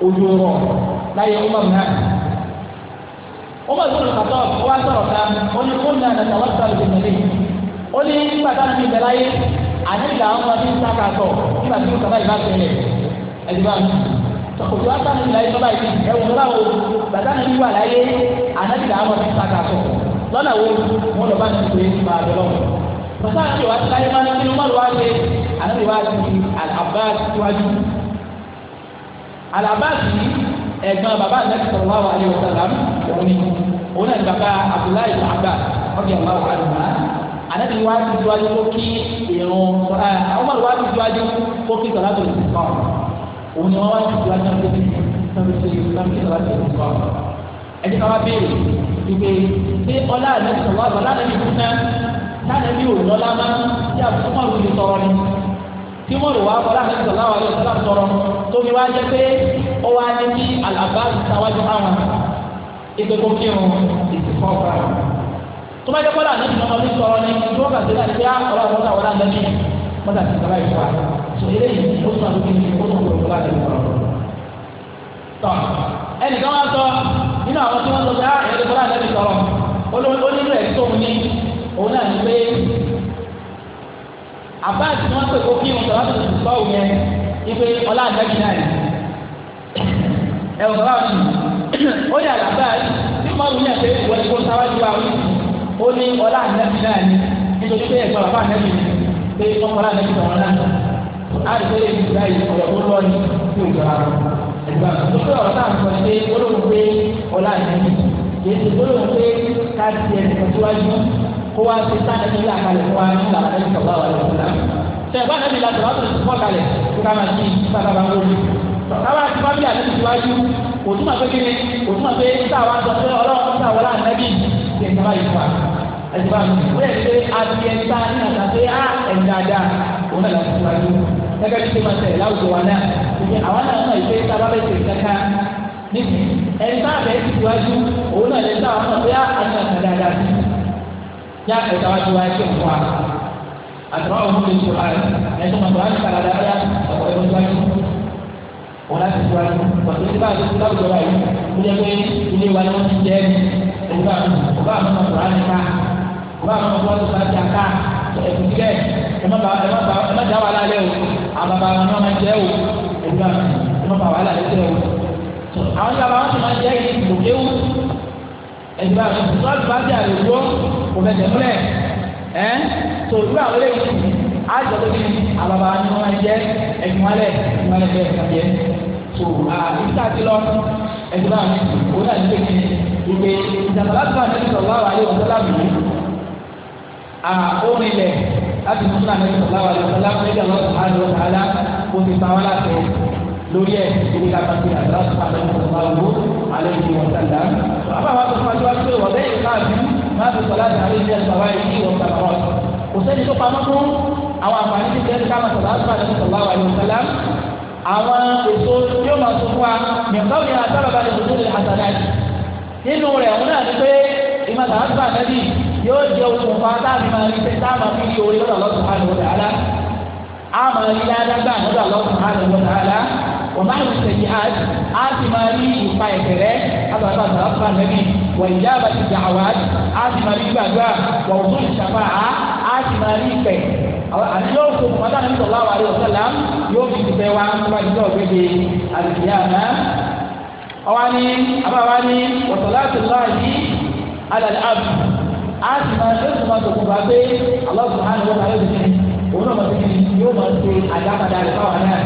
ojú rọ̀ láyé ọmọ mi náà ọmọ àti ọmọ àti ọmọ wa sọ̀rọ̀ ká ó ní kó ní àdàtà wọ́n sọ̀rọ̀ lè mẹ́lẹ̀ ó ní nígbà mi bẹ̀rẹ̀ ayé ọmọ mi ń sá òtún wá sáà nílẹ̀ ayélujára yìí ẹ̀wọ̀n lọ́la wo bàtà ní wíwà láyé ànábì làwọn ọmọ ti sàkà sọ lọ́nà wo wọn lọ ti pè é máa bẹ̀ lọ́wọ́ bàtà àti ìwà ti láyé máa ń bínú má wá ṣe ànábì wá ti àlàbá síwájú àlàbá sí ẹ̀gbọ́n bàbá ànábì sọ̀rọ̀ wá wà ọ̀sán làmú òun ni òun náà ni bàbá Abdullahi Abbas ọ̀gbìn àwọn àwọn àdùnnà anabi wa ti duwaju ko ki irun ọmọ wa ti duwaju sọlá tó ti sọ òun ni wọ́n wá ti wá náà lórí sọ́dọ̀tì ìfúnnáfíà láti ìlú kan. ẹni ká wá béèrè ìgbé pé ọlá àlẹ́ sọ̀rọ̀ àgbà lálẹ́ mi fún náà lálẹ́ mi ò lọ́lá má tí a fún mọ̀rún mi tọrọ ni. tí wọ́n rò wá ọlá àlẹ́ sọ̀rọ̀ àwọn ọ̀sán tọrọ tó fi wá jẹ́ pé ó wá ní kí àlàbá ìtawájú àwọn ètò tó kí wọn ìsìnkọ́ ọ̀gá tó bá jẹ́ kọ́lá àlẹ́ mi lọ́mọdé sọ̀rọ̀ ni tí wọ́n kà sọ eléyìí ó sọ àdúgbò yìí ó sọ òkúrò láti lè sọ̀rọ̀. tọ ẹnìkan wá sọ nínú àwọn tí wọn sọ pé àwọn ah, ẹgbẹ́ láti lè sọ̀rọ̀ ó nílò ẹ̀ tó ní òun náà ní pé àbáàtì wọn pè kó kí wọn sọ láti lè sọ òun yẹn ipe ọlá àdájì náà ni ẹ wọ bàbá mi ó ní àlàbà tí wọn wù ní ẹgbẹ́ wọn ni kó sáwájú wa ó ní ọlá àdájì náà ni nítorí pé ẹgbẹ́ bàbá náà àìsàn lè fi báyìí ọ̀rọ̀ tó lọ ní kí o gbà rà ẹ̀gbà tó pé ọ̀rọ̀ náà sọ pé olóhùn pé ọ̀la àìsàn yìí èsì olóhùn pé ká ti ẹ̀sìn síwájú kó wá sí sáà ní àkàlẹ̀ fún wa ní ìlànà ẹ̀sìn ọ̀la wà lọ́sọ̀lá. ṣe ẹ̀gbọ́n náà mi la tọ̀wá tó ti fọ́ kalẹ̀ kó ká máa ti sábà bá wọlé. sábà ti wá bí àlejò síwájú òtún máa pé kí ni òtún máa pé sáwa sọ pé ọlọ́run sáwọ́ láǹdẹ́gì ṣe ìjọba yìí fún wa ẹ̀gbọ́n mi wọ́n yẹ kí a ti ẹ̀ gẹ́gẹ́ bí sèmá tẹ̀ láwùjọ wa náà ìyẹn àwọn náà náà ìfẹ́ sábà bẹ̀ tẹ̀ kankan níbi ẹni tá a bẹ̀ ti wájú òun náà lè sá àwọn náà bóyá àti àti dáadáa sí yá ẹ̀ka wájú wa ẹ̀kẹ́ fún wa àtàwọn ọmọ mi tó a ẹ̀ tó ma tó a ti kàrà dáadáa ọ̀pọ̀ ẹ̀rọ wájú wọn láti tó wájú pàtó tí bá a ti tó láwùjọ wa yìí ó yẹ pé ilé wa ni wọ́n ti jẹ́ ẹni ọba àwọn ọmọ tó a ní ká ọba àwọn ọmọ tó a ti ká ẹ̀kú àwọn bàbá wọn máa jẹ́ o ẹ̀dùn àmì wọn bá wàhálà lẹ́sẹ̀ o àwọn tí bàbá wọn ti máa jẹ́ ìdìbò kéwù ẹ̀dùn àmì tó àlùbá jà lè wọ́ kò fẹ́ tẹ̀ múlẹ̀ ẹ́ tó ìlú àwọn ilé yìí á jọ pé kí àwọn bàbá wọn máa jẹ́ ẹ̀dùn alẹ̀ ẹ̀dùn alẹ̀ bẹ́ẹ̀ ká jẹ́ tó àbíkà ti lọ ẹ̀dùn àmì òun náà ti pè ìpè ìjàmbá láti máa ní láti mú sílẹ̀ àti sọ̀lá wàlẹ̀ ọ̀sán láti ẹ̀jẹ̀ lọ́sọ̀ àlọ́ ọ̀sán kó ti pa wọn láti lórí ẹ̀ ìdí ká pàṣẹ àdúrà sọ̀rọ̀ àlọ́ ọ̀sán àlọ́ àlẹ́ ìdí wọn sàlá. bàbá wa sọ fún wa síwájú pé wọ́n bẹ́ẹ̀ káàbí máa fi sọ̀lá àti àlẹ́ ìdí ẹ̀sọ̀lá ìdí wọn sàlá wọn. kò sẹ́ni tó pamọ́ fún àwọn àǹfààní ti tẹ́lẹ̀ ká màsọ̀lá sọ̀lá àlọ́ sọ̀lá àwọn èso yóò máa sọ fún wa nìkan àtàlọ́ba ní ìdúró àtàlá yóò jẹ okùnfà táàbì máa rí táàbà fi di orí lọ́dọ̀ lọ́sùn hàn lọ́dọ̀ àlá a máa rí ládàgbà lọ́dọ̀ lọ́sùn hàn lọ́dọ̀ àlá wọ́n máa ń sẹ̀yìn á á sì máa rí ìpa ìbẹ̀rẹ̀ àbàbà sàràfà nẹ́bí wọ̀ ìyá àbàtì dàwà á sì máa rí gbàdúrà wọ̀ ọ̀dún ìṣàfà á á sì máa rí ìpẹ̀ àti yóò fò pátá ní sọ̀rọ̀ àwọn àríwọ̀ sọ̀lá yóò fi ìpẹ́ wa nípa ìjọ á sì máa yóò sì máa tòkun bá pé Allah subhanahu wa ta'ala ti òun náà máa ti kiri yóò máa ṣe àdápadà rẹ̀ fáwọn náà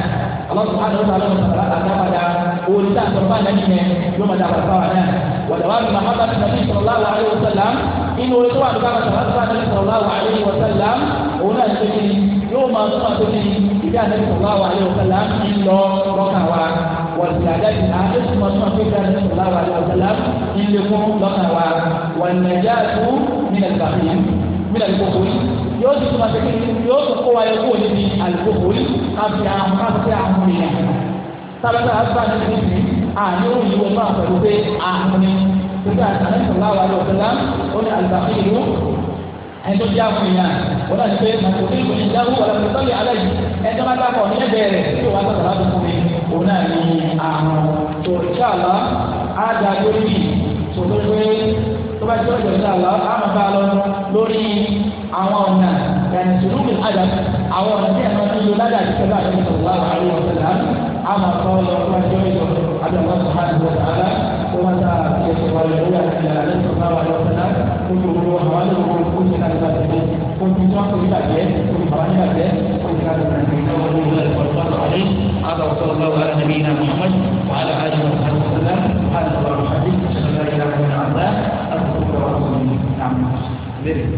Allah subhanahu wa ta'ala ti sọ̀rọ̀ àdápadà òun tí a sọ̀rọ̀ fáwọn náà yẹn yóò máa dábàá fáwọn náà wàdàwà mi Muhammad nabi sallallahu alayhi wa sallam inú orí tó wà ní bàbá sọ̀rọ̀ àti nabi sallallahu alayhi wa sallam òun náà ti kiri yóò máa tó máa tó kiri ìdí àti nabi sallallahu alayhi wa sallam ń lọ rọ́kà والسعادة ثم ثم كان صلى الله عليه وسلم إن لكم لنا والنجاة من البخيل من البخل yóò ti tuma pé yóò tó kó wa yẹ kó níbi alukóhóri káfí àwọn káfí àwọn èèyàn sábàtà àgbà ní ìdíje àní òun yìí wọ́n máa pẹ̀lú pé àwọn ni pípẹ́ àtàlẹ́ sọ̀rọ̀ àwọn àlọ́ ọ̀sẹ̀lá ó ní alùpàkì ìlú ẹni tó jẹ́ àwọn èèyàn wọ́n náà ti pé màtòkì alẹ́ yìí ẹni tó máa dákọ̀ ẹgbẹ́ rẹ̀ tí ó wá sọ̀rọ̀ láti fún mi òun náà ní àrùn tó ṣàlá àdá lórí tó tó pé tó bá jẹ́ ọ̀dọ̀ ṣàlá àmọ́ bá lọ lórí àwọn ọ̀nà yàtì sùdúkì àdá àwọn ọ̀nà tí ẹ̀ma ń lo ládàá ti sẹ́lá àti sọ̀rọ̀ àwọn àríwá ọ̀sẹ̀lá àmọ́ kọ́ lọ tó bá jẹ́ ọ̀dọ̀ àdàmọ́ sọ̀hánì wọ̀tàlá tó bá ta ẹ̀sọ̀ wà lórí àti àlẹ́ sọ̀rọ̀ àwọn ọ̀sẹ̀lá kó tó wọ́n àwọn àlọ́ الله على نبينا محمد وعلى آله وصحبه وسلم قال الله وبحمدك أشهد أن لا إله إلا أنت أستغفرك وأتوب إليك نعم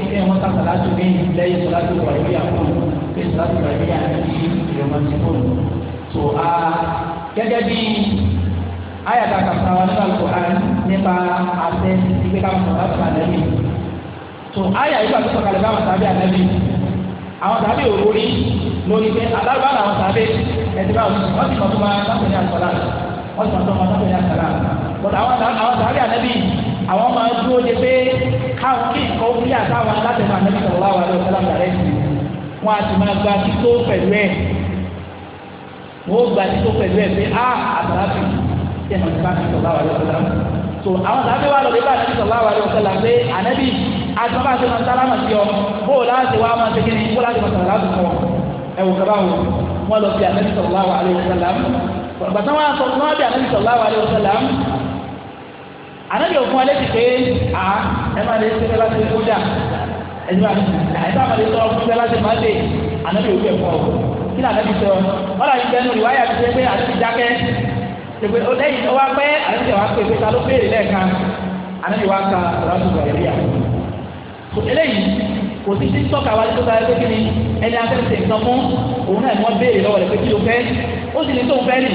kéèyàn mọ́ta sàlátù ní lẹ́yìn sàlátù ìwàlúwìyà fún pé sàlátù ìwàlúwìyà ní ìrọ̀mọ́tì fún un. tó a gẹ́gẹ́ bí ayàtà kàkà wà nípa Al-Qur'an nípa àṣẹ ìgbé ká mọ̀ sàlátù ànábì. tó ayà yìí pàtó sọ̀kalẹ̀ bá wọn sábẹ́ ànábì. àwọn sábẹ́ òwúrí lórí pé alábà làwọn sábẹ́ ẹ̀dí bá wọn ti mọ̀ tó máa sábẹ́ ní àṣàlá àwọn máa dúró de pé káwọn kí nǹkan ó kílẹ̀ àtàwọn alátẹ̀mọ́ ànábì sọ̀rọ̀ wà lọ́wọ́ sọ́lá dàrẹ́ sí wọn a sì máa gba tító pẹ̀lú ẹ̀ wọ́n gba tító pẹ̀lú ẹ̀ pé a ah, àtàlàfin tí ẹ̀nà ìbá mi sọ̀rọ̀ wà lọ́wọ́ sọ́lá so àwọn tàbí wà lọ́wọ́ ibà ànábì sọ̀rọ̀ wà lọ́wọ́ sọ́lá pé ànábì àtàbà tó máa sálámà sí ọ bó o láti wá máa ṣe kíni bó láti máa sọ̀rọ̀ láti kọ́ ẹ̀wù kaba wò wọ́n lọ bí ànábì sọ̀rọ̀ wà lọ́wọ́ sọ́lá ànábì òfin wa létí pé à ẹ máa lè ṣe bẹ́ẹ̀ láti kódà ẹ máa ẹ bá máa lè sọ fún bẹ́ẹ̀ láti má dé ànábì òfin o kí lànà bí sọ wọn làwọn ìgbẹ́ nù ìwáyà ti ṣe pé ànábì dákẹ́ ṣèpè ó lẹ́yìn ó wá pẹ́ ànábì wa pè pé ta ló béèrè lẹ́ẹ̀kan ànábì wa ka rásù gbàgbéyà kò eléyìí kò sí sí tọ́ka wa tó sáré pé kí ni ẹni afẹ́sẹ̀ nǹkan fún òun náà ni wọ́n béèrè lọ́wọ́ rẹ̀ pé kí ló fẹ́ ó sì ní tóun fẹ́ nì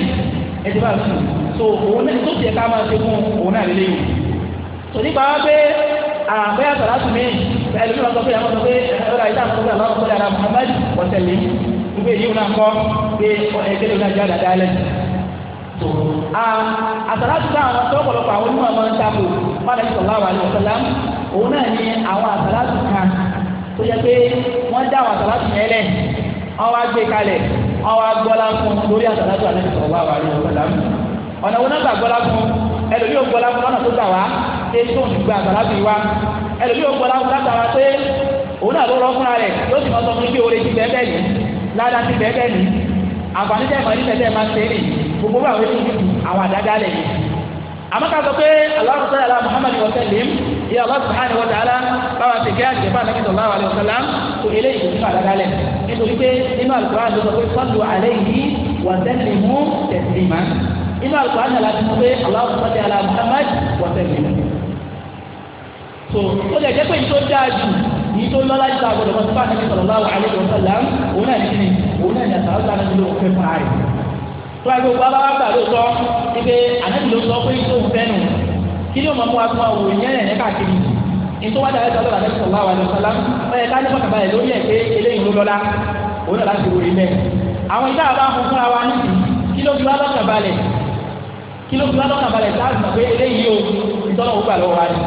ẹ ti bá a sùn so òun náà tó tiẹ̀ ká máa ṣe fún òun náà lélẹ́yìn so nípa wá pé àbẹ́yà sàlátù mi ẹlòmí wọn sọ pé àwọn sọ pé ẹ̀rọ àyíká àkókò àwọn ọmọ ọmọdé ara Muhammad wọ́tẹ̀lé wípé èyí wọn kọ́ pé ẹgbẹ́ lónìí àjọ àdàdà alẹ́ tó àsàlátù tá àwọn tó ọ̀pọ̀lọpọ̀ àwọn onímọ̀ ọmọ ń takò wọn lẹ́yìn sọ̀rọ̀ àwọn àlẹ́ ọ̀sọ̀lá òun náà ní àwọn àsàlátù kan tó yẹ pé wọ́n dá àwọn àsàlátù yẹn lẹ̀ wọ́n wá gbé kalẹ̀ wọ́n wá gbọ́lá fún lórí àsàlátù ọ̀nà wo náà gbà gbọ́lá fún ẹlòmíì ò gbọ́lá fún lọ́nà tó gbà wá ṣé tó ń gba àgbàlá bì wá ẹlòmíì ò gbọ́lá fún látara pé òun náà ló rọ́ fúnra rẹ̀ yóò sì máa sọ fún pé oore ti bẹ́ẹ̀ bẹ́ẹ̀ yìí ládàá ti bẹ́ẹ̀ bẹ́ẹ̀ yìí àǹfààní tẹ́ ìfàní tẹ́tẹ́ máa ń ṣe é gbogbo bá àwọn ètò àwọn àdáda lẹ̀ yìí àmọ́ ká sọ pé Allahu ta'ala inú àlùkò àná láti mọ pé aláwọ̀ sọ́jà ala Muhammad wọ́sẹ̀lẹ̀ so ó lè jẹ́ pé yìí tó dáa jù yìí tó lọ́lá jù àgbọ̀dọ̀ wọn sípà nàbí sallallahu alaihi wasallam òun náà ní òun náà ní àtàwọn sáà nàbí ló fẹ́ fún ààrẹ tó wáyé gbogbo abáwá gbà ló sọ ibi ànábì ló sọ pé yìí tó fẹ́ nù kí ni ó máa mú akọ àwò ìyẹn ẹ̀ sallallahu alaihi wasallam ọ̀yẹ̀ ká ní bọ́kàbá ẹ̀ lórí ẹ̀ pé eléyìí ló lọ́lá òun náà láti wòye mẹ́ àwọn ìdá àbá fún fúnra wa níbi kí ló fi wá bọ́kàbá lẹ̀ kí ló fi wá lọ́kàn balẹ̀ sáà sùn pé eléyìí o ìtọ́nà òwúgbà lọ́wọ́ wa ni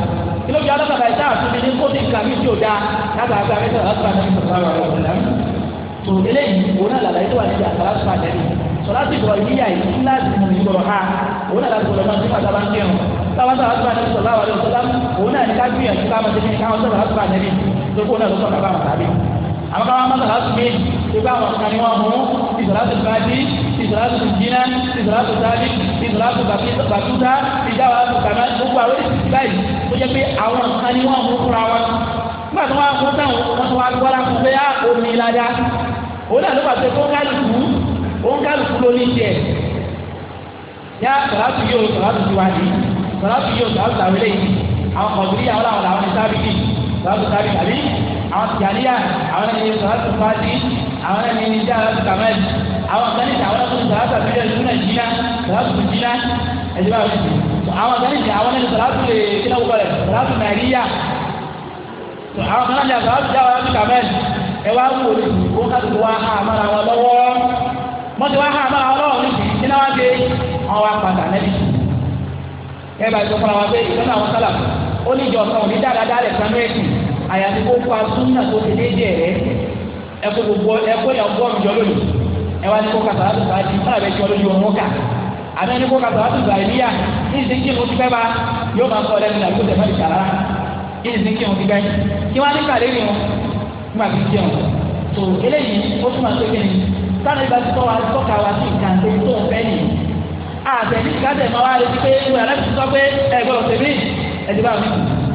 kí ló fi wá lọ́kàn balẹ̀ sáà sùn ní kóòtù kàmí tí ò da lábà àgbà mẹ́ta láti bá nàbí sọ̀rọ̀ àwọn ọ̀rọ̀ ìlànà tó eléyìí òun náà làlàyé tó wà níbi àtàlà sùn àjẹ́ ni sọlá ti bọ̀ ìyíyà yìí láti mú ìgbọ̀rọ̀ ha òun náà láti bọ̀ lọ́mọ nípa sábà ń kírun sábà sábà sábà ní sọlá wà lọ́wọ́ sọlá òun náà ní ká gbìyànjú ká máa tẹ̀lé káwọn sábà sábà nẹ́bí tó kó náà ló sọ̀rọ̀ bá wọn tàbí. àwọn ìsìlátù jìnnà ìsìlátù sáàbì ìsìlátù bàtúta ìjáwá kàmá gbogbo àwọn èsì báyìí ó jẹ́ pé àwọn kan ni wọ́n mú fúnra wa nígbà tó wàá fún táwọn wọ́n tó wàá gbọ́dá fún bẹ́ẹ̀ ah, omi ládá òun náà ló bàtẹ kó ń kálukú ó ń kálukú ló ní tiẹ̀ yá sàlátù yóò sàlátù tiwa ni sàlátù yóò sàlátù tàwílé yìí àwọn kọ̀ọ̀dúrí àwọn làwọn làwọn ní sábìkì sàlátù sábìkì àbí àwọn tìjàníyà àwọn ẹni sàlátù fáàdì àwọn ẹni ní dáhà kàmẹ́t àwọn kan ní àwọn ẹni sàlátà mílíọ̀ ní múnà jìnnà sàlátà tó jìnnà ẹ̀jẹ̀ bá wùdí àwọn kan ní àwọn ẹni sàlátà lè nàìjíríà àwọn ẹkọ gbogbo ẹkọ yà ọgọ́rùn jọ lónìí ẹ wá ní kó kàtà láti fà á di fún àbẹ̀jọ lójú ọmọ ká àbẹ̀ ní kó kàtà láti fà á yíyá ní ìsìnkí mo ti fẹ́ bá yóò máa kọ́ lẹ́nu àbúkò tẹ̀ fẹ́ẹ́ sàrà ní ìsìnkí mo ti fẹ́ kí wọ́n á ní kàlẹ́ ni wọn nígbà tí kí wọn tó eléyìí ó túmọ̀ pé kí ni sáré ìgbà tí tọ́wọ́ tọ́ka wa sí ìkà tó ń fẹ́ nìyí àtẹ̀ní ìgbà máa wá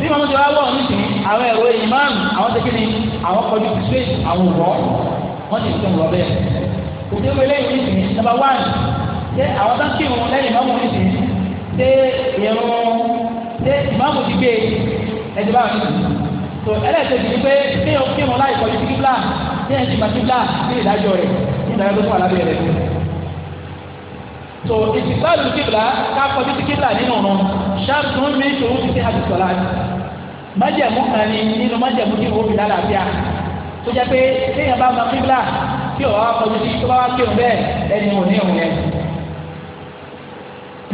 bí wọn ti wá wọ̀ nísìnyí àwọn ẹ̀rọ ìmáàmù àwọn ti kíni àwọn kọjú ti pé àwọn òwò wọn ti fi wọ bẹ́ẹ̀ òbí wọn lẹ́yìn nísìnyí nàbà wán ṣé àwọn bá kí wọn lẹ́yìn ìmáàmù nísìnyí ṣé ìrún ṣé ìmáàmù ti gbé ẹ̀dùn báwọn nísìnyí tó ẹlẹ́sẹ̀dì ni pé kí wọn kí wọn láì kọjú sí kíblà kí ẹ̀ ti gbà kíblà sí ìdájọ́ rẹ̀ nígbà yẹn tó fún alábẹ́ rẹ̀ so ìsìsáàlù kíbla káfọ́ títí kíbla nínú ọ̀nà ṣáàtún mi tòun ti ṣe àdìsọ́lá májẹ̀mú kan ni nínú májẹ̀mú tí wọ́n fi dá làbíà tó jẹ́ pé téèyàn bá ma kíbla tí ọ̀rọ̀ akọ̀jú sí tó bá wá kírun bẹ́ẹ̀ ẹni ò ní òun yẹn.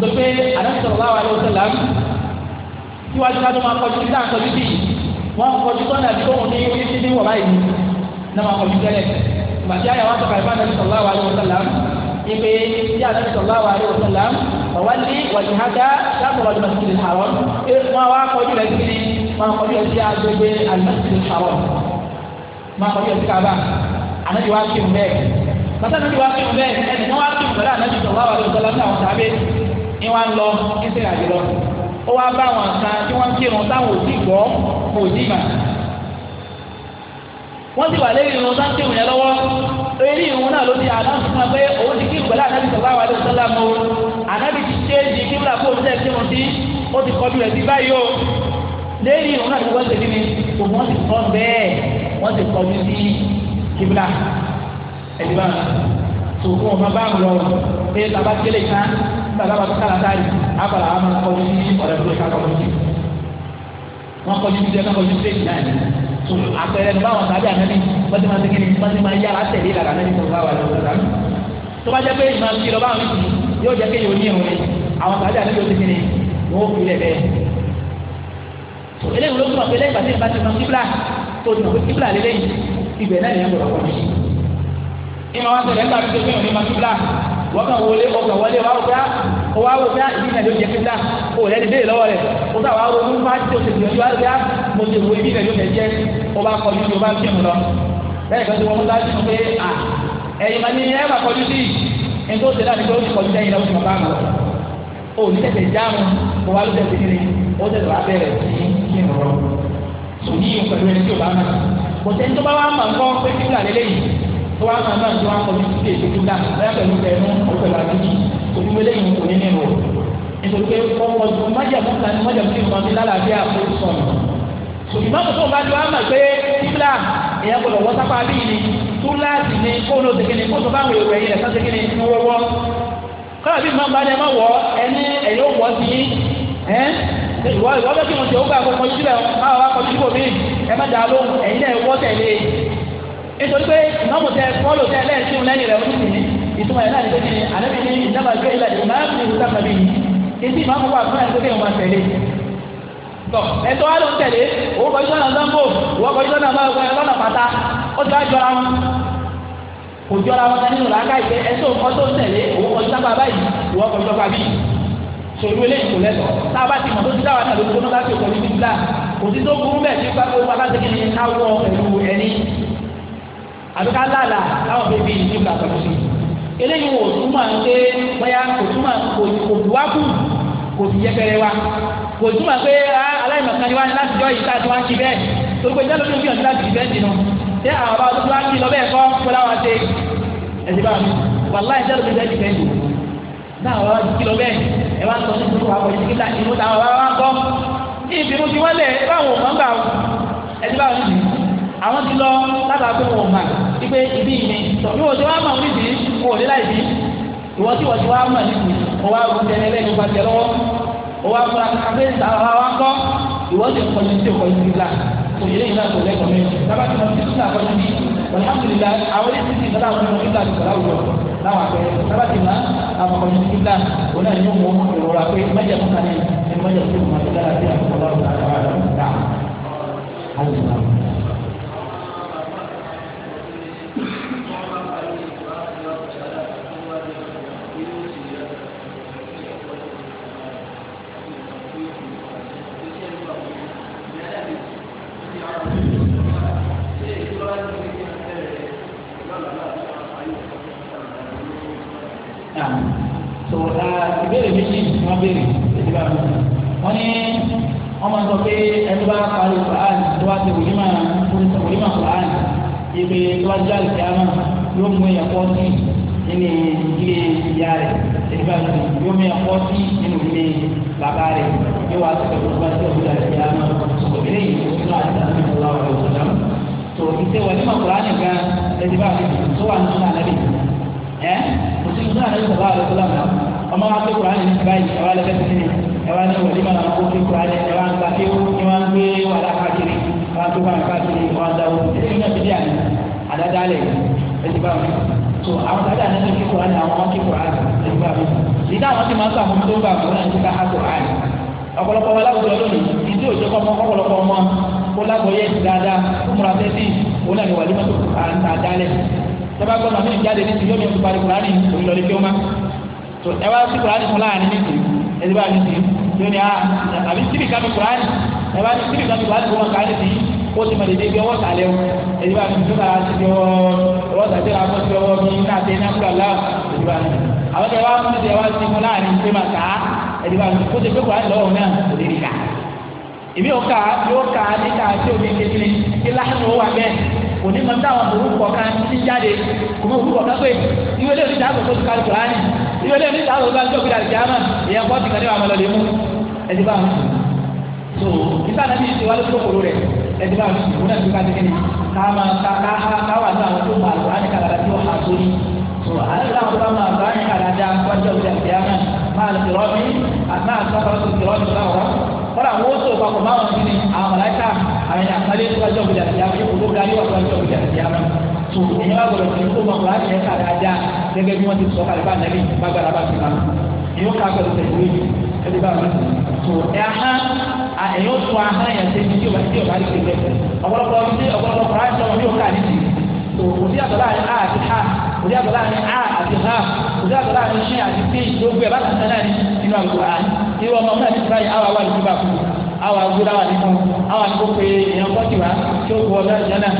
tó pé àdásọ̀rọ̀ wà wà lóṣù làm síwájú ká tó máa kọjú sí àkọjú sí wọn kọjú sọ́nà tó ń ní orí sí ní wọ̀ báyìí náà máa kọjú tẹ́lẹ̀ ipe tí a nàbì sọ̀rọ̀ àwọn àríwọ̀ sọ̀lá ọ̀wá ní wàjúhádá sábọ̀rọ̀ àlùmọ̀sílì haram ẹ wọn wá kọjú rẹ sí wọn kọjú rẹ sí agbègbè àlùmọ̀sílì haram wọn kọjú rẹ sí kaba ànábi wá kí n bẹ́ẹ̀ bàtà ànábi wá kí n bẹ́ẹ̀ ẹni wọn wá kí n bẹ́ẹ̀ ànábi sọ̀rọ̀ àwọn àríwọ̀ sọ̀lá ní àwọn sábẹ́ ni wọn lọ ní àjẹlọ ó wá bá àwọn kan tí wọ́n kírun táwọn ò wọ́n ti wà lẹ́yìn irun sáńtì ìrìn lọ́wọ́ eré irun náà ló ti àdáhùn fún wa pé òun ti kí ìgbẹ́lẹ́ ànábì sọ̀rọ̀ àwọn àdéhùn sọ́lá mọ́ ànábì ti ṣe é di kí wúlà fóònù tẹ̀ sí wọn sí ó ti kọjú rẹ̀ sí báyìí o lẹ́yìn irun náà ti wọ́n ti kí ni òun wọ́n ti kọ́ bẹ́ẹ̀ wọ́n ti kọjú sí kíbla ẹ̀dí bá tó kó ọmọ bá lọ pé bàbá kélé kan bàbá bàbá kàlàtàrí àbàlà àwọn ọmọ kọjú sí ọ̀rẹ́ tó àpẹẹrẹ ní báwọn sábẹ́ àná ni wọ́n ti máa ti kí ni wọ́n ti máa yára tẹ̀lé ìlànà ní ìfowópamọ́ àwọn àti ìfowópamọ́ tó bá jẹ́ pé ìmọ̀ àti ìlọ báwọn ìsìn yóò jẹ́ kéèyàn ní ìrùn ni àwọn sábẹ́ àná yóò ti kí ni wọ́n ó fi lẹ̀ bẹ́ẹ̀. eléyìí ló tún àpẹẹrẹ ìgbà tí ìbá ti mọ kíbla tó ti mọ pé kíbla lélẹ́yìn ibẹ̀ náà lè gbọ̀dọ̀ kọ́ ìmọ̀ wá sọ̀rọ̀ ẹgbàá tó kéèyàn o wa wo bí a ibi nàìjọ jẹ kíkà o rẹ ti dé lọ́wọ́ rẹ o ta wa wo ní bá tí o ti gbìyànjú wa bí a mo ti wo ibi nàìjọ jẹ o bá kọjú o bá fi mu lọ bẹ́ẹ̀ kan wọn bá ti sọ pé a ẹ̀yin ma ní ẹ má kọjú sí i nítorí o ti dá nípa o ti kọjú sẹ́yìn lọ́wọ́ ìmọ̀ bá mi o ní tẹsẹ jáàmù o wa ló tẹsẹ kiri o tẹsẹ wa bẹ̀rẹ̀ sí kí n rọ sòní pẹ̀lú ẹni tí o bá mọ tó wá máa náà tó wá kọjú sí èdè tó dá lọ́yà pẹ̀lú tẹnu ọ̀pẹ̀lú àdúgbò òdúgbò lẹ́yìn kò ní nínú nítorí pé ọkọ̀ ju májàmú kan ní májàmú sí ìmọ̀ mi lálàáfíà kó sọ̀nù ṣùgbọ́n tó bá ju àmà pé kíbla èèyàn gbọdọ̀ wọ́ sápá bíi ni túláàsì ni kóòló tẹkẹ́ni kóòtò báwọn èrò ẹ̀yìn ẹ̀sán tẹkẹ́ni ní wọ́wọ́ kọ́lá bíi máa ń bá ní ẹ má wọ̀ ẹni ẹ̀yìn ó wọ̀ sí ẹ́ ìwọ ìwọ bẹ́ẹ̀ kí wọ́n ti ó gbà kó kọjú síbẹ̀ máa wá kọjú síbò míì ẹ má dàá nítorí pé ìmáàmù tẹ fọ́lù tẹ lẹ́ẹ̀sìn lẹ́yìn rẹ̀ ọdún tìǹbì ìtumọ̀ ẹ̀ náà ní pé ní àlẹ́bí ní ìdábàá gbé ilẹ̀ ìmáàmù ní ìwúta tàbí yìí etí ìmáàmù wà fún ẹ̀ tó kéwọn máa tẹ̀lé tọ ẹtọ wa ló ń tẹ̀lé òun kọjú lọ́nà zambo òun kọjú lọ́nà lọ́nà pata ó ti wá jọra wọn kò jọra wọn kan nínú làákà ìgbẹ ẹtọ ọtọ ń tẹ̀lé òun kọjú sábà báyìí òun kọjú ọba bíi sòlú eléyìí kò lẹsọ tá a bá ti mọ tó ti dá wa náà lóko náà láti òkò ní bíbélà kò sí tó burú bẹ́ẹ̀ tí ó bá tó wà láti kí ni ká wọ ẹlú ẹni àbí ká lálàá láwọn bèbí nígbà tó ṣe eléyìí wò túmọ̀ ń pé bóyá kò túmọ̀ kò dù wá kù kò sì yẹpẹrẹ wa kò túmọ̀ pé ah, aláìmọ̀kan ni wá láti jọ yìí káàtó wá ń ṣe bẹ́ẹ̀ torí pé ìjọba tó ń gbìyànjú láti ṣe bẹ́ẹ̀ dì nù ṣé àwọn bá tó wá ń kí lọ bẹ́ẹ̀ kọ́ kó láwọn ṣe ẹ̀sìn bá mi wàláì ìjọba tó ń gbìyànjú bẹ́ẹ̀ dì náà wọ́n wá kí lọ bẹ́ẹ̀ ẹ wá sọ fún ìdókòwò àbọ̀ ìdíkítà ìlú táwọn wá wá gbọ́ ìbínú ti wọ́n lẹ̀ báwọn ò mọ̀ ń gbà ẹ̀sìn bá mi àwọn ti lọ látàgbé wọn ò máa wípé ibi mi tọ̀ bí wọ́n ti wá mọ̀ ní ìdílé kò ní láì bí ìwọ́n tí wọ́n ti wá mọ̀ níbi wọ́n wá rú tẹ́lẹ̀ lẹ́nu pàṣẹ lọ́wọ́ wọ́n wá múra káfẹ́ sàrà wá kọ́ ìwọ́n ti kọjú sí ọkọ̀ ìdílé la kò yẹ lẹ́yìn náà kò lẹ́kọ̀ọ́ mi sábà tí wọ́n ti tún àkọ́jú bí alhamdulilayi àwọn ẹni tí ìgbàlá àwọn ọmọ ìgbà ìgbàlá wù ọ́ láwọn àpẹẹrẹ sábà tí ma àwọn ọmọ ìgbà wọn náà yóò mú ìrora pé mẹjẹ fún kan ní mẹjẹ fún kan ní lára sí àkọ́kọ́ láwùjọ àwọn àgbà béèrè èyí bá mi. wọ́n ní wọ́n máa sọ pé ẹni bá parí kùránì tó bá ti wòlímà wòlímà kùránì ibi tó bá jẹ́ àlùkìyàmà yóò mú èèyàn pọ́ sí nínú ilé ìyá rẹ̀ èyí bá mi yóò mú èèyàn pọ́ sí nínú ilé bàbá rẹ̀ yóò wá sọ̀rọ̀ tó bá jẹ́ òkúta àlùkìyàmà òkèlè yìí nínú àti àti ìfọwọ́ rẹ̀ òkúta. tó ìṣe wòlímà kùránì gan ẹni bá mi tó wà nínú àlẹ́ ọmọ wa pé kura yìí báyìí ẹ wá lẹ́fẹ́ sí ni ẹ wá ní wòlíì máa ń kó pé kura yìí ẹ wá ń gbà pé ní wọ́n gbé wàhálà káàkiri wọ́n tó wà káàkiri wọ́n á dáwọ́ náà fi dí àná àdáda lẹ̀ ẹ̀sìn bá mi so àwọn sábà náà ti fi kura ní àwọn wọn kí kura ẹ̀sìn bá mi ìdá àwọn ti máa ń sàmójú tó ń bá àwọn náà ti ká àtò àyè ọ̀pọ̀lọpọ̀ wọn láwùjọ lónìí ìdí òjò kọ́mọ ọ̀pọ̀lọpọ̀ ọmọ kó lágbóyè dáadáa kó múra tẹ́tí òun náà ni wàlúùmọ̀ tó àdálẹ̀ tẹ́bá gbọ́dọ̀ jáde ní ti yóò ní oṣù parí kùránì òun lè fi ọmọ tó ẹ wá sí kùránì fún láàrin nìkì ẹni bá mi sí yóò ní ah, àbí síbi kàmi kùránì ẹ wá ní síbi kàmi kùránì fún wọn kàánì sí ó ti mọ̀lẹ́dẹ́ bí ọwọ́ sàlẹ̀ o ẹni bá mi sọ́kà ti fi ọwọ́ ọwọ́ sàlẹ̀ ra fún ọwọ́ mi náà tẹ náà kúrò láà ẹni bá mi àwọn ẹ wá fún mi ẹ wá sí fún láàrin ṣé máa kà á ẹni bá mi kó ti gbé kùránì lọ́wọ́ náà kò lè rí kà ìbí yóò kà yóò kà ní kà tí omi kékeré kí láàánú wà bẹ́ẹ̀ òní mọ̀ ní àwọn orúkọ kan ti jáde kò mọ orúkọ kan pé ìwé lè rí dàgbò tó ti kárí kùránì ìwé lẹ́yìn ní ìdáhùn bá jọ́ gbéra ìjà náà èèyàn kọ́ ti kàn ní wàá mú ẹtì bá wọn sùn so nígbà náà bíi ìṣèwádìí tó kòrò rẹ ẹtì bá wọn sùn wọn náà ti ká tẹ́kẹ́ ni ká máa ká ká ní àwọn tó máa lọ àti kàlàdà tó hà sórí so àlejò àwọn tó bá máa lọ àti kàlàdà wọn jọ gbéra ìjà náà máa lọ tìrọ́ọ̀mì àti máa sọ kọ́ra wo so papọ̀ máa wọn ti ni àwọn mọ̀láyíká àwọn ènìyàn àpálẹ́ tó bá jọ gbéra tu ìyẹn wà gbọdọ̀ fi kó mọ̀kúrá ní ẹ̀ka dáadáa gẹ́gẹ́ bí wọ́n ti sọ kálífà nàbí bàgbàrà bá ti ma ìyẹn ká pẹ̀lú tẹ̀lé ẹ̀dí bá wọn tó ẹ̀ hán ẹ̀yọ́ tó ahán yẹn ṣe ti ọba ti ọba ti ṣe bẹ́ẹ̀ ọ̀pọ̀lọpọ̀ ti ọ̀pọ̀lọpọ̀ kúrá ti ọmọ yóò ká ní ti tó òdi àtọ̀ láàrin a àti ha òdi àtọ̀ láàrin a àti ha òdi àtọ̀ láàrin ṣe àti pé gbogbo ẹ̀ bá kà sẹ́nà ní inú àgùrá irú ọmọ náà ti fúráyì àwọn àwọn àdúgbò bá kú àwọn àgùrá wà nínú àwọn àgùrá pé èèyàn kọ́ tiwa tí ó kú ọ̀dọ́ ìjọ náà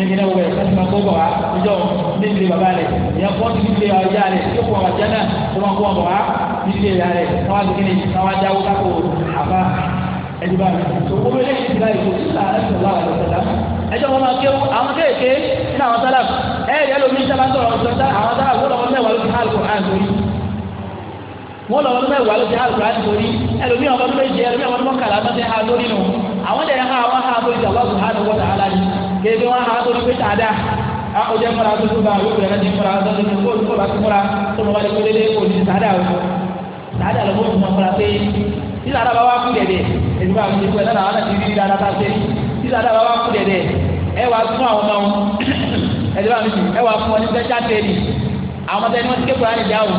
ẹni náà wọ ẹ fún ọmọ gbọgbọ wa ọjọ́ ní ilé bàbá rẹ ìyá fún ọtí ilé ọjà rẹ yóò fún ọmọ jẹ náà tó máa kó ọmọ wa ní ilé ìyá rẹ káwá ti kéde káwá jáwó káko àbá ẹni bá mi. òkúrò eléyìí ti báyìí kò sí ìlà ẹsẹ̀ wà lọ sọ̀tà. ẹjọ́ wọn máa kéwù àwọn kéèké ní àwọn sálàf ẹ̀ẹ́dì ẹlòmí sábà sọ̀rọ̀ sọ̀tà àwọn sálàf wọ́n lọ́wọ́ mẹ́wàá ló ti hàlùkù wọ́n mẹ́wàá ló ti hàlùkù àǹtorí ẹlòmí ọmọ méje ẹlòmí ọmọ mọ́kànlá ló ti hà lórí nù. àwọn dẹ̀ ha àwọn ha lórí ìjà wọ́n kéde wọn àwọn àtọ́jú pé tàdá ọjọ́ mọ́ra tó tó bá yóò rẹ̀ láti mọ́ra tó tó kó olùkọ́ bá ti mọ́ra tó mọ́ wáyé kólé lé òní tàdá o tàdá ló mọ́ tó mọ́ra pé títà dábà wá kú dẹ̀dẹ̀ èdè bá kú dẹ̀dẹ̀ náà wọn ti rí dáadáa tá a ṣe títà dábà wá kú dẹ̀dẹ̀ ẹ wá fún àwọn ọmọ ẹdí bá mi sùn ẹ wá fún ọ ní sẹ́jà tẹ́lì àwọn tẹ́lẹ̀ wọn ti ké kúránì dáhùn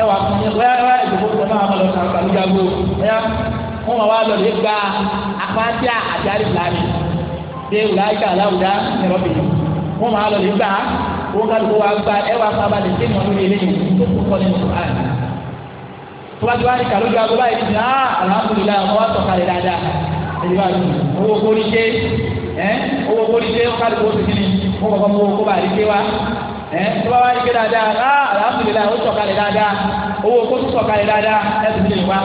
ẹ wá fún ọ wáyà wáyà ìdòwò náà wọn lọ sàgbàlúgbàgbò ẹ wọn wá lọ ṣé wùláyíká aláwùdá ìrọ̀bì wọ́n máa lọ lè gbà wọ́n ká lóko wa gba ẹ wá fábà lè ṣe ìmọ̀ lórí eléyìí tó kó kọ́ nínú kùrán. tó bá ti ní kàlójú agbó báyìí ní sàn án alhamdulillah wọ́n wá sọ̀kalẹ̀ dáadáa èyí wá lù owó kórí ṣe ẹ́ owó kórí ṣe ó ká lóko ó ti fi ni ó kọ́kọ́ owó kó bá rí ṣe wá ẹ́ tó bá rí ṣe dáadáa náà alhamdulillah ó sọ̀kalẹ̀ dáadáa owó kó sọ̀kalẹ̀ dáadáa ẹ̀ ti fi ni wá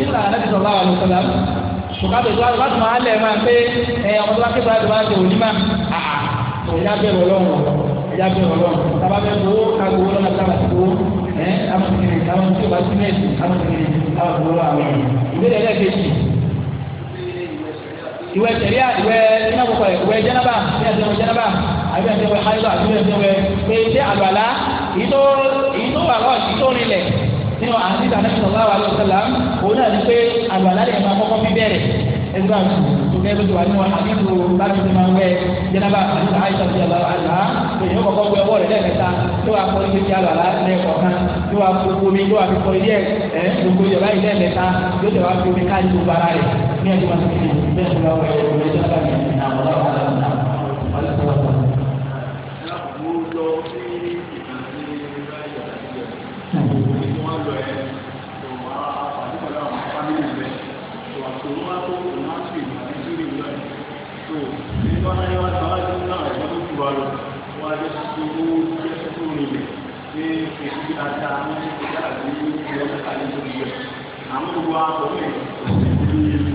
ti máa mú tòkátò tó wá tó máa lẹ̀ máa pé ẹ ọmọ tó bá kéwàá tó bá tó òní mà àà ìyá bẹ̀rù ọlọ́run ìyá bẹ̀rù ọlọ́run tábà bẹ̀rù owó kágbó owó lọ́nà tábà tó owó ẹ amòkiri amòkiri bá sí mẹ́ẹ̀sì amòkiri amòkiri owó àwọn ìbéèrè ẹlẹ́ẹ̀kejì ìwé sẹ̀ríà ìwé ìnáwókọ̀ ìwé jẹ́nàbà ìwé jẹ́nàbà àbí ẹ̀sẹ̀ ìwé nínú àti ìdáná sallallahu alaihi wasallam òun náà ní pé àlùwàlá lè máa kọ́kọ́ fi bẹ̀rẹ̀ ẹgbẹ́ àti tòun ẹgbẹ́ tó wà nínú àbíkú láti fi máa wẹ jẹnaba àti àìsàn ti àlọ́ àlá èyí ó kọ́kọ́ wẹ ọwọ́ rẹ̀ lẹ́ẹ̀mẹ́ta tó wà fún ibi tí àlùwàlá lẹ́ẹ̀kọ̀ọ̀kan tó wà fún omi tó wà fi fọ ilé ẹ̀ gbogbo ìjọba yìí lẹ́ẹ̀mẹ́ta tó tẹ̀ wá fi omi káàdì gbogbo ara rẹ̀ ní ẹ̀dùn àti ìdí bẹ́ẹ̀ wáyé wá sáwá sí náà ẹ̀yọ́ tó ti wà lọ wọ́n á jẹ́ tuntun owó jẹ́ tuntun nílẹ̀ pé èsì ata ní ìdá àti ìlú àti ìlú rẹ̀ àwọn gbogbo àwọn ọmọ ẹ̀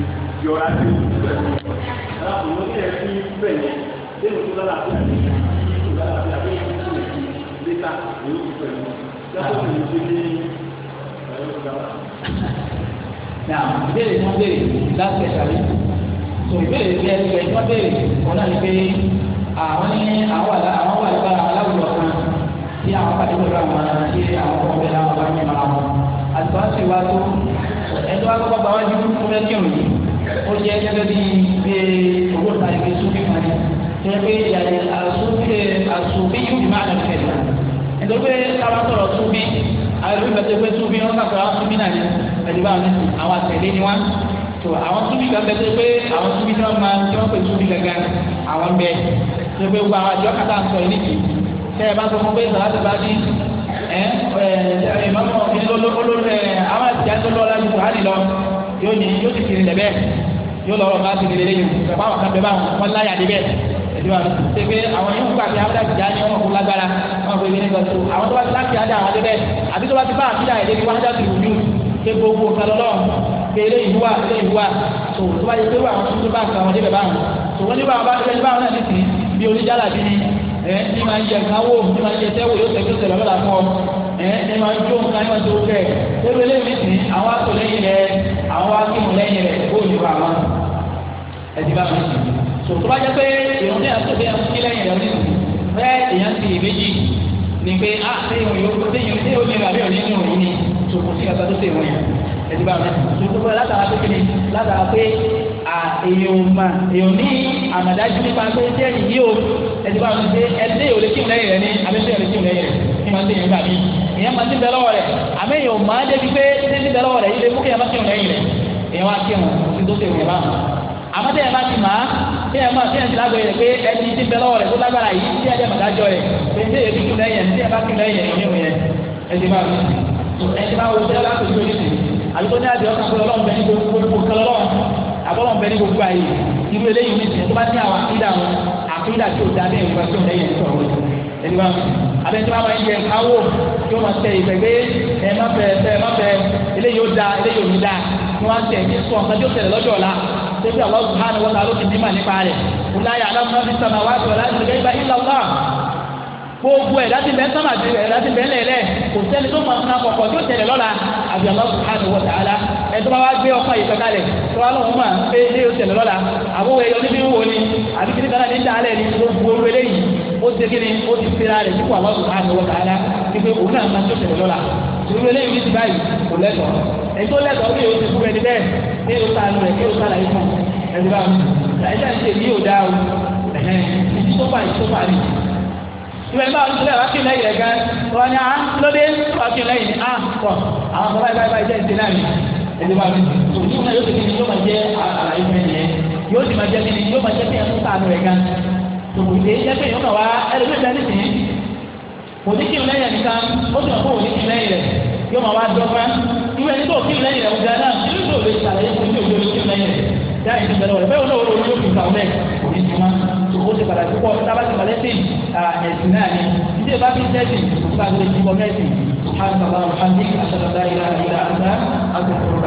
yọra tó ń bẹ̀ láàbùn ní ẹ̀ fi bẹ̀ yẹn lẹ́nu tó lára àti àti tó lára àti àti tó lè tó ìbéèrè bí ẹni pé wọ́n béèrè wọn náà ní pé àwọn ní àwọn àlá àwọn wà lára aláwùjọ kan tí àwọn pàdé pẹ̀lú àwọn tí àwọn ọmọ bẹ̀rẹ̀ àwọn bá ní ìmọ̀ràn wọn àtúwá sí wa tó ẹni wá kọ́kọ́ bá wájú fún bẹ́ẹ̀ kírun yìí ó jẹ́ gẹ́gẹ́ bí pé owó ta ìgbé sókè kan ní jẹ́ pé ìyàlẹ̀ àsopé àsopé yóò fi máa nà fẹ́ lọ. nítorí pé káwá sọ̀rọ̀ súnbí àwọn ìlú ìgbàgbé pé súnbí wọn kà sọ̀rọ̀ súnbí náà ni wọn tó àwọn túbí kan bẹ tó pé àwọn túbí náà máa tí wọ́n pè túbí gangan àwọn bẹ tó pé gbogbo àwọn àjọ kàtà ń sọ yìí nìyí tẹ́ ẹ bá sọ fún pé sàlátì bá dí ẹ ẹ ìmọ̀mọ́ olórí ẹ àwọn àti àti olórí ọ̀làjú tó hánì lọ yóò ní yóò ti kiri lẹ́bẹ̀ yóò lọ́rọ̀ bá ti kiri lẹ́yìn ìfẹ́ báwọn kan bẹ báwọn wọn láyà níbẹ̀ ìdíwà tẹ̀gbẹ́ àwọn yóò gbà pé abúlé àtijọ́ ni wọ́n kó lágbára wọ́n fẹ́ yẹn gbàtó àwọn tó bá ti láti adé àwọn adébẹ̀ pé eléyìí wà eléyìí wà tó tó bá yẹ pé wà wọn tó bá nǹkan wọn débẹ̀ báwọn tó wọn níbà wọn bá débẹ̀ báwọn náà nìsín bí oníjàlá bí ni ẹ ní máa ń jẹ nǹkan wò ní máa ń jẹ tẹ́wò yóò tẹ̀lé tẹ̀lé ọ̀la fún ọ ẹ ní máa ń jó nǹkan ní máa tó kẹ ebi eléyìí nìsín àwọn aṣọ lẹ́yìn rẹ àwọn akíhùn lẹ́yìn rẹ ó ní wà wọn ẹtì bá wọn sùn tó tó bá jẹ pé ìrùn ní àtúntò yẹn kí lẹ́yìn rẹ ní bẹ́ẹ̀ èèyàn ti ìbejì ni pé a ah, ṣé ìwọ̀n yóò ṣé ìwọ̀n yóò ní ìràbẹ̀ òní ìrùn yìí ni tòkòtì àtàtúntò ìwọ̀n yẹn ẹtí bá mi tuntun pé látara pé kí ni látara pé èèyàn mà èèyàn ní àmàdájú nípa pé tí ẹ̀yìn yìí o ẹtí bá mi ṣe ẹtí yóò lè kíun lẹ́yìn rẹ ní abẹ́tí yóò lè kíun lẹ́yìn rẹ kí máa ń tẹ̀yìn gbà mí ìyẹn máa ti bẹ lọ́wọ́ rẹ àmì èèyàn máa débi pé tí ti bẹ lọ́wọ́ rẹ yìí lè mú kí ẹ má kíun lẹ́yìn rẹ èèyàn wá kíun kí tó ṣe wùyẹn báwọn àmọ́ tẹ̀yìn bá ti máa bí ẹ máa fi ẹ̀sìn ẹ bá máa wò ẹ̀sìn láti ojú oníṣẹ́ àbíkó ní àdìọ́ kakọ́ ọlọ́run bẹ ní gbogbo kọlọ́run àbọ̀lọ́run bẹ ní gbogbo ayé irú eléyìí ní ìsìn tó bá ní àwọn àkídà wọn àkídà tí ó da ní ìgbà tó lẹ́yìn sọ̀rọ̀ ẹni wọn abẹ́ tí wọ́n máa ń yẹ káwó tí wọ́n máa tẹ ìgbẹ́gbẹ́ ẹ má fẹ́ ẹ má fẹ́ eléyìí ó da eléyìí ò ní da wọ́n á tẹ̀ ní sọ ọ̀kan tí ó tẹ̀lé lọ́jọ́ ọ̀la tẹ́tí àwọn ọ̀gbìn hàn wọ́n ta gbogbo ẹ̀dá ti bẹ́ẹ̀ sábà ti ẹ̀dá ti bẹ́ẹ̀ lẹ́lẹ́ kò sẹ́ni tó máa ń kan kọ̀kọ́ tó tẹ̀lé lọ́la àbí Allah subhanahu wa ta'ala ẹ̀ tó bá wá gbé ọkọ̀ yìí kankalẹ̀ tó wá lọ́wọ́ máa pé ilé yóò tẹ̀lé lọ́la àbúwẹ̀ ẹ̀yọ níbi wo ni àbí kiri kan náà ní dàálẹ̀ ni gbogbo orí eléyìí ó ti kiri ó ti fira rẹ̀ dípò Allah subhanahu wa ta'ala ti pé òun náà máa tó tẹ̀lé lọ́la ìrú eléyìí ní ti báyìí kò lẹ́tọ̀ọ́ èyí tó lẹ́tọ̀ọ́ bí yóò ti fún ẹni bẹ́ẹ̀ bí yóò ta lu rẹ̀ bí yóò ta la yìí fún ẹni báyìí ẹni báyìí ṣe èmi ìwé bá wọn sílẹ̀ wákì lẹ́yìn rẹ̀ gan wọn ni à lóde wákì lẹ́yìn à pọ̀ àwọn ọmọ báyìí báyìí jẹ́ ìdí náà ni ẹni bá mi tò ní ìwé yóò ti kí yóò máa jẹ́ àlàyé fún ẹni yẹn yóò ti máa jẹ́ kí ni yóò máa jẹ́ kí ẹni sànù rẹ̀ gan tòkò ìdè jẹ́ pé yóò kàn wá ẹlẹ́gbẹ̀ẹ́ dání sí kò ní kí n lẹ́yìn nìkan ó sì máa kó òní kí n lẹ́yìn rẹ̀ yóò máa wá dọ́gba ìwé ẹni tó kí n lẹ́yìn rẹ̀ ń gan náà yóò lè ṣàlàyé fún mi ò ó ṣe pàtàkì púpọ̀ tábà ti mọ̀lẹ́sìn ẹ̀sìn náà ni ìdí ìbá fi sẹ́sìn nípa gbogbo ìdìbò mẹ́sìn